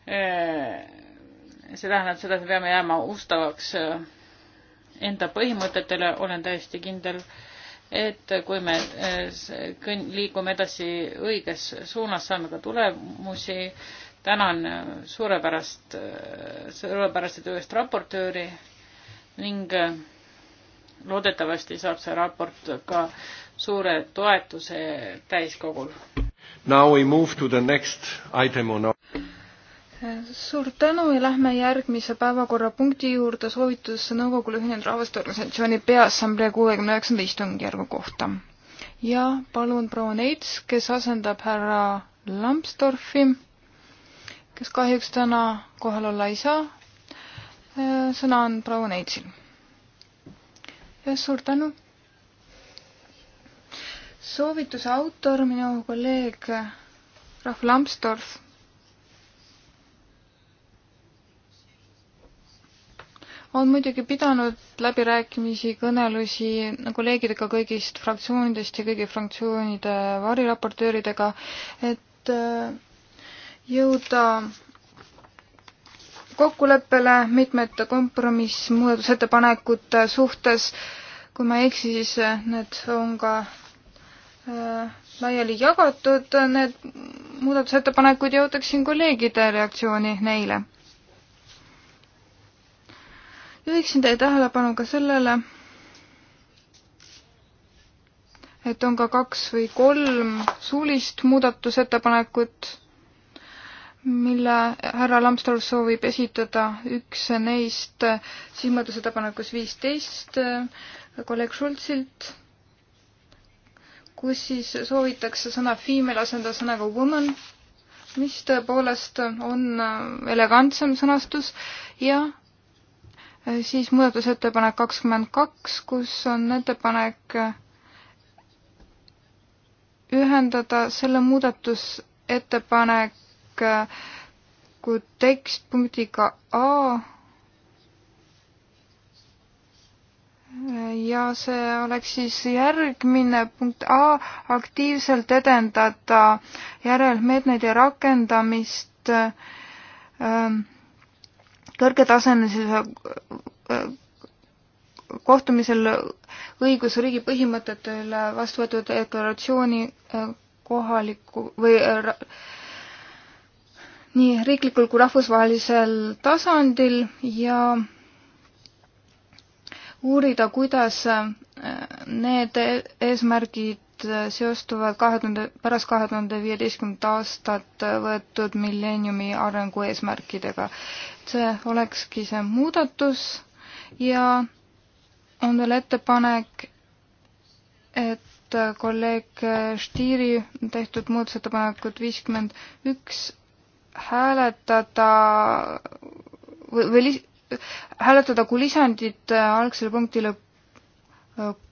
Äh, see tähendab seda, et me peame jääma ustavaks äh, enda põhimõtetele, olen täiesti kindel et kui me eh, liigume edasi õiges suunas, saame ka tulemusi. tänan suurepärast, suurepärase töö eest raportööri ning eh, loodetavasti saab see raport ka suure toetuse täiskogul. Now we move to the next item on our suur tänu ja lähme järgmise päevakorrapunkti juurde, soovitus Nõukogule Ühinenud Rahvaste Organisatsiooni Peaassamblee kuuekümne üheksanda istungjärgu kohta. ja palun proua Neits, kes asendab härra Lambsdorfi, kes kahjuks täna kohal olla ei saa. sõna on proua Neitsil. jah, suur tänu. soovituse autor, minu kolleeg Rahv Lambsdorf on muidugi pidanud läbirääkimisi, kõnelusi kolleegidega kõigist fraktsioonidest ja kõigi fraktsioonide variraportööridega, et äh, jõuda kokkuleppele mitmete kompromissmuudatusettepanekute suhtes. kui ma ei eksi, siis need on ka äh, laiali jagatud, need muudatusettepanekud ja ootaksin kolleegide reaktsiooni neile juhiksin teie tähelepanu ka sellele, et on ka kaks või kolm suulist muudatusettepanekut, mille härra Lamstorf soovib esitada, üks neist siis muudatusettepanekus viisteist kolleeg Schultzilt, kus siis soovitakse sõna female asendada sõnaga woman, mis tõepoolest on elegantsem sõnastus ja Äh, siis muudatusettepanek kakskümmend kaks, kus on ettepanek äh, ühendada selle muudatusettepaneku äh, tekst punktiga A. ja see oleks siis järgmine punkt A, aktiivselt edendada järelmeetmeid ja rakendamist ähm, kõrgetasemelise äh, äh, kohtumisel õigusriigi põhimõtete üle vastu võetud deklaratsiooni äh, kohaliku või nii riiklikul kui rahvusvahelisel tasandil ja uurida, kuidas need eesmärgid seostuvad kahe tuhande, pärast kahe tuhande viieteistkümnendat aastat võetud milleeniumi arengu eesmärkidega see olekski see muudatus ja on veel ettepanek, et kolleeg Stiiri tehtud muudatusettepanekut viiskümmend üks hääletada või, või lis, hääletada kui lisandit algsele punktile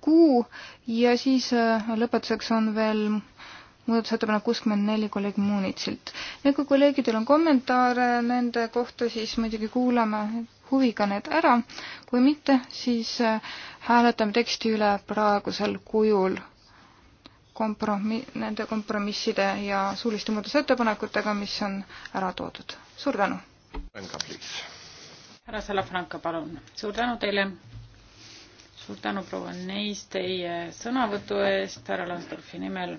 kuu ja siis lõpetuseks on veel muudatusettepanek kuuskümmend neli kolleeg Muunitsilt. ja kui kolleegidel on kommentaare nende kohta, siis muidugi kuulame huviga need ära, kui mitte, siis äh, hääletame teksti üle praegusel kujul kompromi-, nende kompromisside ja suuliste muudatusettepanekutega, mis on ära toodud. suur tänu! härra Salafranca, palun! suur tänu teile! suur tänu, proua Neis, teie sõnavõtu eest härra Lansdorfi nimel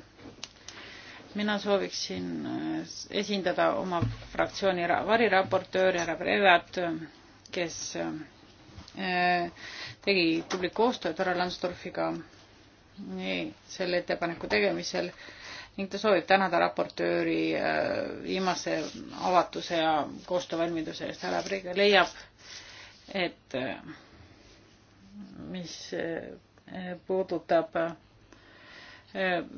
mina sooviksin äh, esindada oma fraktsiooni variraportööri härra Brevat, kes äh, tegi tublit koostööd härra Lansdorfiga nii selle ettepaneku tegemisel ning ta soovib tänada raportööri äh, viimase avatuse ja koostöövalmiduse eest. härra Brega leiab, et mis puudutab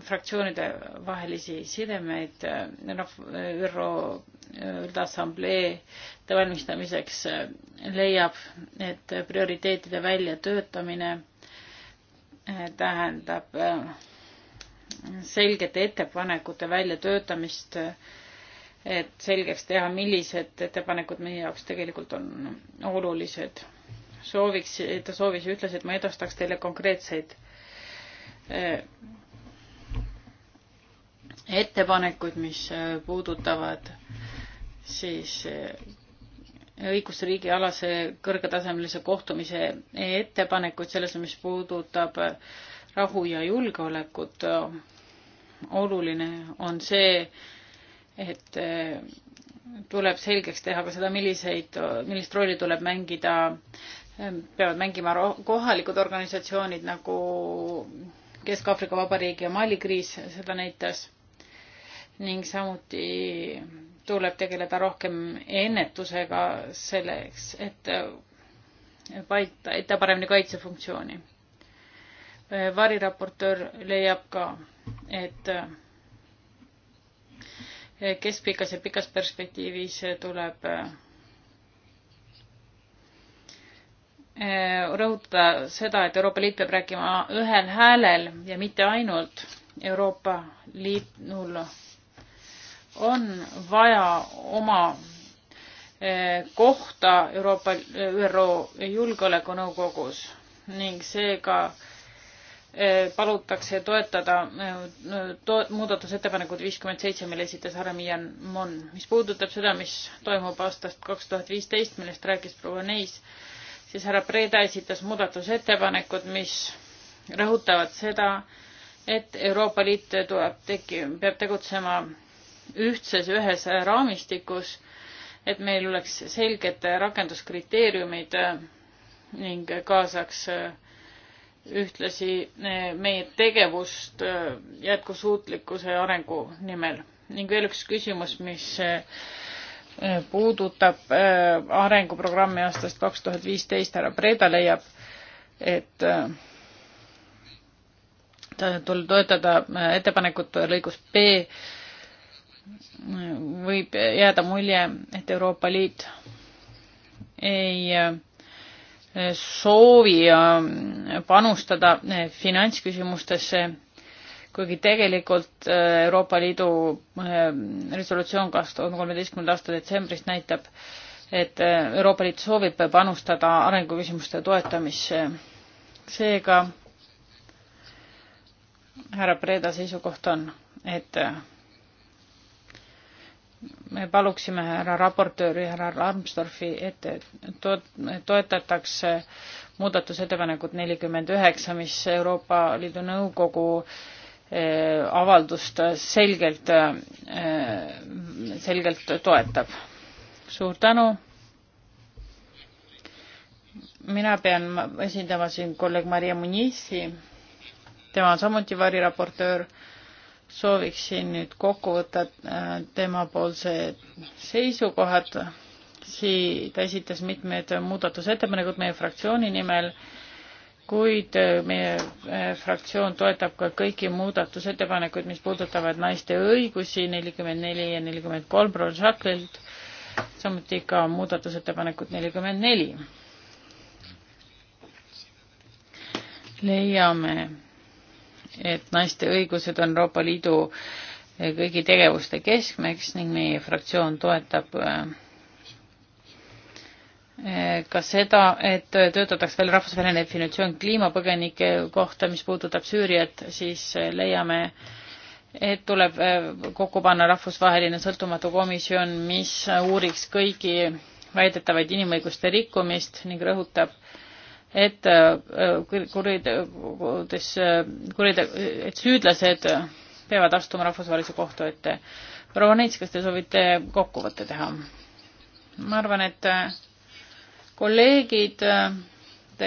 fraktsioonide vahelisi sidemeid äh, noh, ÜRO äh, Üldassamblee ettevalmistamiseks äh, leiab, et prioriteetide väljatöötamine tähendab selgete ettepanekute väljatöötamist, et selgeks teha, millised ettepanekud meie jaoks tegelikult on olulised. sooviks, ta soovis ühtlasi, et ma edastaks teile konkreetseid ettepanekuid, mis äh, puudutavad siis äh, õigusriigi alase kõrgetasemelise kohtumise ettepanekuid selles, mis puudutab äh, rahu ja julgeolekut. oluline on see, et tuleb selgeks teha ka seda, milliseid, millist rolli tuleb mängida, peavad mängima kohalikud organisatsioonid nagu Kesk-Aafrika Vabariigi ja Mali kriis seda näitas ning samuti tuleb tegeleda rohkem ennetusega selleks, et äh, paita, ette paremini kaitsefunktsiooni. Äh, variraportöör leiab ka, et äh, keskpikas ja pikas perspektiivis tuleb rõhutada seda, et Euroopa Liit peab rääkima ühel häälel ja mitte ainult Euroopa Liidul no, on vaja oma eh, kohta Euroopa, eh, ÜRO Julgeolekunõukogus ning seega eh, palutakse toetada to, muudatusettepanekut viiskümmend seitse, mille esitas Aramian Mon. mis puudutab seda, mis toimub aastast kaks tuhat viisteist, millest rääkis proua Neis, siis härra Preda esitas muudatusettepanekud, mis rõhutavad seda, et Euroopa Liit tuleb tegi-, peab tegutsema ühtses ühes raamistikus, et meil oleks selged rakenduskriteeriumid äh, ning kaasaks äh, ühtlasi äh, meie tegevust jätkusuutlikkuse arengu nimel. ning veel üks küsimus, mis puudutab arenguprogrammi aastast kaks tuhat viisteist, härra Preda leiab, et tuleb toetada ettepanekut lõigus B võib jääda mulje, et Euroopa Liit ei eh, soovi eh, panustada eh, finantsküsimustesse, kuigi tegelikult Euroopa Liidu resolutsioon kaks tuhat kolmeteistkümnenda aasta detsembrist näitab, et Euroopa Liit soovib panustada arenguküsimuste toetamisse. seega härra Preda seisukoht on, et me paluksime härra raportööri, härra Lambsdorfi, et toetataks muudatusettepanekut nelikümmend üheksa, mis Euroopa Liidu Nõukogu eh, avaldust selgelt, eh, selgelt toetab. suur tänu. mina pean esindama siin kolleeg Maria Munizi, tema on samuti variraportöör sooviksin nüüd kokku võtta äh, temapoolsed seisukohad. sii-, ta esitas mitmed muudatusettepanekud meie fraktsiooni nimel, kuid äh, meie äh, fraktsioon toetab ka kõiki muudatusettepanekuid, mis puudutavad naiste õigusi, nelikümmend neli ja nelikümmend kolm Rožaklilt, samuti ka muudatusettepanekut nelikümmend neli. leiame et naiste õigused on Euroopa Liidu eh, kõigi tegevuste keskmeks ning meie fraktsioon toetab eh, eh, ka seda, et töötataks veel rahvusvaheline definitsioon kliimapõgenike kohta, mis puudutab Süüriat, siis leiame, et tuleb kokku panna rahvusvaheline sõltumatu komisjon, mis uuriks kõigi väidetavaid inimõiguste rikkumist ning rõhutab äh, et kuritegudes, äh, kurite-, äh, et süüdlased peavad astuma rahvusvahelise kohtu ette. proua Neits, kas te soovite kokkuvõtte teha? ma arvan, et äh, kolleegid,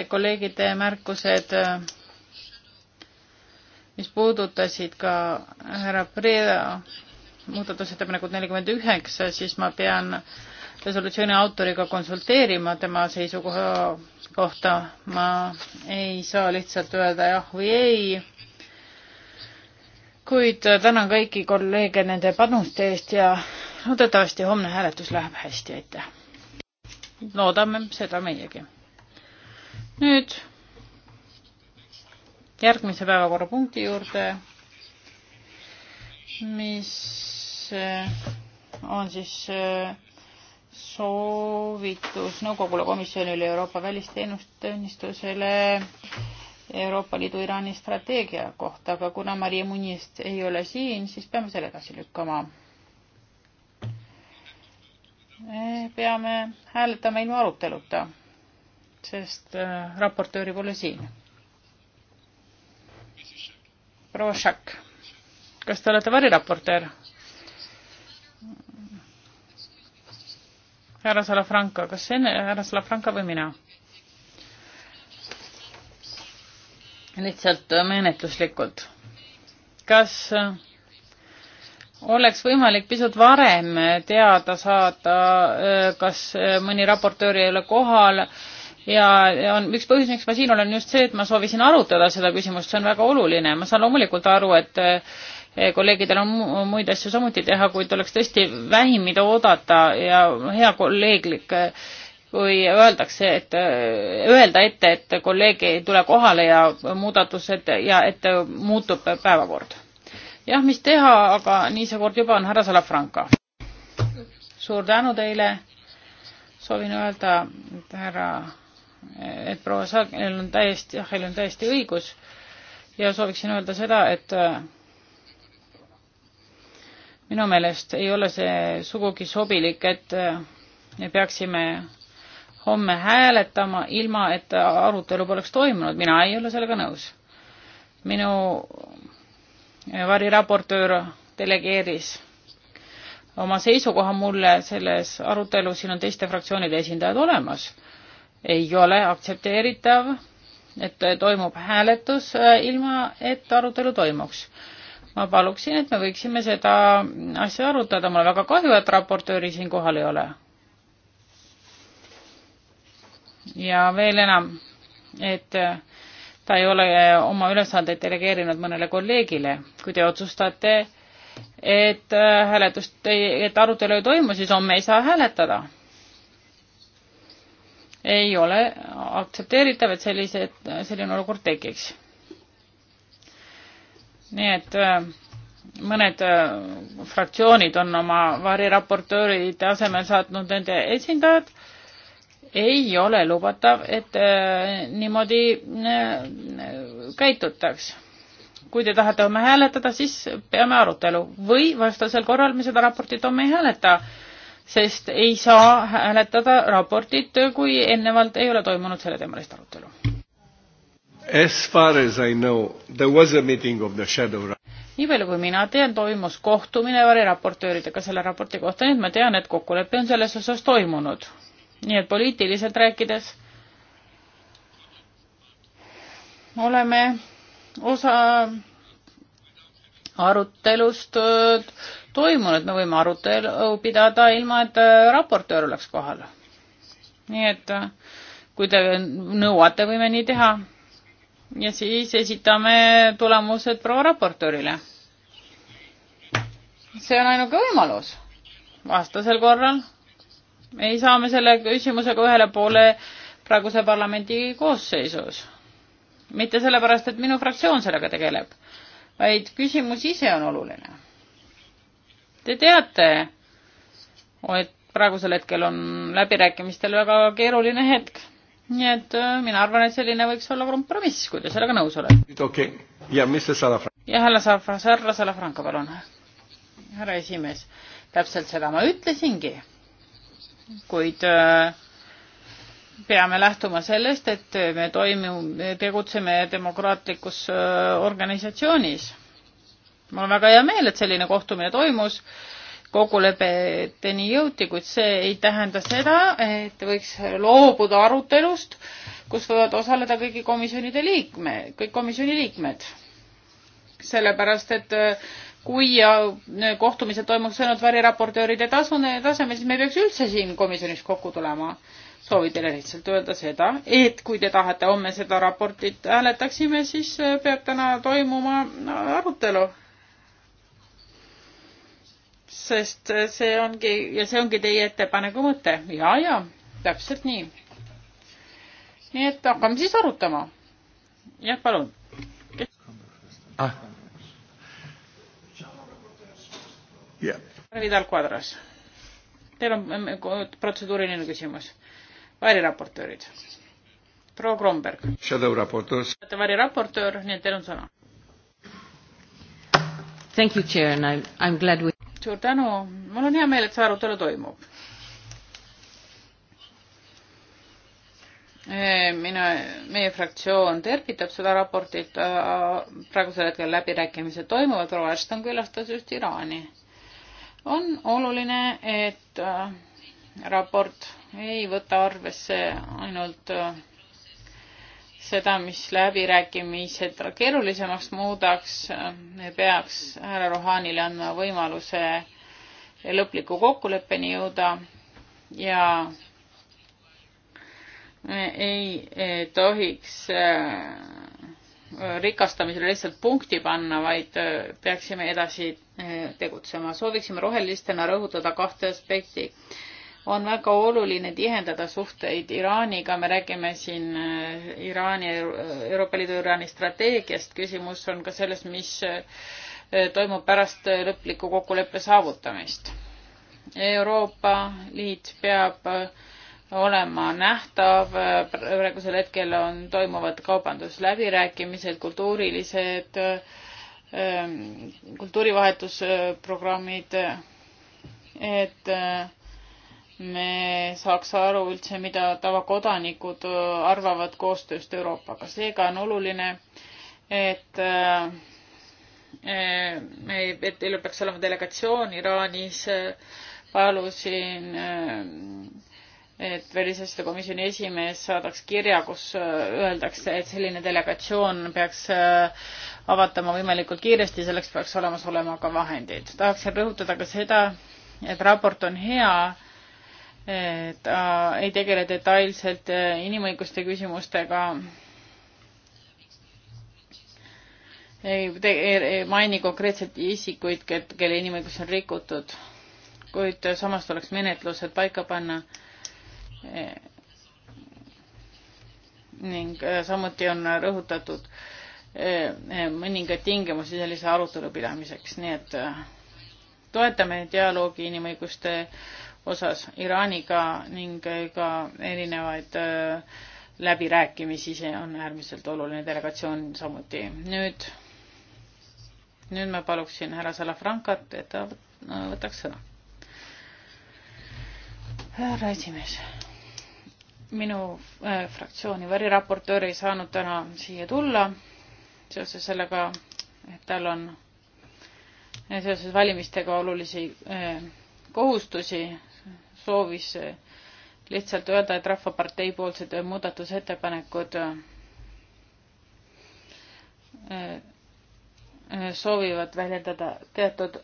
kolleegide märkused, mis puudutasid ka härra Preda muudatusettepanekut nelikümmend üheksa, siis ma pean äh, resolutsiooni autoriga konsulteerima tema seisukoha kohta. ma ei saa lihtsalt öelda jah või ei. kuid tänan kõiki kolleege nende panuste eest ja loodetavasti homne hääletus läheb hästi, aitäh. loodame seda meiegi. nüüd järgmise päevakorrapunkti juurde, mis eh, on siis eh, soovitus nõukogule komisjonile Euroopa välisteenistusele Euroopa Liidu Iraani strateegia kohta, aga kuna Marie Munist ei ole siin, siis peame selle edasi lükkama. me peame hääletama ilma aruteluta, sest äh, raportööri pole siin. proua Šak, kas te olete variraportöör? härra Salafranca, kas enne härra Salafranca või mina? lihtsalt äh, menetluslikult. kas äh, oleks võimalik pisut varem teada saada, äh, kas mõni raportöör ei ole kohal, ja on üks põhjus, miks ma siin olen, just see, et ma soovisin arutada seda küsimust, see on väga oluline, ma saan loomulikult aru, et eh, kolleegidel on muid asju samuti teha, kuid oleks tõesti vähim, mida oodata ja hea kolleeglik, eh, kui öeldakse, et eh, öelda ette, et kolleeg ei tule kohale ja muudatused ja et muutub päevakord. jah, mis teha, aga nii see kord juba on, härra Salafranca. suur tänu teile, soovin öelda, et härra et proua Saagil on täiesti, Jahhel on täiesti õigus ja sooviksin öelda seda, et äh, minu meelest ei ole see sugugi sobilik, et äh, me peaksime homme hääletama, ilma et arutelu poleks toimunud, mina ei ole sellega nõus. minu variraportöör delegeeris oma seisukoha mulle selles arutelus, siin on teiste fraktsioonide esindajad olemas ei ole aktsepteeritav, et toimub hääletus äh, ilma, et arutelu toimuks. ma paluksin, et me võiksime seda asja arutada, mul on väga kahju, et raportööri siin kohal ei ole. ja veel enam, et äh, ta ei ole äh, oma ülesandeid delegeerinud mõnele kolleegile, kui te otsustate, et hääletust, et arutelu ei toimu, siis homme ei saa hääletada ei ole aktsepteeritav, et sellised, selline olukord tekiks. nii et äh, mõned äh, fraktsioonid on oma variraportööride asemel saatnud nende esindajad, ei ole lubatav, et äh, niimoodi käitutaks. kui te tahate homme hääletada, siis peame arutelu või vastasel korral me seda raportit homme ei hääleta sest ei saa hääletada raportit, kui eelnevalt ei ole toimunud selleteemalist arutelu. As far as I know, there was a meeting of the shadow nii palju kui mina tean, toimus kohtumine variraportööridega selle raporti kohta, nii et ma tean, et kokkulepe on selles osas toimunud. nii et poliitiliselt rääkides oleme osa arutelust äh, toimunud, me võime arutelu pidada ilma, et äh, raportöör oleks kohal. nii et äh, kui te nõuate, võime nii teha. ja siis esitame tulemused proua raportöörile. see on ainuke võimalus. vastasel korral ei saa me selle küsimusega ühele poole praeguse parlamendi koosseisus. mitte sellepärast, et minu fraktsioon sellega tegeleb vaid küsimus ise on oluline. Te teate, et praegusel hetkel on läbirääkimistel väga keeruline hetk. nii et äh, mina arvan, et selline võiks olla kompromiss, kui te sellega nõus olete. okei okay., ja mis see salafrank? jah, härra Salafrank, härra Salafranka, palun. härra esimees, täpselt seda ma ütlesingi. kuid äh, peame lähtuma sellest, et me toimime, tegutseme demokraatlikus organisatsioonis. mul on väga hea meel, et selline kohtumine toimus, kokkulepeteni jõuti, kuid see ei tähenda seda, et võiks loobuda arutelust, kus võivad osaleda kõigi komisjonide liikme, kõik komisjoni liikmed. sellepärast, et kui kohtumised toimuks ainult variraportööride tasune, tasemel, siis me ei peaks üldse siin komisjonis kokku tulema soovin teile lihtsalt öelda seda, et kui te tahate homme seda raportit hääletaksime, siis äh, peab täna toimuma äh, arutelu. sest äh, see ongi ja see ongi teie ettepaneku mõte ja, ja täpselt nii. nii et hakkame siis arutama. jah, palun. Ah. Yeah. Vidal Quadras, teil on mm, protseduuriline küsimus variraportöörid. proua Kromberg. olete variraportöör, nii et teil on sõna. Thank you, chair and I am glad we suur tänu, mul on hea meel, et see arutelu toimub. Eh, mina, meie fraktsioon tervitab seda raportit, praegusel hetkel läbirääkimised toimuvad, proua Ashton külastas just Iraani. on oluline, et eh, raport ei võta arvesse ainult äh, seda, mis läbirääkimised keerulisemaks muudaks, peaks härra Rohanile andma võimaluse lõpliku kokkuleppeni jõuda ja me ei e, tohiks äh, rikastamisele lihtsalt punkti panna, vaid äh, peaksime edasi tegutsema. sooviksime rohelistena rõhutada kahte aspekti on väga oluline tihendada suhteid Iraaniga, me räägime siin äh, Iraani, Euroopa Liidu Iraani strateegiast, küsimus on ka selles, mis äh, toimub pärast äh, lõpliku kokkuleppe saavutamist. Euroopa Liit peab olema nähtav, praegusel hetkel on, toimuvad kaubandusläbirääkimised, kultuurilised, kultuurivahetusprogrammid, et me saaks aru üldse, mida tavakodanikud äh, arvavad koostööst Euroopaga. seega on oluline, et äh, me, et teil peaks olema delegatsioon Iraanis, palusin, äh, et välisasjade komisjoni esimees saadaks kirja, kus öeldakse, et selline delegatsioon peaks avatama võimalikult kiiresti, selleks peaks olemas olema ka vahendeid. tahaksin rõhutada ka seda, et raport on hea ta äh, ei tegele detailselt äh, inimõiguste küsimustega. ei te, ei maini konkreetselt isikuid, kelle inimõigusi on rikutud, kuid samas tuleks menetlused paika panna äh, ning samuti on rõhutatud mõningaid tingimusi sellise arutelu pidamiseks, nii et toetame dialoogi inimõiguste osas Iraaniga ning ka erinevaid äh, läbirääkimisi, see on äärmiselt oluline delegatsioon samuti. nüüd, nüüd ma paluksin härra Salafrankat, et ta võtaks sõna. härra esimees, minu äh, fraktsiooni variraportöör ei saanud täna siia tulla seoses sellega, et tal on seoses valimistega olulisi äh, kohustusi soovis lihtsalt öelda, et Rahvapartei poolsed muudatusettepanekud äh, äh, soovivad väljendada teatud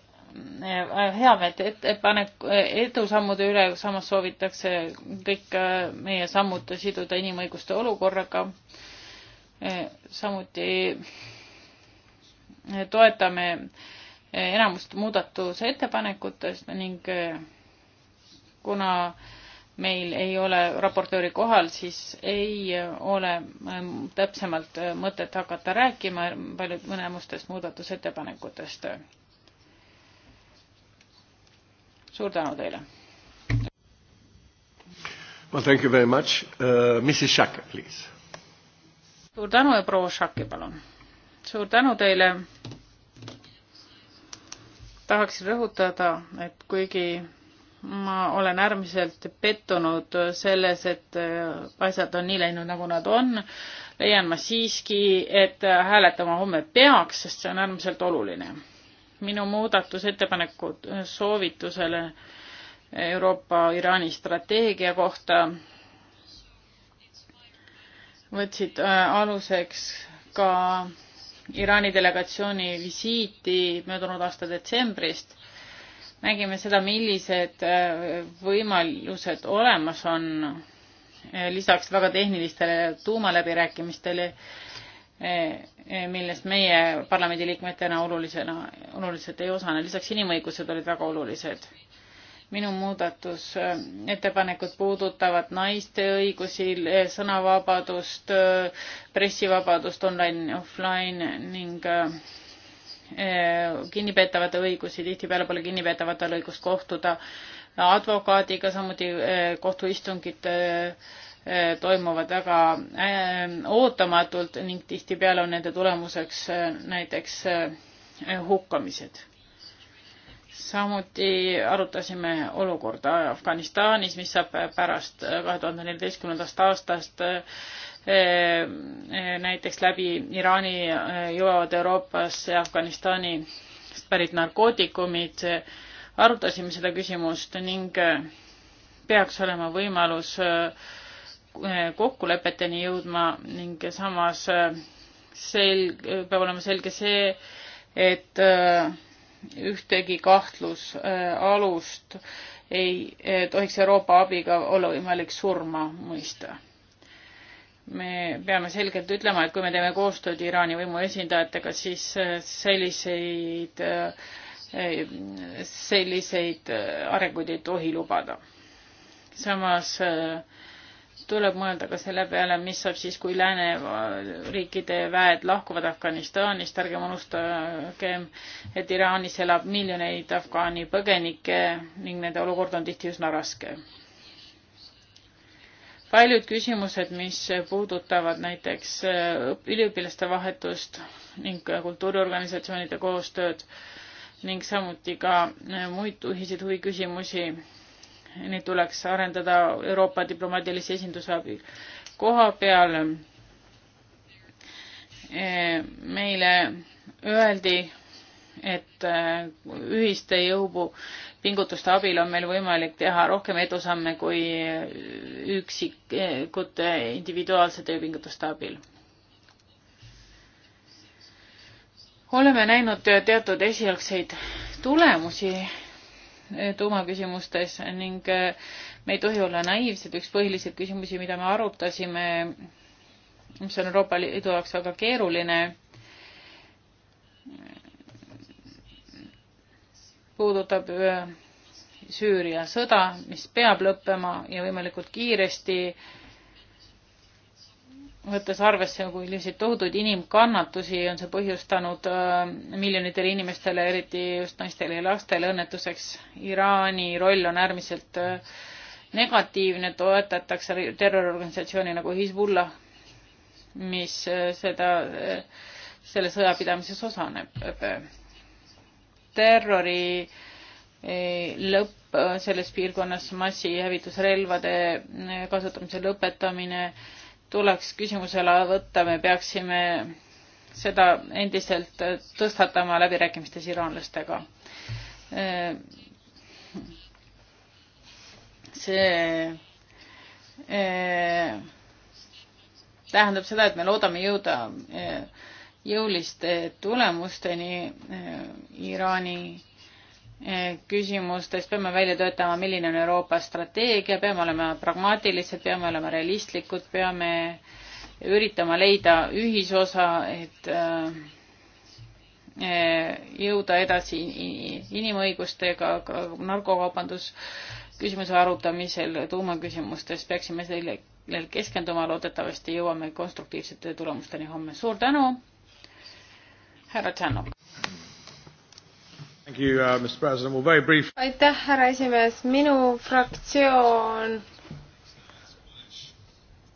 äh, heameelt ettepaneku, edusammude üle, samas soovitakse kõik meie sammud siduda inimõiguste olukorraga. samuti toetame enamust muudatusettepanekutest ning kuna meil ei ole raportööri kohal, siis ei ole ähm, täpsemalt äh, mõtet hakata rääkima paljud mõnemustest muudatusettepanekutest. suur tänu teile. Well, thank you very much uh,. Mrs Shaka, please. suur tänu ja proua Shaki, palun. suur tänu teile. tahaksin rõhutada, et kuigi ma olen äärmiselt pettunud selles, et äh, asjad on nii läinud, nagu nad on. leian ma siiski, et äh, hääletama homme peaks, sest see on äärmiselt oluline. minu muudatusettepanekud äh, soovitusele Euroopa-Iraani strateegia kohta võtsid aluseks ka Iraani delegatsiooni visiiti möödunud aasta detsembrist nägime seda, millised äh, võimalused olemas on äh, lisaks väga tehnilistele tuumaläbirääkimistele, äh, millest meie parlamendiliikmetena olulisena, oluliselt ei osane, lisaks inimõigused olid väga olulised. minu muudatusettepanekud puudutavad naiste õigusi, sõnavabadust, pressivabadust online, offline ning äh, Eh, kinnipeetavate õigusi, tihtipeale pole kinnipeetavatel õigust kohtuda advokaadiga, samuti eh, kohtuistungid eh, toimuvad väga ootamatult ning tihtipeale on nende tulemuseks näiteks hukkamised samuti arutasime olukorda Afganistanis, mis saab pärast kahe tuhande neljateistkümnendast aastast eh, näiteks läbi Iraani eh, jõuavad Euroopasse Afganistanist pärit narkootikumid. arutasime seda küsimust ning eh, peaks olema võimalus kokkulepeteni jõudma ning samas sel-, peab olema selge see, et ühtegi kahtlusalust ei tohiks Euroopa abiga olla võimalik surma mõista. me peame selgelt ütlema, et kui me teeme koostööd Iraani võimu esindajatega, siis äh, selliseid, äh, selliseid äh, arenguid ei tohi lubada. samas äh, tuleb mõelda ka selle peale, mis saab siis, kui lääneriikide väed lahkuvad Afganistanist, ärgem unustagem, et Iraanis elab miljoneid afgaani põgenikke ning nende olukord on tihti üsna raske. paljud küsimused, mis puudutavad näiteks äh, üliõpilaste vahetust ning äh, kultuuriorganisatsioonide koostööd ning samuti ka äh, muid ühiseid huviküsimusi, neid tuleks arendada Euroopa diplomaatilise esinduse abil. koha peal eh, meile öeldi, et eh, ühiste jõubu pingutuste abil on meil võimalik teha rohkem edusamme kui üksikute individuaalsete pingutuste abil. oleme näinud teatud esialgseid tulemusi tuumaküsimustes ning äh, me ei tohi olla naiivsed, üks põhilisi küsimusi, mida me arutasime, mis on Euroopa Liidu jaoks väga keeruline, puudutab äh, Süüria sõda, mis peab lõppema ja võimalikult kiiresti võttes arvesse, milliseid nagu tohutuid inimkannatusi on see põhjustanud äh, miljonitele inimestele, eriti just naistele ja lastele õnnetuseks. Iraani roll on äärmiselt äh, negatiivne, toetatakse terroriorganisatsiooni nagu Hezbollah, mis äh, seda, selle sõjapidamises osaneb. terrori lõpp selles piirkonnas, massihävitusrelvade kasutamise lõpetamine tuleks küsimusele võtta, me peaksime seda endiselt tõstatama läbirääkimistes iraanlastega. see e, tähendab seda, et me loodame jõuda e, jõuliste tulemusteni e, Iraani Eh, küsimustest, peame välja töötama, milline on Euroopa strateegia, peame olema pragmaatilised, peame olema realistlikud, peame üritama leida ühisosa, et eh, jõuda edasi inimõigustega, ka narkokaubandus küsimuse arutamisel tuumaküsimustes peaksime sellele keskenduma, loodetavasti jõuame konstruktiivsete tulemusteni homme. suur tänu, härra Tšanov you, uh, Mr. President. Well, very brief. aitäh, härra esimees, minu fraktsioon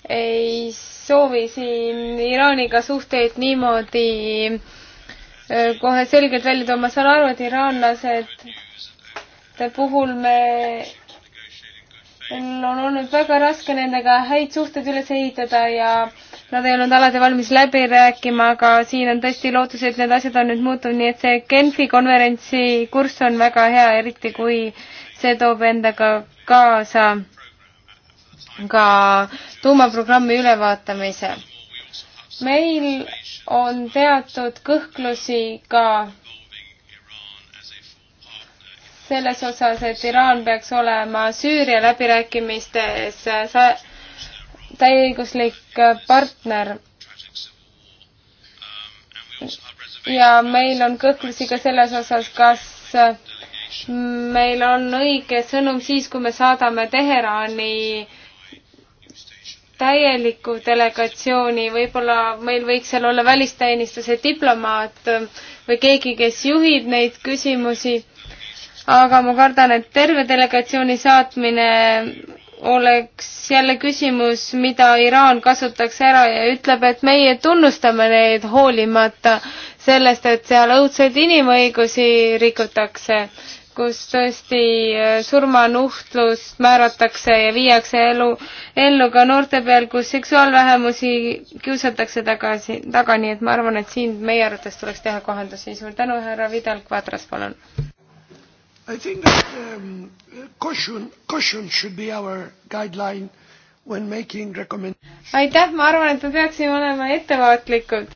ei soovi siin Iraaniga suhteid niimoodi äh, kohe selgelt välja tuua, ma saan aru, et iraanlased puhul me meil on olnud väga raske nendega häid suhteid üles ehitada ja äh, Nad ei olnud alati valmis läbi rääkima, aga siin on tõesti lootus, et need asjad on nüüd muutunud, nii et see Genfi konverentsi kurss on väga hea, eriti kui see toob endaga kaasa ka tuumaprogrammi ülevaatamise. meil on teatud kõhklusi ka selles osas, et Iraan peaks olema Süüria läbirääkimistes sa-, täieõiguslik partner. ja meil on kõhklusi ka selles osas, kas meil on õige sõnum siis, kui me saadame Teherani täieliku delegatsiooni, võib-olla meil võiks seal olla välisteenistuse diplomaat või keegi, kes juhib neid küsimusi aga ma kardan, et terve delegatsiooni saatmine oleks jälle küsimus, mida Iraan kasutaks ära ja ütleb, et meie tunnustame neid hoolimata sellest, et seal õudseid inimõigusi rikutakse, kus tõesti äh, surmanuhtlust määratakse ja viiakse elu, ellu ka noorte peal, kus seksuaalvähemusi kiusatakse tagasi, taga, nii et ma arvan, et siin meie arvates tuleks teha kohendusi. suur tänu, härra Vidal Quadras, palun! I think that um, caution, caution should be our guideline when making recommendations. aitäh, ma arvan, et me peaksime olema ettevaatlikud,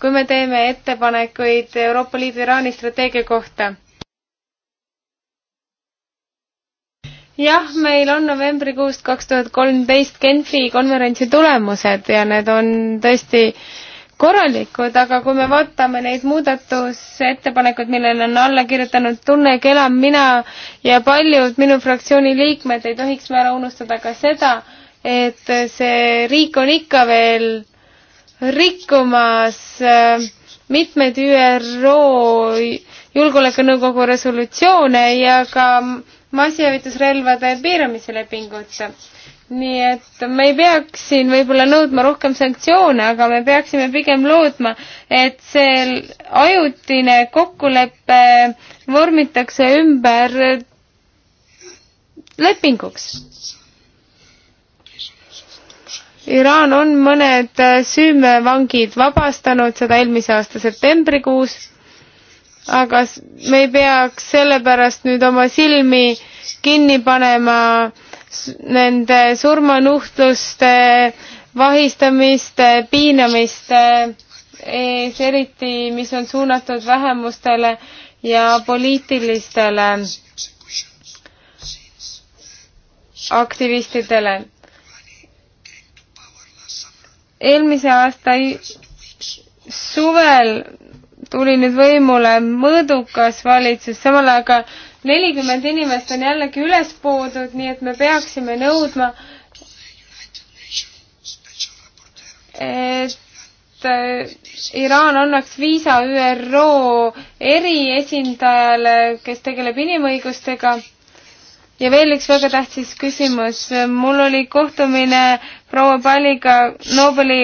kui me teeme ettepanekuid Euroopa Liidu Iraani strateegia kohta. jah, meil on novembrikuust kaks tuhat kolmteist Genfi konverentsi tulemused ja need on tõesti äh, korralikud, aga kui me vaatame neid muudatusettepanekuid, millele on alla kirjutanud Tunne Kelam, mina ja paljud minu fraktsiooni liikmed, ei tohiks me ära unustada ka seda, et see riik on ikka veel rikkumas äh, mitmeid ÜRO Julgeolekunõukogu resolutsioone ja ka massihävitusrelvade piiramise lepingut nii et me ei peaks siin võib-olla nõudma rohkem sanktsioone, aga me peaksime pigem lootma, et see ajutine kokkulepe vormitakse ümber lepinguks. Iraan on mõned süümevangid vabastanud, seda eelmise aasta septembrikuus, aga me ei peaks sellepärast nüüd oma silmi kinni panema äh, nende surmanuhtluste, vahistamiste, piinamiste ees, eriti mis on suunatud vähemustele ja poliitilistele aktivistidele. eelmise aasta suvel tuli nüüd võimule mõõdukas valitsus, samal ajal aga nelikümmend inimest on jällegi üles poodud, nii et me peaksime nõudma, et äh, Iraan annaks viisa ÜRO eriesindajale, kes tegeleb inimõigustega. ja veel üks väga tähtis küsimus. mul oli kohtumine proua Palliga, Nobeli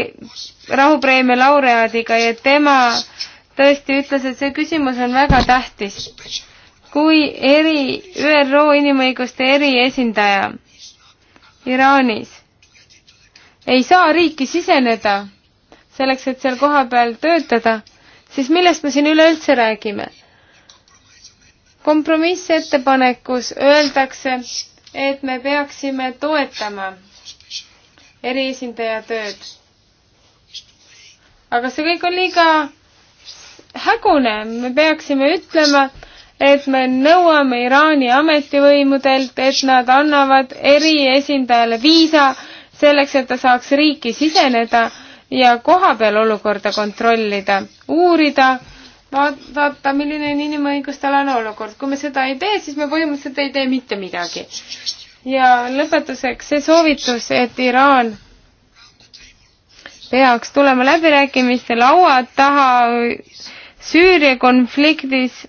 rahupreemia laureaadiga ja tema tõesti ütles, et see küsimus on väga tähtis kui eri, ÜRO inimõiguste eriesindaja Iraanis ei saa riiki siseneda selleks, et seal kohapeal töötada, siis millest me siin üleüldse räägime? kompromissettepanekus öeldakse, et me peaksime toetama eriesindaja tööd. aga see kõik on liiga hägune, me peaksime ütlema, et me nõuame Iraani ametivõimudelt, et nad annavad eriesindajale viisa selleks, et ta saaks riiki siseneda ja kohapeal olukorda kontrollida, uurida vaata, milline on inimõigustealane olukord. kui me seda ei tee, siis me põhimõtteliselt ei tee mitte midagi. ja lõpetuseks see soovitus, et Iraan peaks tulema läbirääkimiste laua taha Süüria konfliktis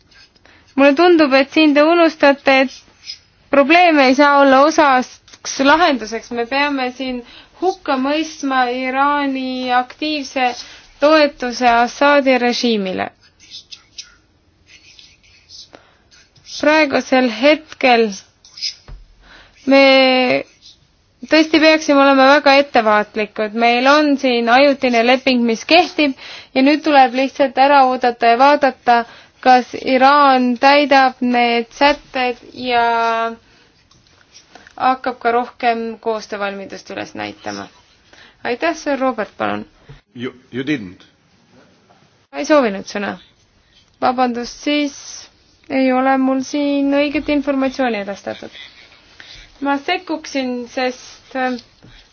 mulle tundub, et siin te unustate, et probleeme ei saa olla osaks lahenduseks, me peame siin hukka mõistma Iraani aktiivse toetuse Assaadi režiimile. praegusel hetkel me tõesti peaksime olema väga ettevaatlikud, meil on siin ajutine leping, mis kehtib ja nüüd tuleb lihtsalt ära oodata ja vaadata, kas Iraan täidab need sätted ja hakkab ka rohkem koostöövalmidust üles näitama. aitäh, sõõr Robert, palun. You, you didn't? ma ei soovinud sõna. vabandust, siis ei ole mul siin õiget informatsiooni edastatud. ma sekkuksin, sest äh,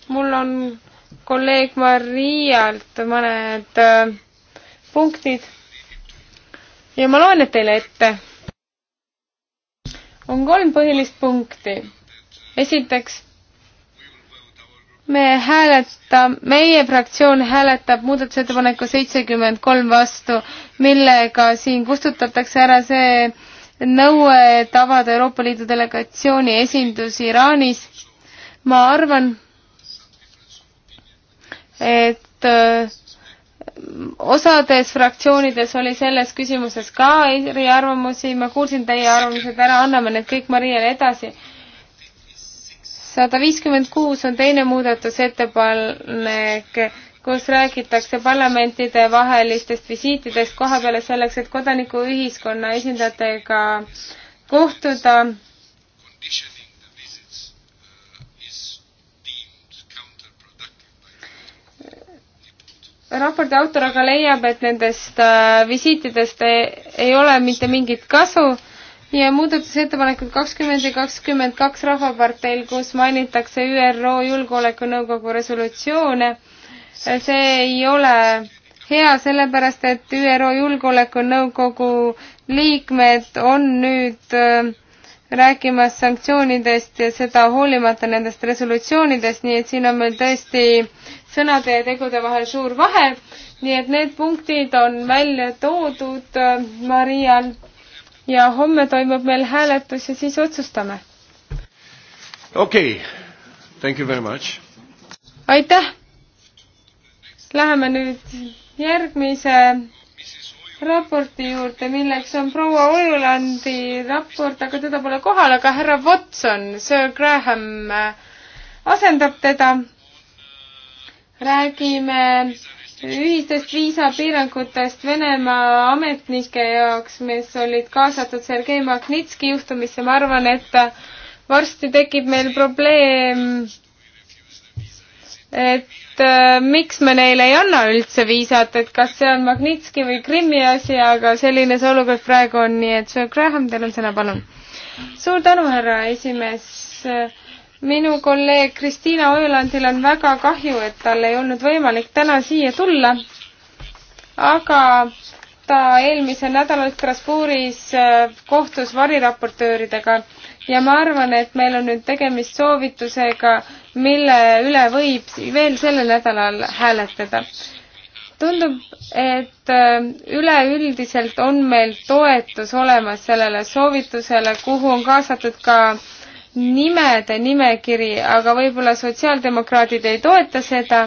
mul on kolleeg Marialt mõned äh, punktid ja ma loen need teile ette. on kolm põhilist punkti. esiteks, me hääletame, meie fraktsioon hääletab muudatusettepaneku seitsekümmend kolm vastu, millega siin kustutatakse ära see nõue, et avada Euroopa Liidu delegatsiooni esindus Iraanis. ma arvan, et osades fraktsioonides oli selles küsimuses ka eriarvamusi, ma kuulsin teie arvamused ära, anname need kõik Mariele edasi. sada viiskümmend kuus on teine muudatusettepanek, kus räägitakse parlamentide vahelistest visiitidest koha peale selleks, et kodanikuühiskonna esindajatega kohtuda raporti autor aga leiab, et nendest äh, visiitidest ei ole mitte mingit kasu ja muudatusettepanekud kakskümmend ja kakskümmend kaks Rahvaparteil, kus mainitakse ÜRO Julgeolekunõukogu resolutsioone. Äh, see ei ole hea, sellepärast et ÜRO Julgeolekunõukogu liikmed on nüüd äh, rääkimas sanktsioonidest ja seda hoolimata nendest resolutsioonidest, nii et siin on meil tõesti sõnade ja tegude vahel suur vahe. nii et need punktid on välja toodud äh, Marial ja homme toimub meil hääletus ja siis otsustame. okei okay., thank you very much. aitäh. Läheme nüüd järgmise raporti juurde, milleks on proua Ojulandi raport, aga teda pole kohal, aga härra Watson, Sir Graham äh, asendab teda räägime ühistest viisapiirangutest Venemaa ametnike jaoks, mis olid kaasatud Sergei Magnitski juhtumisse, ma arvan, et varsti tekib meil probleem, et äh, miks me neile ei anna üldse viisat, et kas see on Magnitski või Krimmi asi, aga selline see olukord praegu on, nii et Sir Graham, teil on sõna, palun. suur tänu, härra esimees äh, minu kolleeg Kristiina Ojulandil on väga kahju, et tal ei olnud võimalik täna siia tulla, aga ta eelmisel nädalal Strasbourgis äh, kohtus variraportööridega ja ma arvan, et meil on nüüd tegemist soovitusega, mille üle võib veel sellel nädalal hääletada. tundub, et äh, üleüldiselt on meil toetus olemas sellele soovitusele, kuhu on kaasatud ka äh, nimede nimekiri, aga võib-olla sotsiaaldemokraadid ei toeta seda,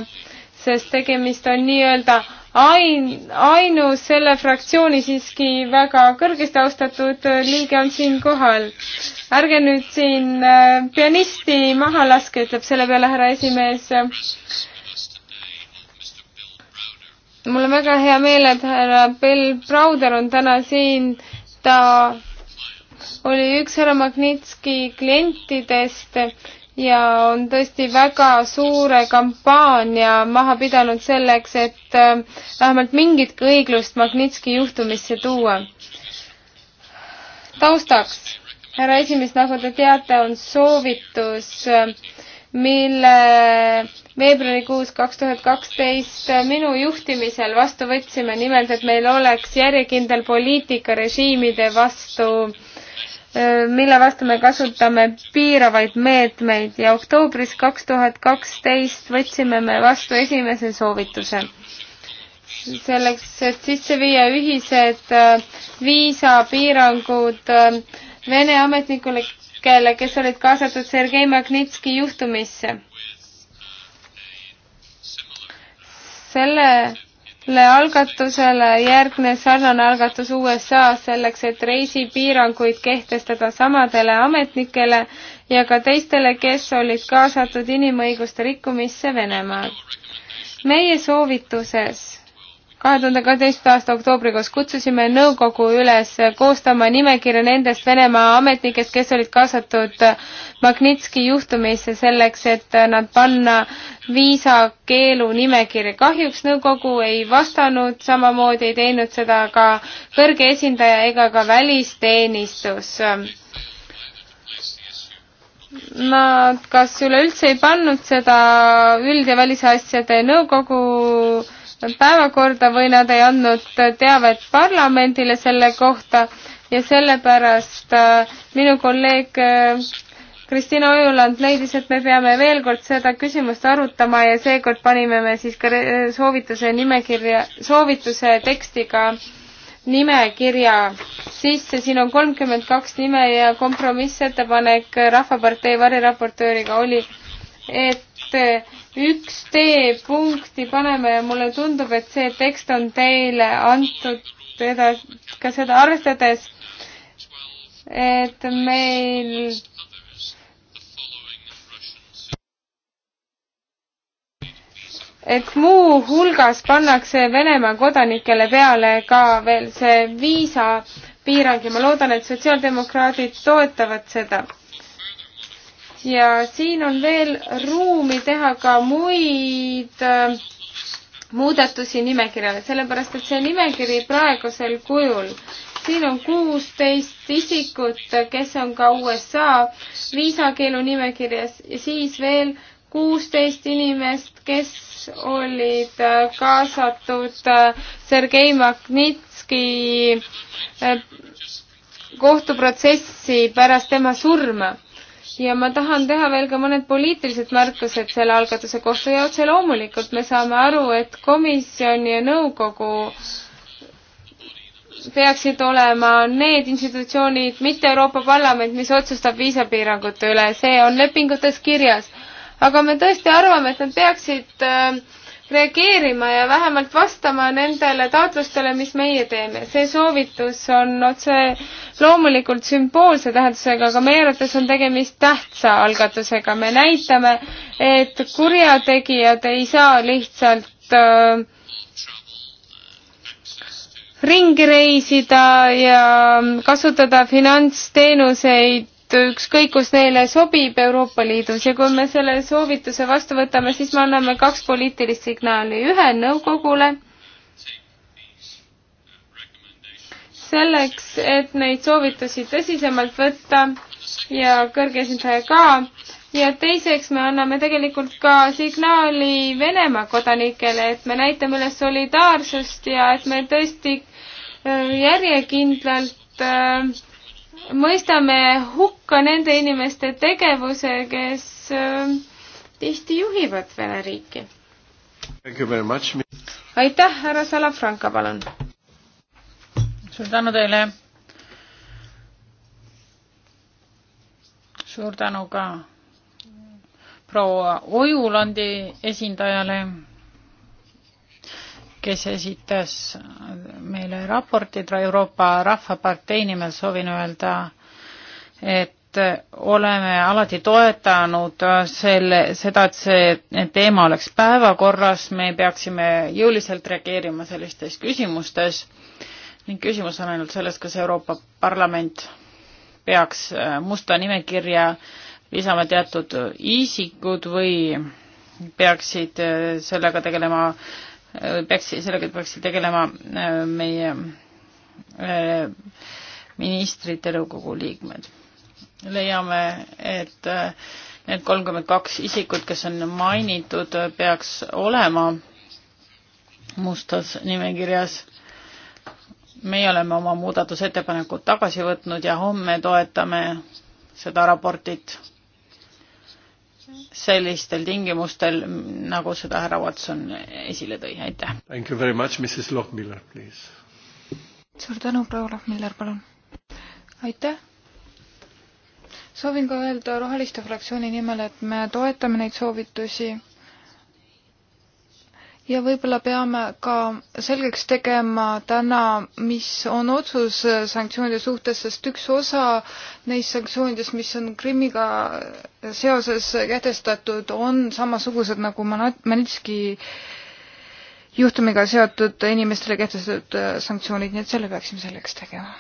sest tegemist on nii-öelda ain-, ainus selle fraktsiooni siiski väga kõrgesti austatud liige on siin kohal. ärge nüüd siin äh, pianisti maha laske, ütleb selle peale härra esimees. mul on väga hea meel, et härra Bill Browder on täna siin, ta oli üks härra Magnitski klientidest ja on tõesti väga suure kampaania maha pidanud selleks, et äh, vähemalt mingitki õiglust Magnitski juhtumisse tuua. taustaks, härra esimees, nagu te teate, on soovitus, äh, mille veebruarikuus kaks tuhat kaksteist minu juhtimisel vastu võtsime, nimelt et meil oleks järjekindel poliitika režiimide vastu äh, Äh, mille vastu me kasutame piiravaid meetmeid ja oktoobris kaks tuhat kaksteist võtsime me vastu esimese soovituse selleks, et sisse viia ühised äh, viisapiirangud äh, Vene ametnikule, kes olid kaasatud Sergei Magnitski juhtumisse. selle algatusele järgnes sarnane algatus USA-s selleks, et reisipiiranguid kehtestada samadele ametnikele ja ka teistele, kes olid kaasatud inimõiguste rikkumisse Venemaal. meie soovituses kahe tuhande kaheteist aasta oktoobrikuus kutsusime nõukogu üles koostama nimekirja nendest Venemaa ametnikest, kes olid kaasatud Magnitski juhtumisse selleks, et nad panna viisakeelu nimekirja. kahjuks nõukogu ei vastanud, samamoodi ei teinud seda ka kõrge esindaja ega ka välisteenistus nad kas üleüldse ei pannud seda üld- ja välisasjade nõukogu päevakorda või nad ei andnud teavet parlamendile selle kohta ja sellepärast äh, minu kolleeg äh, Kristina Ojuland leidis, et me peame veel kord seda küsimust arutama ja seekord panime me siis ka soovituse nimekirja, soovituse tekstiga nimekirja sisse. siin on kolmkümmend kaks nime ja kompromissettepanek Rahvapartei variraportööriga oli, et üks D punkti paneme ja mulle tundub, et see tekst on teile antud teda, ka seda arvestades, et meil et muu hulgas pannakse Venemaa kodanikele peale ka veel see viisapiirang ja ma loodan, et sotsiaaldemokraadid toetavad seda ja siin on veel ruumi teha ka muid äh, muudatusi nimekirjale, sellepärast et see nimekiri praegusel kujul, siin on kuusteist isikut, kes on ka USA viisakeelu nimekirjas ja siis veel kuusteist inimest, kes olid äh, kaasatud äh, Sergei Magnitski kohtuprotsessi pärast tema surma ja ma tahan teha veel ka mõned poliitilised märkused selle algatuse kohta ja otse loomulikult me saame aru, et komisjon ja nõukogu peaksid olema need institutsioonid, mitte Euroopa Parlament, mis otsustab viisapiirangute üle, see on lepingutes kirjas. aga me tõesti arvame, et nad peaksid äh, reageerima ja vähemalt vastama nendele taotlustele, mis meie teeme. see soovitus on otse loomulikult sümboolse tähendusega, aga meie arvates on tegemist tähtsa algatusega. me näitame, et kurjategijad ei saa lihtsalt äh, ringi reisida ja kasutada finantsteenuseid ükskõik kus neile sobib Euroopa Liidus ja kui me selle soovituse vastu võtame, siis me anname kaks poliitilist signaali, ühe nõukogule selleks, et neid soovitusi tõsisemalt võtta ja kõrge esindaja ka ja teiseks me anname tegelikult ka signaali Venemaa kodanikele, et me näitame üles solidaarsust ja et me tõesti äh, järjekindlalt äh, mõistame hukka nende inimeste tegevuse, kes äh, tihti juhivad Vene riiki. aitäh, härra Salafranca, palun. suur tänu teile. suur tänu ka proua Ojulandi esindajale kes esitas meile raportid Euroopa Rahvapartei nimel, soovin öelda, et oleme alati toetanud selle, seda, et see teema oleks päevakorras, me peaksime jõuliselt reageerima sellistes küsimustes ning küsimus on ainult selles, kas Euroopa Parlament peaks musta nimekirja lisama teatud isikud või peaksid sellega tegelema peaks, sellega peaksid tegelema äh, meie äh, ministrite nõukogu liikmed. leiame, et äh, need kolmkümmend kaks isikut, kes on mainitud, peaks olema mustas nimekirjas. meie oleme oma muudatusettepanekud tagasi võtnud ja homme toetame seda raportit sellistel tingimustel, nagu seda härra Watson esile tõi, aitäh. Thank you very much, Mrs Lohmiller, please. suur tänu, proua Lohmiller, palun. aitäh. soovin ka öelda Roheliste fraktsiooni nimel, et me toetame neid soovitusi ja võib-olla peame ka selgeks tegema täna, mis on otsus sanktsioonide suhtes, sest üks osa neist sanktsioonidest, mis on Krimmiga seoses kehtestatud, on samasugused nagu Manitski juhtumiga seotud inimestele kehtestatud sanktsioonid, nii et selle peaksime selgeks tegema.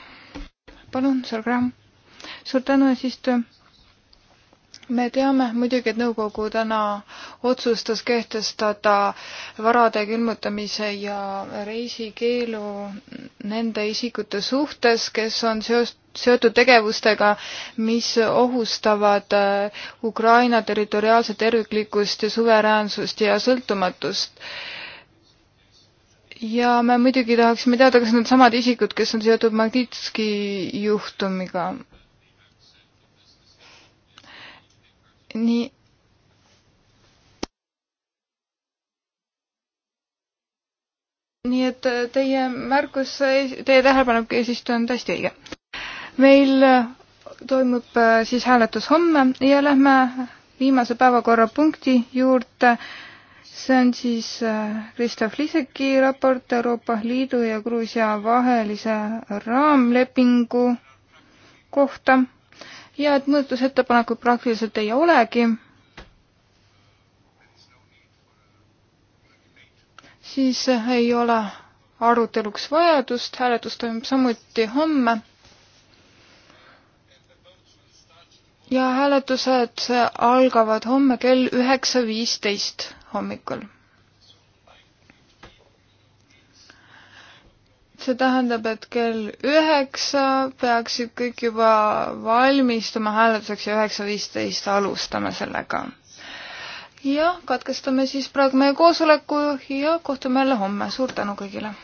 palun, Sõrgramm. suur tänu, eesistuja me teame muidugi, et nõukogu täna otsustas kehtestada varade külmutamise ja reisikeelu nende isikute suhtes, kes on seost-, seotud tegevustega, mis ohustavad äh, Ukraina territoriaalset terviklikkust ja suveräänsust ja sõltumatust ja me muidugi tahaksime teada, kas need samad isikud, kes on seotud Magnitski juhtumiga, nii nii et äh, teie märkus, äh, teie tähelepanek eesistuja on täiesti õige. meil äh, toimub siis hääletus homme ja lähme viimase päevakorrapunkti juurde. see on siis Kristof Liseki raport Euroopa Liidu ja Gruusia vahelise raamlepingu kohta ja et mõõtusettepanekuid praktiliselt ei olegi, siis ei ole aruteluks vajadust, hääletus toimub samuti homme. ja hääletused algavad homme kell üheksa viisteist hommikul see tähendab, et kell üheksa peaksid kõik juba valmistuma hääletuseks ja üheksa viisteist alustame sellega. ja katkestame siis praegu meie koosoleku ja kohtume jälle homme, suur tänu kõigile!